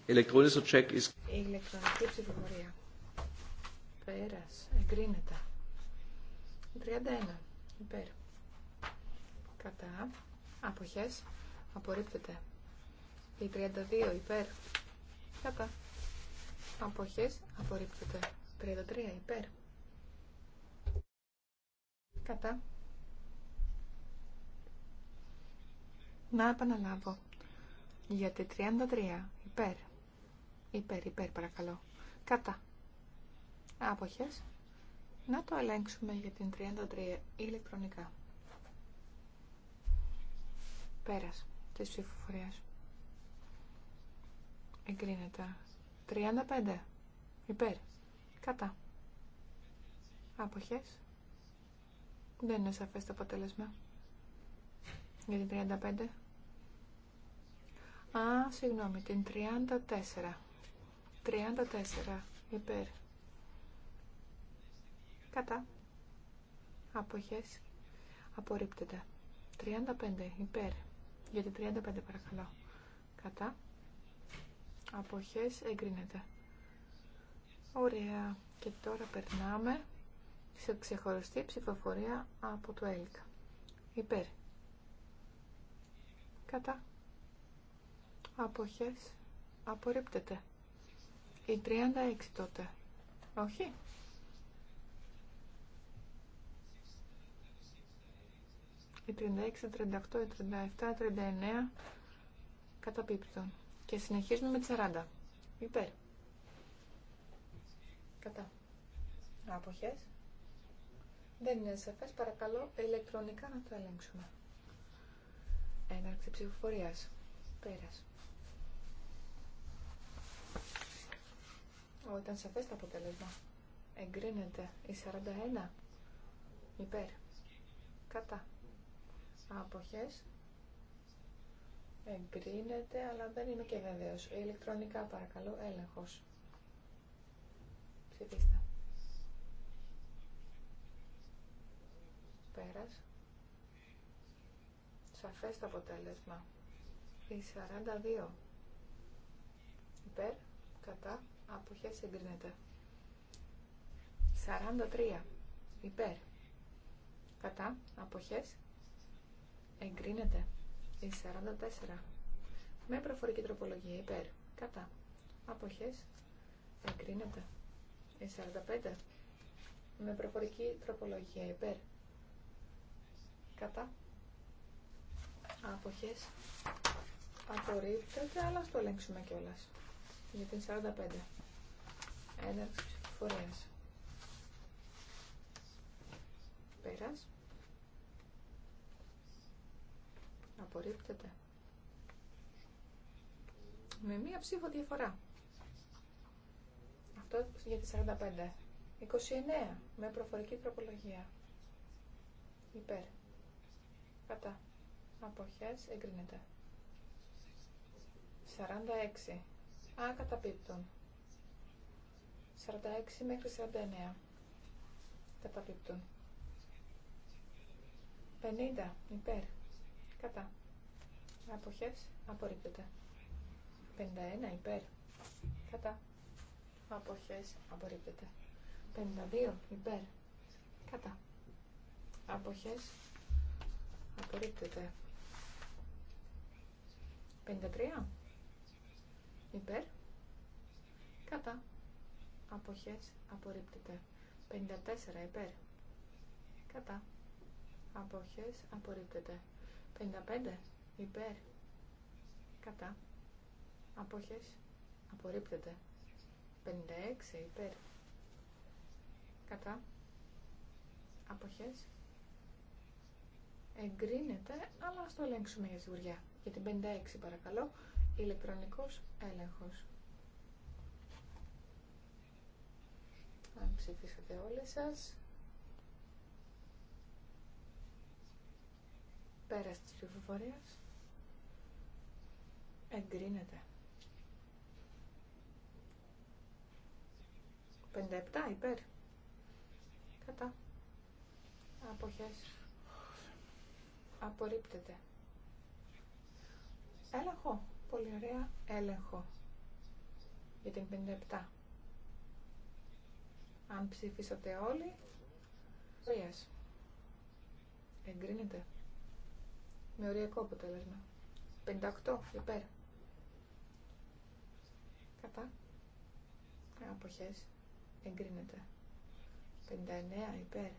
check is... Η ηλεκτρονική ψηφοφορία. Πέρας. Εγκρίνεται. 31. Υπέρ. Κατά. Αποχές. Απορρίπτεται. Η 32. Υπέρ. Κατά. Αποχές. Απορρίπτεται. 33. Υπέρ. Κατά. Να επαναλάβω. Γιατί 33. Υπέρ. Υπέρ, υπέρ παρακαλώ. Κατά. Άποχες. Να το ελέγξουμε για την 33 ηλεκτρονικά. Πέρας της ψηφοφορίας. Εγκρίνεται. 35. Υπέρ. Κατά. Άποχες. Δεν είναι σαφές το αποτέλεσμα. Για την 35. Α, συγγνώμη, την 34. 34 υπέρ κατά αποχές απορρίπτεται 35 υπέρ Γιατί 35 παρακαλώ κατά αποχές εγκρίνεται ωραία και τώρα περνάμε σε ξεχωριστή ψηφοφορία από το ΕΛΚ υπέρ κατά αποχές απορρίπτεται η 36 τότε. Όχι. Η 36, 38, η 37, 39 κατά πίπτων. Και συνεχίζουμε με τη 40. Υπέρ. Κατά. Άποχες. Δεν είναι σαφές. Παρακαλώ ηλεκτρονικά να το ελέγξουμε. Έναρξη ψηφοφορίας. Πέρας. Όταν ήταν σαφές το αποτέλεσμα. Εγκρίνεται η 41 υπέρ. Κατά. Αποχές. Εγκρίνεται, αλλά δεν είμαι και βεβαίω. Ηλεκτρονικά παρακαλώ, έλεγχος. Ψηφίστε. Πέρας. Σαφέ το αποτέλεσμα. Η 42. Υπέρ, κατά, Αποχές εγκρίνεται. 43. Υπέρ. Κατά. Αποχές. Εγκρίνεται. Η 44. Με προφορική τροπολογία. Υπέρ. Κατά. Αποχές. Εγκρίνεται. Η 45. Με προφορική τροπολογία. Υπέρ. Κατά. Αποχές. Απορρίπτεται, αλλά στο ελέγξουμε κιόλας. Για την 45. Έναρξη ψηφοφορίας. Πέρας. Απορρίπτεται. Με μία ψήφο διαφορά. Αυτό για τη 45. 29. Με προφορική τροπολογία. Υπέρ. Κατά. Αποχές εγκρίνεται. 46. Α, καταπίπτων. 46 μέχρι 49. Καταπίπτουν. 50 υπέρ. Κατά. Αποχές. Απορρίπτεται. 51 υπέρ. Κατά. Αποχές. Απορρίπτεται. 52 υπέρ. Κατά. Αποχές. Απορρίπτεται. 53 υπέρ. Κατά αποχές απορρίπτεται. 54 υπέρ. Κατά. Αποχές απορρίπτεται. 55 υπέρ. Κατά. Αποχές απορρίπτεται. 56 υπέρ. Κατά. Αποχές εγκρίνεται, αλλά ας το ελέγξουμε για σιγουριά. Για την 56 παρακαλώ, ηλεκτρονικός έλεγχος. Αν ψηφίσατε όλες σας. Πέρας της ψηφοφορίας. Εγκρίνεται. 57 υπέρ. Κατά. Αποχές. Απορρίπτεται. Έλεγχο. Πολύ ωραία. Έλεγχο. Για την 57. Αν ψηφίσατε όλοι, yes. Εγκρίνεται. Με οριακό αποτέλεσμα. 58 υπέρ. Κατά. Αποχές. Εγκρίνεται. 59 υπέρ.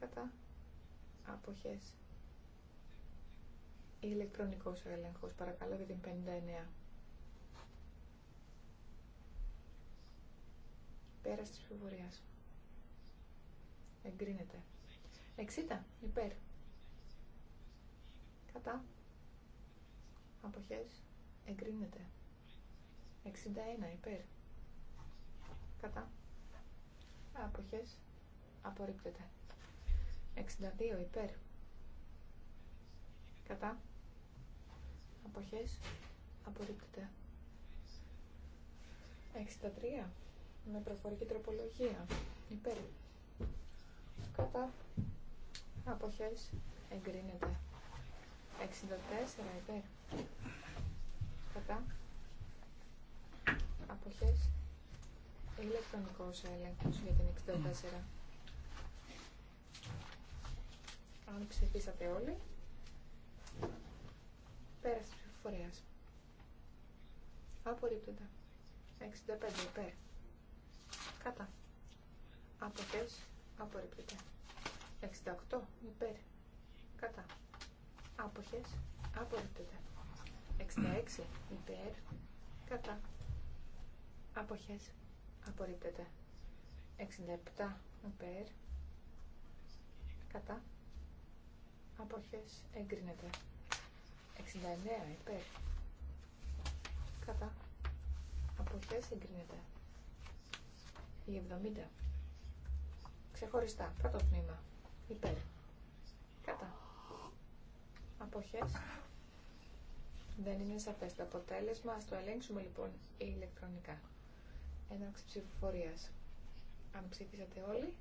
Κατά. Αποχές. Ηλεκτρονικός έλεγχος. Παρακαλώ για την 59. Πέρας της φιβουρίας. Εγκρίνεται. 60 υπέρ. Κατά. Αποχές. Εγκρίνεται. 61 υπέρ. Κατά. Αποχές. Απορρίπτεται. 62 υπέρ. Κατά. Αποχές. Απορρίπτεται. 63 με προφορική τροπολογία. Υπέρ. Κατά. Αποχές. Εγκρίνεται. 64. Υπέρ. Κατά. Αποχές. Ηλεκτρονικός έλεγχος για την 64. Αν ψηφίσατε όλοι. Πέρασε ψηφοφορίας. Απορρίπτοντα. 65 υπέρ. Κατά. Αποχές. Απορρίπτεται. 68. Υπέρ. Κατά. Αποχές. Απορρίπτεται. 66. Υπέρ. Κατά. Αποχές. Απορρίπτεται. 67. Υπέρ. Κατά. Αποχές. Εγκρίνεται. 69. Υπέρ. Κατά. Αποχές. Εγκρίνεται. Η 70. Ξεχωριστά. Πρώτο τμήμα. Υπέρ. Κατά. Αποχές. Δεν είναι σαφές το αποτέλεσμα. Ας το ελέγξουμε λοιπόν ηλεκτρονικά. Έναρξη ψηφοφορία. Αν ψήφισατε όλοι,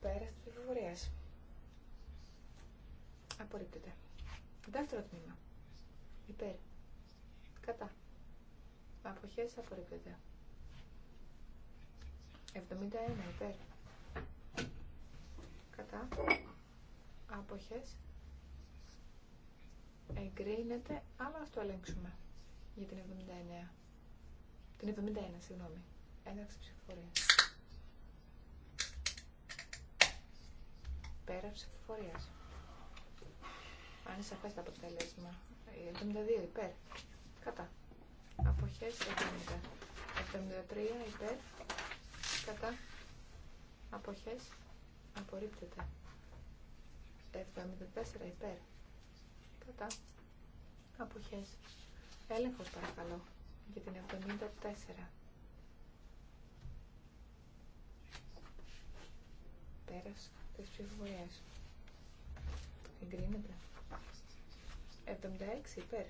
πέρα της ψηφοφορίας. Απορρίπτεται. Δεύτερο τμήμα. Υπέρ. Κατά. Αποχές απορρίπτεται. 71 υπέρ. Κατά. Άποχες. Εγκρίνεται, αλλά αυτό ελέγξουμε. Για την 79. Την 71, συγγνώμη. Έναρξη ψηφοφορία. Πέρα ψηφοφορία. Αν είναι σαφέ το αποτέλεσμα. 72 υπέρ. Κατά. Αποχέ 70 73 υπέρ κατά αποχές απορρίπτεται 74 υπέρ κατά αποχές έλεγχος παρακαλώ για την 74 πέρας της ψηφοφορίας εγκρίνεται 76 υπέρ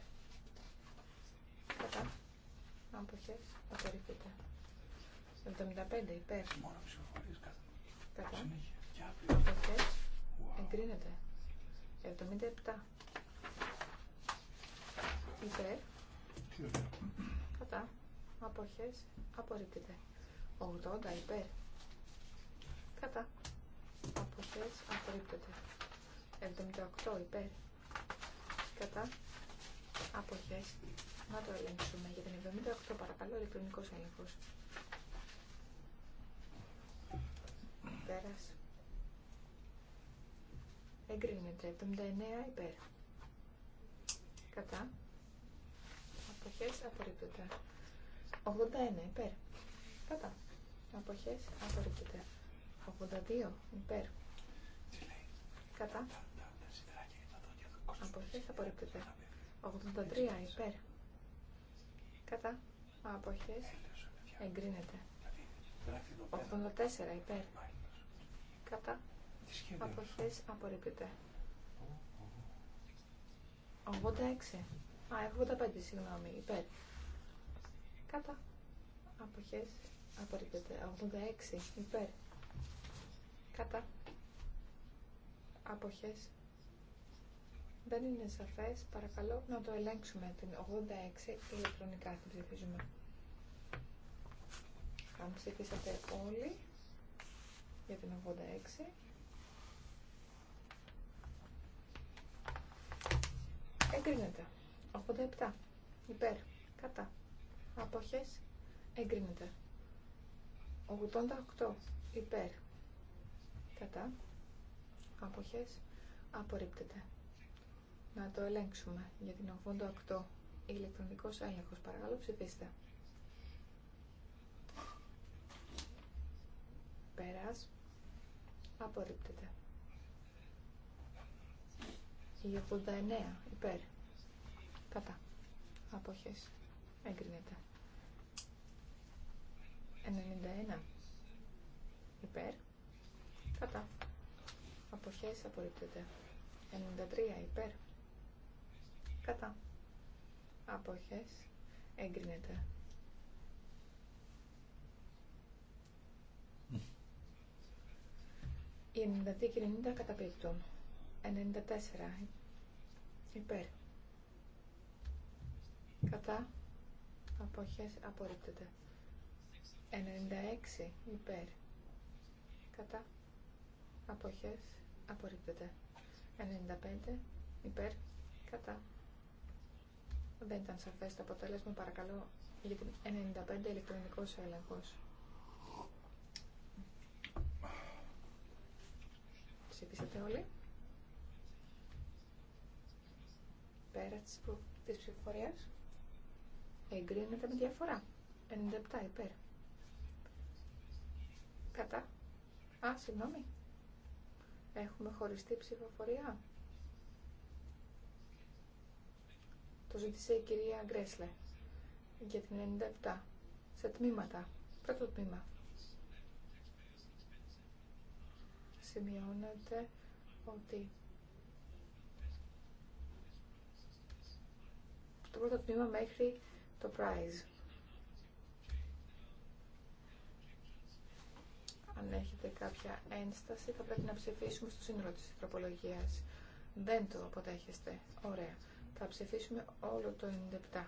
κατά αποχές απορρίπτεται 75 υπέρ. Κατά. Αποχέ, Εγκρίνεται. 77. Υπέρ. Κατά. αποχέ, Απορρίπτεται. 80 υπέρ. Κατά. αποχέ, Απορρίπτεται. 78 υπέρ. Κατά. απόχέ. Να το ελέγξουμε για την 78 παρακαλώ ηλεκτρονικός έλεγχος. Πέρας. Εγκρίνεται. 79 υπέρ. Κατά. Αποχές απορρίπτεται. 81 υπέρ. Κατά. Αποχές απορρίπτεται. 82 υπέρ. Κατά. Αποχές απορρίπτεται. 83 υπέρ. Κατά. Αποχές εγκρίνεται. 84 υπέρ κατά αποχές απορρίπτεται. 86. Α, 85, συγγνώμη. Υπέρ. Κατά. Αποχές απορρίπτεται. 86. Υπέρ. Κατά. Αποχές. Δεν είναι σαφές. Παρακαλώ να το ελέγξουμε. Την 86 ηλεκτρονικά την ψηφίζουμε. Αν ψηφίσατε όλοι για την 86. Εγκρίνεται. 87. Υπέρ. Κατά. Αποχές. Εγκρίνεται. 88. Υπέρ. Κατά. Αποχές. Απορρίπτεται. Να το ελέγξουμε για την 88. Ηλεκτρονικός έλεγχος. Παρακαλώ ψηφίστε. Πέρας. Απορρίπτεται. Η 89 υπέρ. Κατά. Αποχές. Εγκρίνεται. 91 υπέρ. Κατά. Αποχές απορρίπτεται. 93 υπέρ. Κατά. Αποχές εγκρίνεται. Οι 92 και 90 καταπίπτουν. 94 υπέρ. Κατά αποχές απορρίπτεται. 96 υπέρ. Κατά αποχές απορρίπτεται. 95 υπέρ. Κατά. Δεν ήταν σαφές το αποτέλεσμα. Παρακαλώ για την 95 ηλεκτρονικός έλεγχος. Ψηφίσατε όλοι. Πέρα της, της ψηφοφορίας. Εγκρίνεται με διαφορά. 97 υπέρ. Κατά. Α, συγγνώμη. Έχουμε χωριστή ψηφοφορία. Το ζήτησε η κυρία Γκρέσλε για την 97 σε τμήματα. Πρώτο τμήμα. σημειώνεται ότι το πρώτο τμήμα μέχρι το prize. Αν έχετε κάποια ένσταση θα πρέπει να ψηφίσουμε στο σύνολο της τροπολογίας. Δεν το αποτέχεστε. Ωραία. Θα ψηφίσουμε όλο το 97.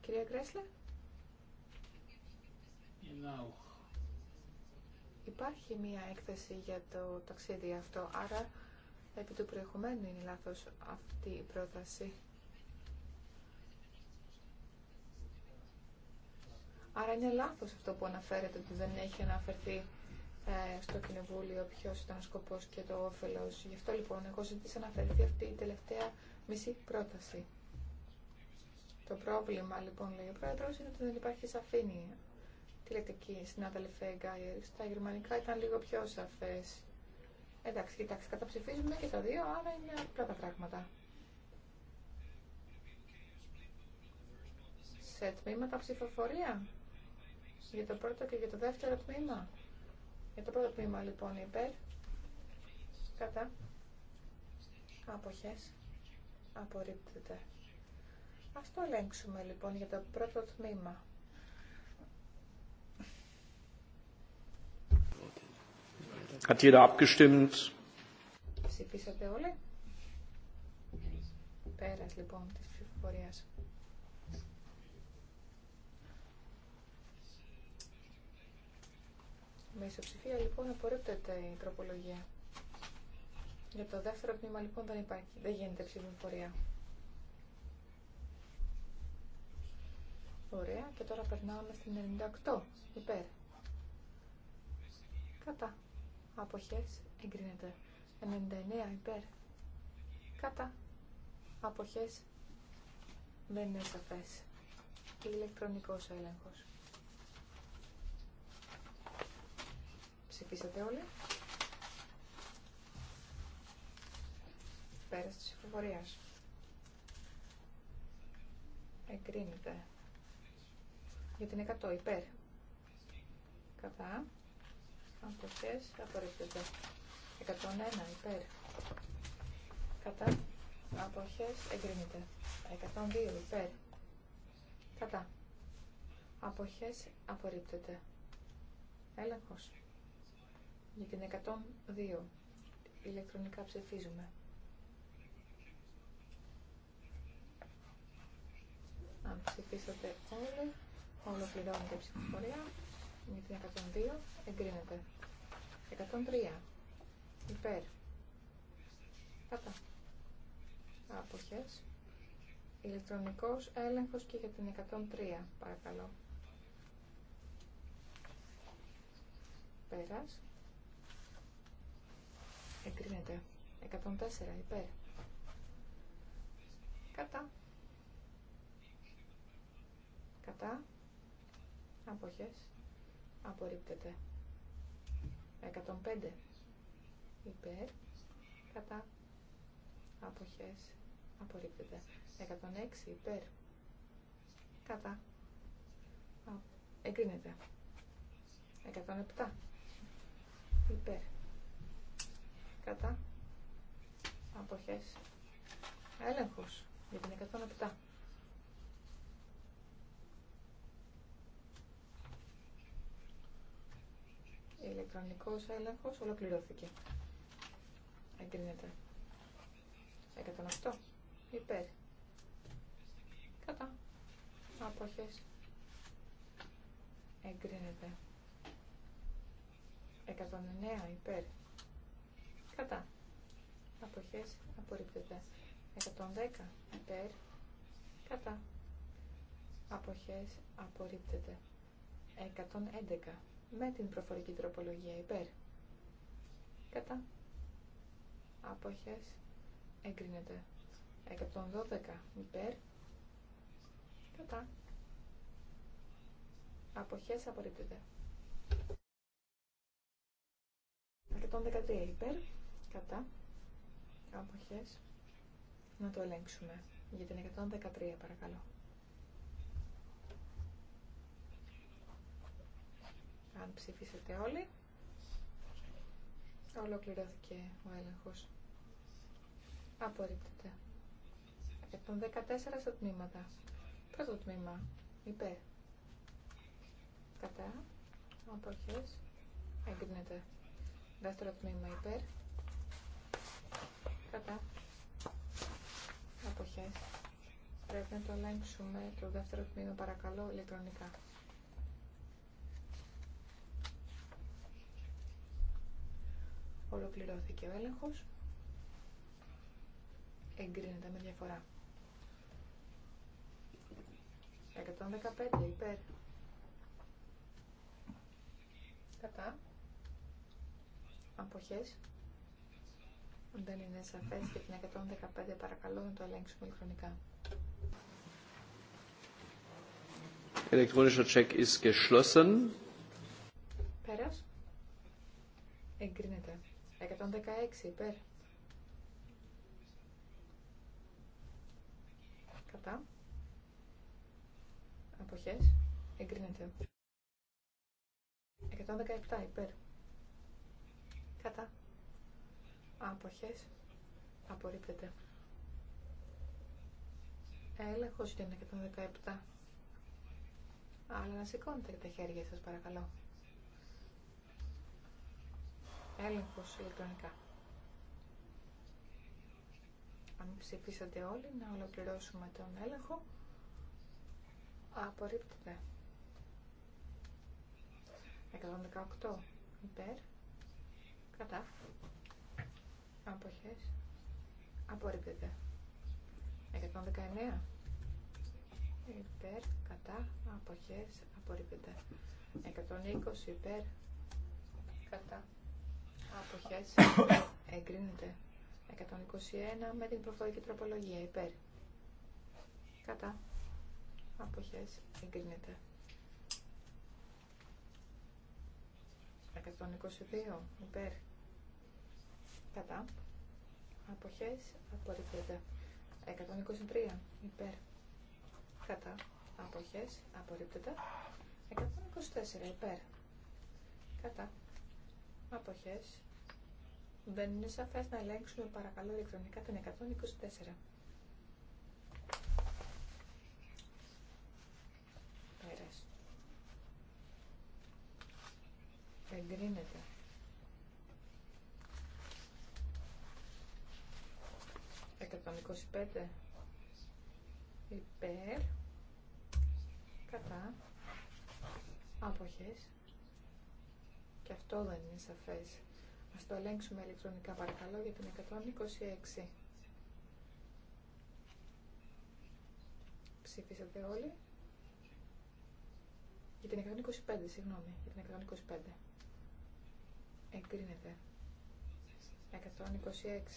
Κυρία Κρέσλε. Υπάρχει μία έκθεση για το ταξίδι αυτό, άρα επί του προηγουμένου είναι λάθος αυτή η πρόταση. Άρα είναι λάθος αυτό που αναφέρεται ότι δεν έχει αναφερθεί ε, στο Κοινοβούλιο ποιο ήταν ο σκοπός και το όφελος. Γι' αυτό λοιπόν εγώ ζήτησα να αναφερθεί αυτή η τελευταία μισή πρόταση. Το πρόβλημα λοιπόν, λέει ο πρόεδρος, είναι ότι δεν υπάρχει σαφήνεια στην συνάδελφε Γκάιερ. Στα γερμανικά ήταν λίγο πιο σαφέ. Εντάξει, κοιτάξτε, καταψηφίζουμε και τα δύο, άρα είναι απλά τα πράγματα. Σε τμήματα ψηφοφορία. Για το πρώτο και για το δεύτερο τμήμα. Για το πρώτο τμήμα λοιπόν υπέρ. Κατά. Αποχές. Απορρίπτεται. Ας το ελέγξουμε λοιπόν για το πρώτο τμήμα. Hat jeder abgestimmt? Ψηφίσατε όλοι. Πέρα λοιπόν τη ψηφοφορία. Με ισοψηφία λοιπόν απορρίπτεται η τροπολογία. Για το δεύτερο τμήμα λοιπόν δεν υπάρχει, δεν γίνεται ψηφοφορία. Ωραία, και τώρα περνάμε στην 98, υπέρ. Κατά αποχές εγκρίνεται 99 υπέρ κατά αποχές δεν είναι σαφές ηλεκτρονικός έλεγχος ψηφίσατε όλοι πέρας της υποφορίας. εγκρίνεται για την 100 υπέρ κατά αποχές απορρίπτεται 101 υπέρ κατά αποχές εγκρίνεται 102 υπέρ κατά αποχές απορρίπτεται έλεγχος για την 102 ηλεκτρονικά ψηφίζουμε αν ψηφίσατε όλοι ολοκληρώνεται η ψηφοφορία για την 102 εγκρίνεται. 103 υπέρ. Κατά. Αποχές. Ηλεκτρονικός έλεγχος και για την 103 παρακαλώ. Πέρας. Εγκρίνεται. 104 υπέρ. Κατά. Κατά. Αποχές απορρίπτεται. 105 υπέρ, κατά, αποχές, απορρίπτεται. 106 υπέρ, κατά, εγκρίνεται. 107 υπέρ, κατά, αποχές, έλεγχος για την 107. Ηλεκτρονικός έλεγχος ολοκληρώθηκε. Εγκρίνεται. 108. Υπέρ. Κατά. Αποχές. Εγκρίνεται. 109. Υπέρ. Κατά. Αποχές. Απορρίπτεται. 110. Υπέρ. Κατά. Αποχές. Απορρίπτεται. 111 με την προφορική τροπολογία υπέρ. Κατά. Αποχές εγκρίνεται. 112 υπέρ. Κατά. Αποχές απορρίπτεται. 113 υπέρ. Κατά. Αποχές. Να το ελέγξουμε. Για την 113 παρακαλώ. αν ψηφίσετε όλοι. Ολοκληρώθηκε ο έλεγχος. Απορρίπτεται. Από 14 στα τμήματα. Πρώτο τμήμα. Υπέρ. Κατά. Αποχές. Εγκρίνεται. Δεύτερο τμήμα. Υπέρ. Κατά. Αποχές. Πρέπει να το ελέγξουμε το δεύτερο τμήμα παρακαλώ ηλεκτρονικά. Ολοκληρώθηκε ο έλεγχος. Εγκρίνεται με διαφορά. 115 υπέρ. Κατά. Αποχές. Δεν είναι σαφές και την 115 παρακαλώ να το ελέγξουμε ηλεκτρονικά. Ελεκτρονικό check is geschlossen. Πέρας. Εγκρίνεται. 116 υπέρ. Κατά. Αποχές. Εγκρίνεται. 117 υπέρ. Κατά. Αποχές. Απορρίπτεται. Έλεγχος για 117. Αλλά να σηκώνετε τα χέρια σας παρακαλώ. Έλεγχος ηλεκτρονικά. Αν ψηφίσατε όλοι, να ολοκληρώσουμε τον έλεγχο. Απορρίπτεται. 118 υπέρ. Κατά. Αποχές. Απορρίπτεται. 119 υπέρ, κατά, αποχές, απορρίπτεται. 120 υπέρ, κατά, Αποχές. Εγκρίνεται. 121 με την προφορική τροπολογία. Υπέρ. Κατά. Αποχές. Εγκρίνεται. 122. Υπέρ. Κατά. Αποχές. Απορρίπτεται. 123. Υπέρ. Κατά. Αποχές. Απορρίπτεται. 124. Υπέρ. Κατά. Αποχές. Δεν είναι σαφές να ελέγξουμε παρακαλώ ηλεκτρονικά την 124. Πέρας. Εγκρίνεται. 125 υπέρ κατά αποχές και αυτό δεν είναι σαφές. Ας το ελέγξουμε ηλεκτρονικά παρακαλώ για την 126. Ψήφισατε όλοι. Για την 125, συγγνώμη, για την 125. Εγκρίνεται.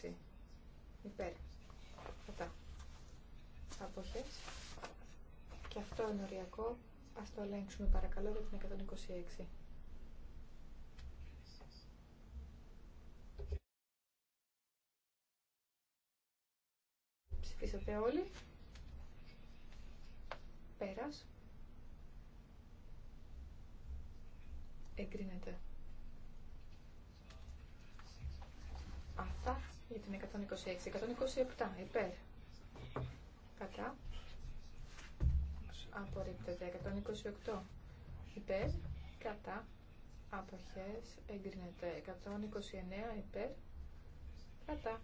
126. Υπέρ. Κατά. Αποχές. Και αυτό είναι οριακό. Ας το ελέγξουμε παρακαλώ για την 126. Ψηφίσατε όλοι. Πέρας. Εγκρίνεται. Αυτά για την 126. 127 υπέρ. Κατά. Απορρίπτεται. 128 υπέρ. Κατά. Αποχές εγκρίνεται. 129 υπέρ. Κατά.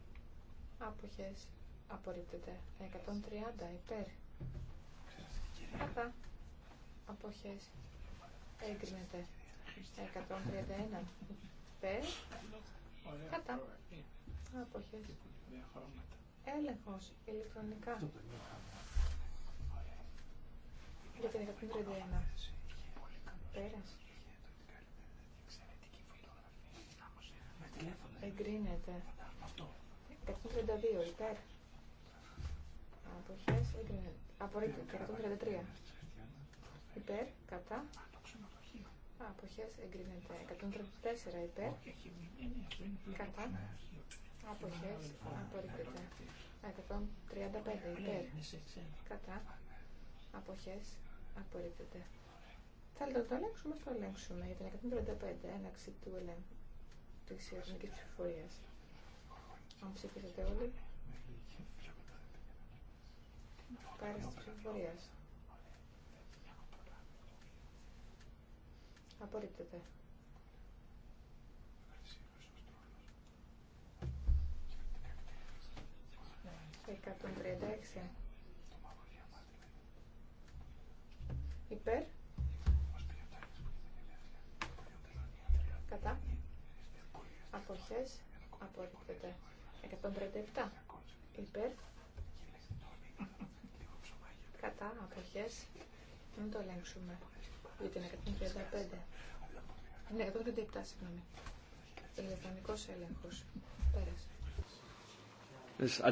Αποχές απορρίπτεται 130 υπέρ κατά αποχές έγκρινεται 131 υπέρ κατά αποχές έλεγχος ηλεκτρονικά για την 131 πέρας εγκρίνεται 132 υπέρ Απορρίπτεται. 133. Υπέρ, κατά. Αποχέ εγκρίνεται. 134 υπέρ. Κατά. Αποχές απορρίπτεται. 135 υπέρ. Κατά. Αποχές απορρίπτεται. Θέλετε να το ελέγξουμε, θα το ελέγξουμε για την 135 έναξη του ελέγχου της ειρηνικής ψηφορίας. Αν ψηφίσετε όλοι, Πέρα τη ψηφοφορία. Απορρίπτεται. Εκατόν τριάντα έξι. Υπέρ. Κατά. Αποχές. Απορρίπτεται. Εκατόν τριάντα επτά. Υπέρ. Κατά αποχές να το ελέγξουμε. Για την 135. Είναι 137, συγγνώμη. Ηλεκτρονικός έλεγχο. Πέρασε.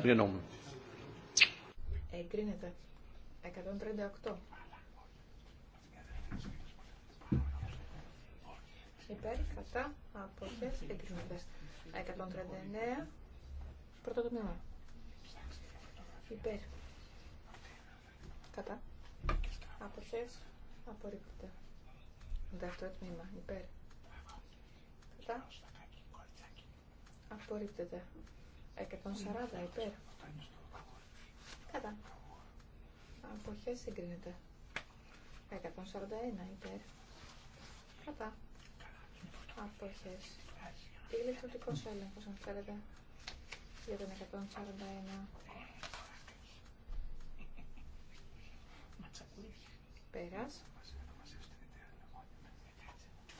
Εγκρίνεται. 138. Υπέρ, κατά, αποχές, εγκρίνεται. 139, πρώτο τμήμα. Υπέρ, Κατά. Αποχές. Απορρίπτεται. Δεύτερο τμήμα. Υπέρ. Κατά. Απορρίπτεται. 140 υπέρ. Κατά. Αποχές συγκρίνεται. 141 υπέρ. Κατά. Αποχές. Ηλεκτρονικό έλεγχος αν θέλετε. Για τον 141. πέρα.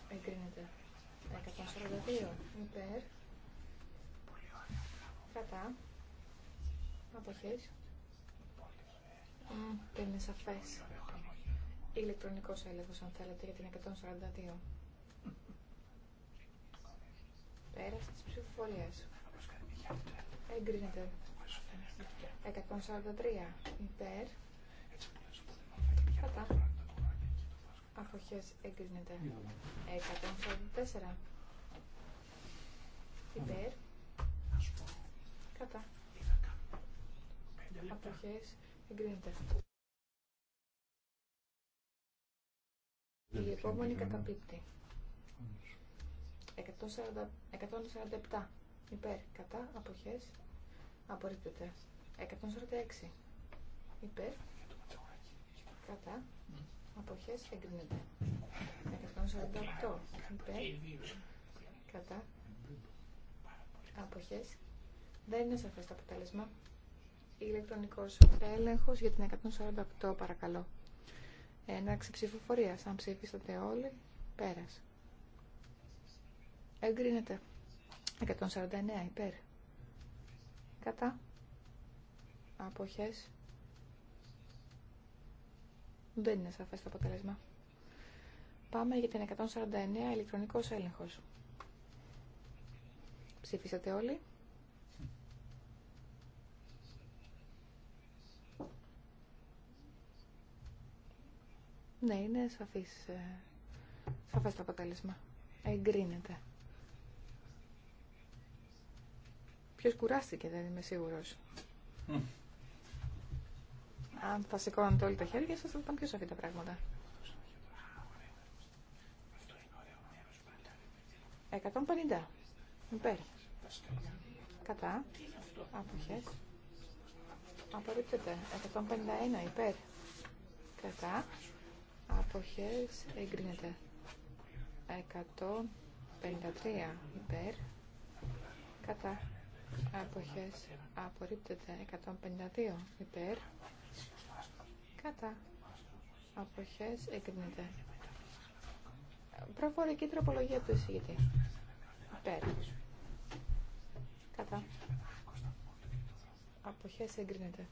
Εγκρίνεται. 142. Υπέρ. Κατά. Αποχές. Mm, δεν είναι σαφές. Ηλεκτρονικός έλεγχος, αν θέλετε, για την 142. Πέρας τη ψηφοφορία Εγκρίνεται. 143. Υπέρ. Κατά. Αποχές εγκρίνεται. 144. Υπέρ. Κατά. Αποχές εγκρίνεται. Η επόμενη καταπίπτει. 147. Υπέρ. Κατά. Αποχές. Απορρίπτεται. 146. Υπέρ. Κατά. Αποχές εγκρίνεται. 148. Υπέρ. Κατά. Αποχές. Δεν είναι σαφές το αποτέλεσμα. Ηλεκτρονικός έλεγχο για την 148 παρακαλώ. Έναξη ψηφοφορία. Αν ψήφισατε όλοι, πέρας. Εγκρίνεται. 149 υπέρ. Κατά. Αποχές. Δεν είναι σαφές το αποτέλεσμα. Πάμε για την 149 ηλεκτρονικός έλεγχος. Ψήφισατε όλοι. Ναι, είναι σαφής, ε, σαφές το αποτέλεσμα. Εγκρίνεται. Ποιος κουράστηκε, δεν είμαι σίγουρος. Αν θα σηκώνατε όλοι τα χέρια σας, θα ήταν πιο σαφή τα πράγματα. 150. Υπέρ. Κατά. Αποχές. Απορρίπτεται. 151. Υπέρ. Κατά. Αποχές. Εγκρίνεται. 153. Υπέρ. Κατά. Αποχές. Απορρίπτεται. 152. Υπέρ. Κατά. Αποχές εγκρίνεται. Προφορική τροπολογία του εισηγητή. Υπέρ. Κατά. Αποχές εγκρίνεται.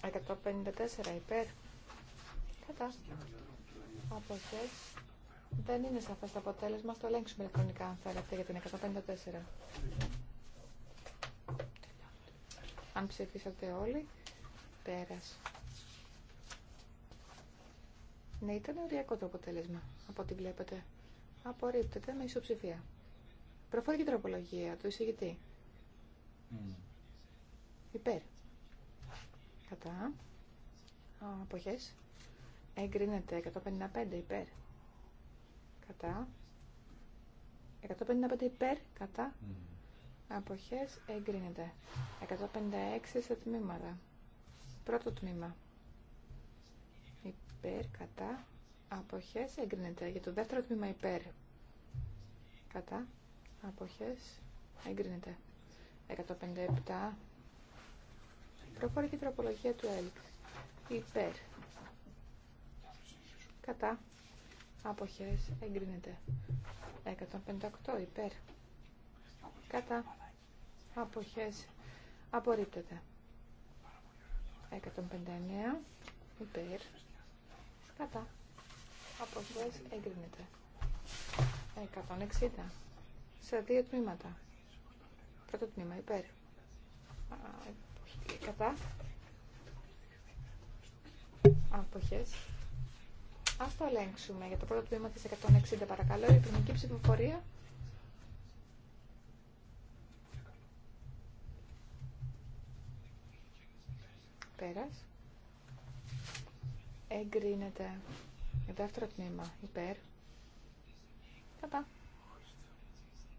154 υπέρ. Κατά. Αποχές. Δεν είναι σαφές το αποτέλεσμα. το ελέγξουμε ηλεκτρονικά αν θέλετε για την 154. Αν ψηφίσατε όλοι. Ναι, ήταν ωριακό το αποτέλεσμα, από ό,τι βλέπετε. Απορρίπτεται με ισοψηφία. Προφορική τροπολογία του εισηγητή. Mm. Υπέρ. Κατά. Αποχές. Εγκρίνεται 155 υπέρ. Κατά. 155 υπέρ. Κατά. Mm. Αποχές εγκρίνεται. 156 σε τμήματα. Πρώτο τμήμα. Υπέρ, κατά, αποχές, εγκρίνεται. Για το δεύτερο τμήμα υπέρ, κατά, αποχές, εγκρίνεται. 157. Προφορική τροπολογία του ΕΛΚ. Υπέρ. Κατά. Αποχές εγκρίνεται. 158 υπέρ. Κατά. Αποχές απορρίπτεται. 159 υπέρ κατά αποχές εγκρίνεται 160 σε δύο τμήματα πρώτο τμήμα υπέρ κατά αποχές Ας το ελέγξουμε για το πρώτο τμήμα της 160 παρακαλώ ποινική ψηφοφορία Πέρας. Εγκρίνεται. Δεύτερο τμήμα. Υπέρ. Κατά.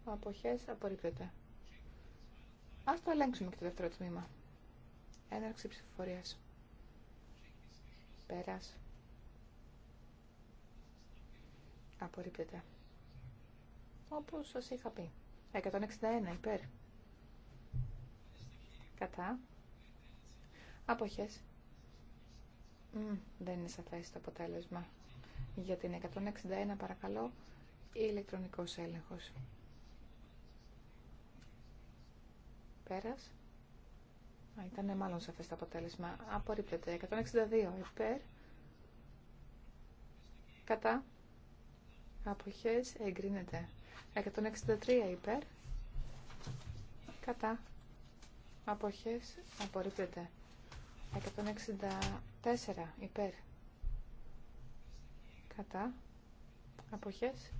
Αποχές απορρίπτεται. Ας το ελέγξουμε και το δεύτερο τμήμα. Έναρξη ψηφοφορίας. Πέρας. Απορρίπτεται. Όπως σας είχα πει. 161 υπέρ. Κατά. Αποχές. δεν είναι σαφές το αποτέλεσμα. Για την 161 παρακαλώ ηλεκτρονικός έλεγχος. Πέρας. Α, ήταν μάλλον σαφές το αποτέλεσμα. Απορρίπτεται. 162 υπέρ. Κατά. Αποχές εγκρίνεται. 163 υπέρ. Κατά. Αποχές απορρίπτεται. 164 υπέρ κατά αποχές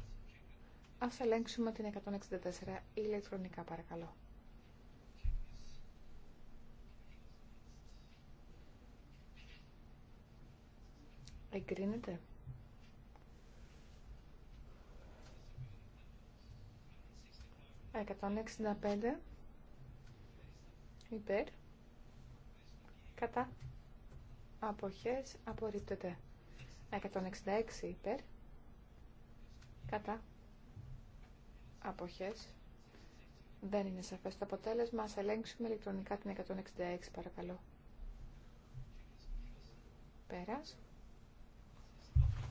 ας ελέγξουμε την 164 ηλεκτρονικά παρακαλώ εγκρίνεται Εκατόν υπέρ κατά αποχές απορρίπτεται 166 υπέρ κατά αποχές δεν είναι σαφές το αποτέλεσμα ας ελέγξουμε ηλεκτρονικά την 166 παρακαλώ πέρας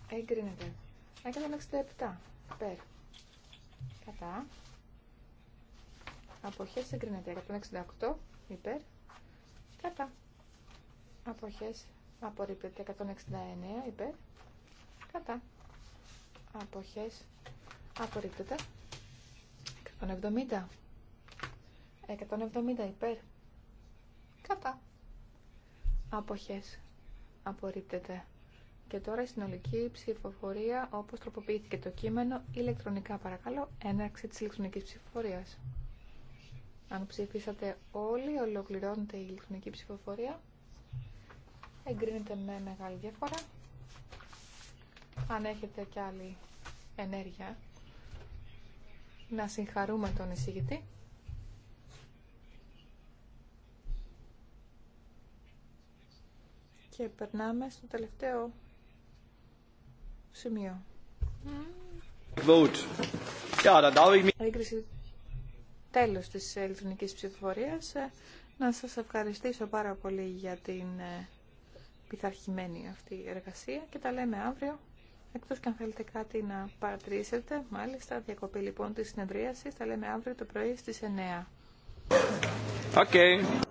εγκρίνεται 167 υπέρ κατά αποχές εγκρίνεται 168 υπέρ κατά αποχές απορρίπτεται 169 υπέρ κατά αποχές απορρίπτεται 170 170 υπέρ κατά αποχές απορρίπτεται και τώρα η συνολική ψηφοφορία όπως τροποποιήθηκε το κείμενο ηλεκτρονικά παρακαλώ έναρξη της ηλεκτρονικής ψηφοφορίας αν ψηφίσατε όλοι ολοκληρώνεται η ηλεκτρονική ψηφοφορία Εγκρίνεται με μεγάλη διαφορά. Αν έχετε κι άλλη ενέργεια, να συγχαρούμε τον εισηγητή. Και περνάμε στο τελευταίο σημείο. Vote. Έγκριση τέλος της ηλεκτρονικής ψηφοφορίας. Να σας ευχαριστήσω πάρα πολύ για την ε, πειθαρχημένη αυτή η εργασία και τα λέμε αύριο. Εκτός και αν θέλετε κάτι να παρατηρήσετε, μάλιστα, διακοπή λοιπόν της συνεδρίασης, τα λέμε αύριο το πρωί στις 9. Okay.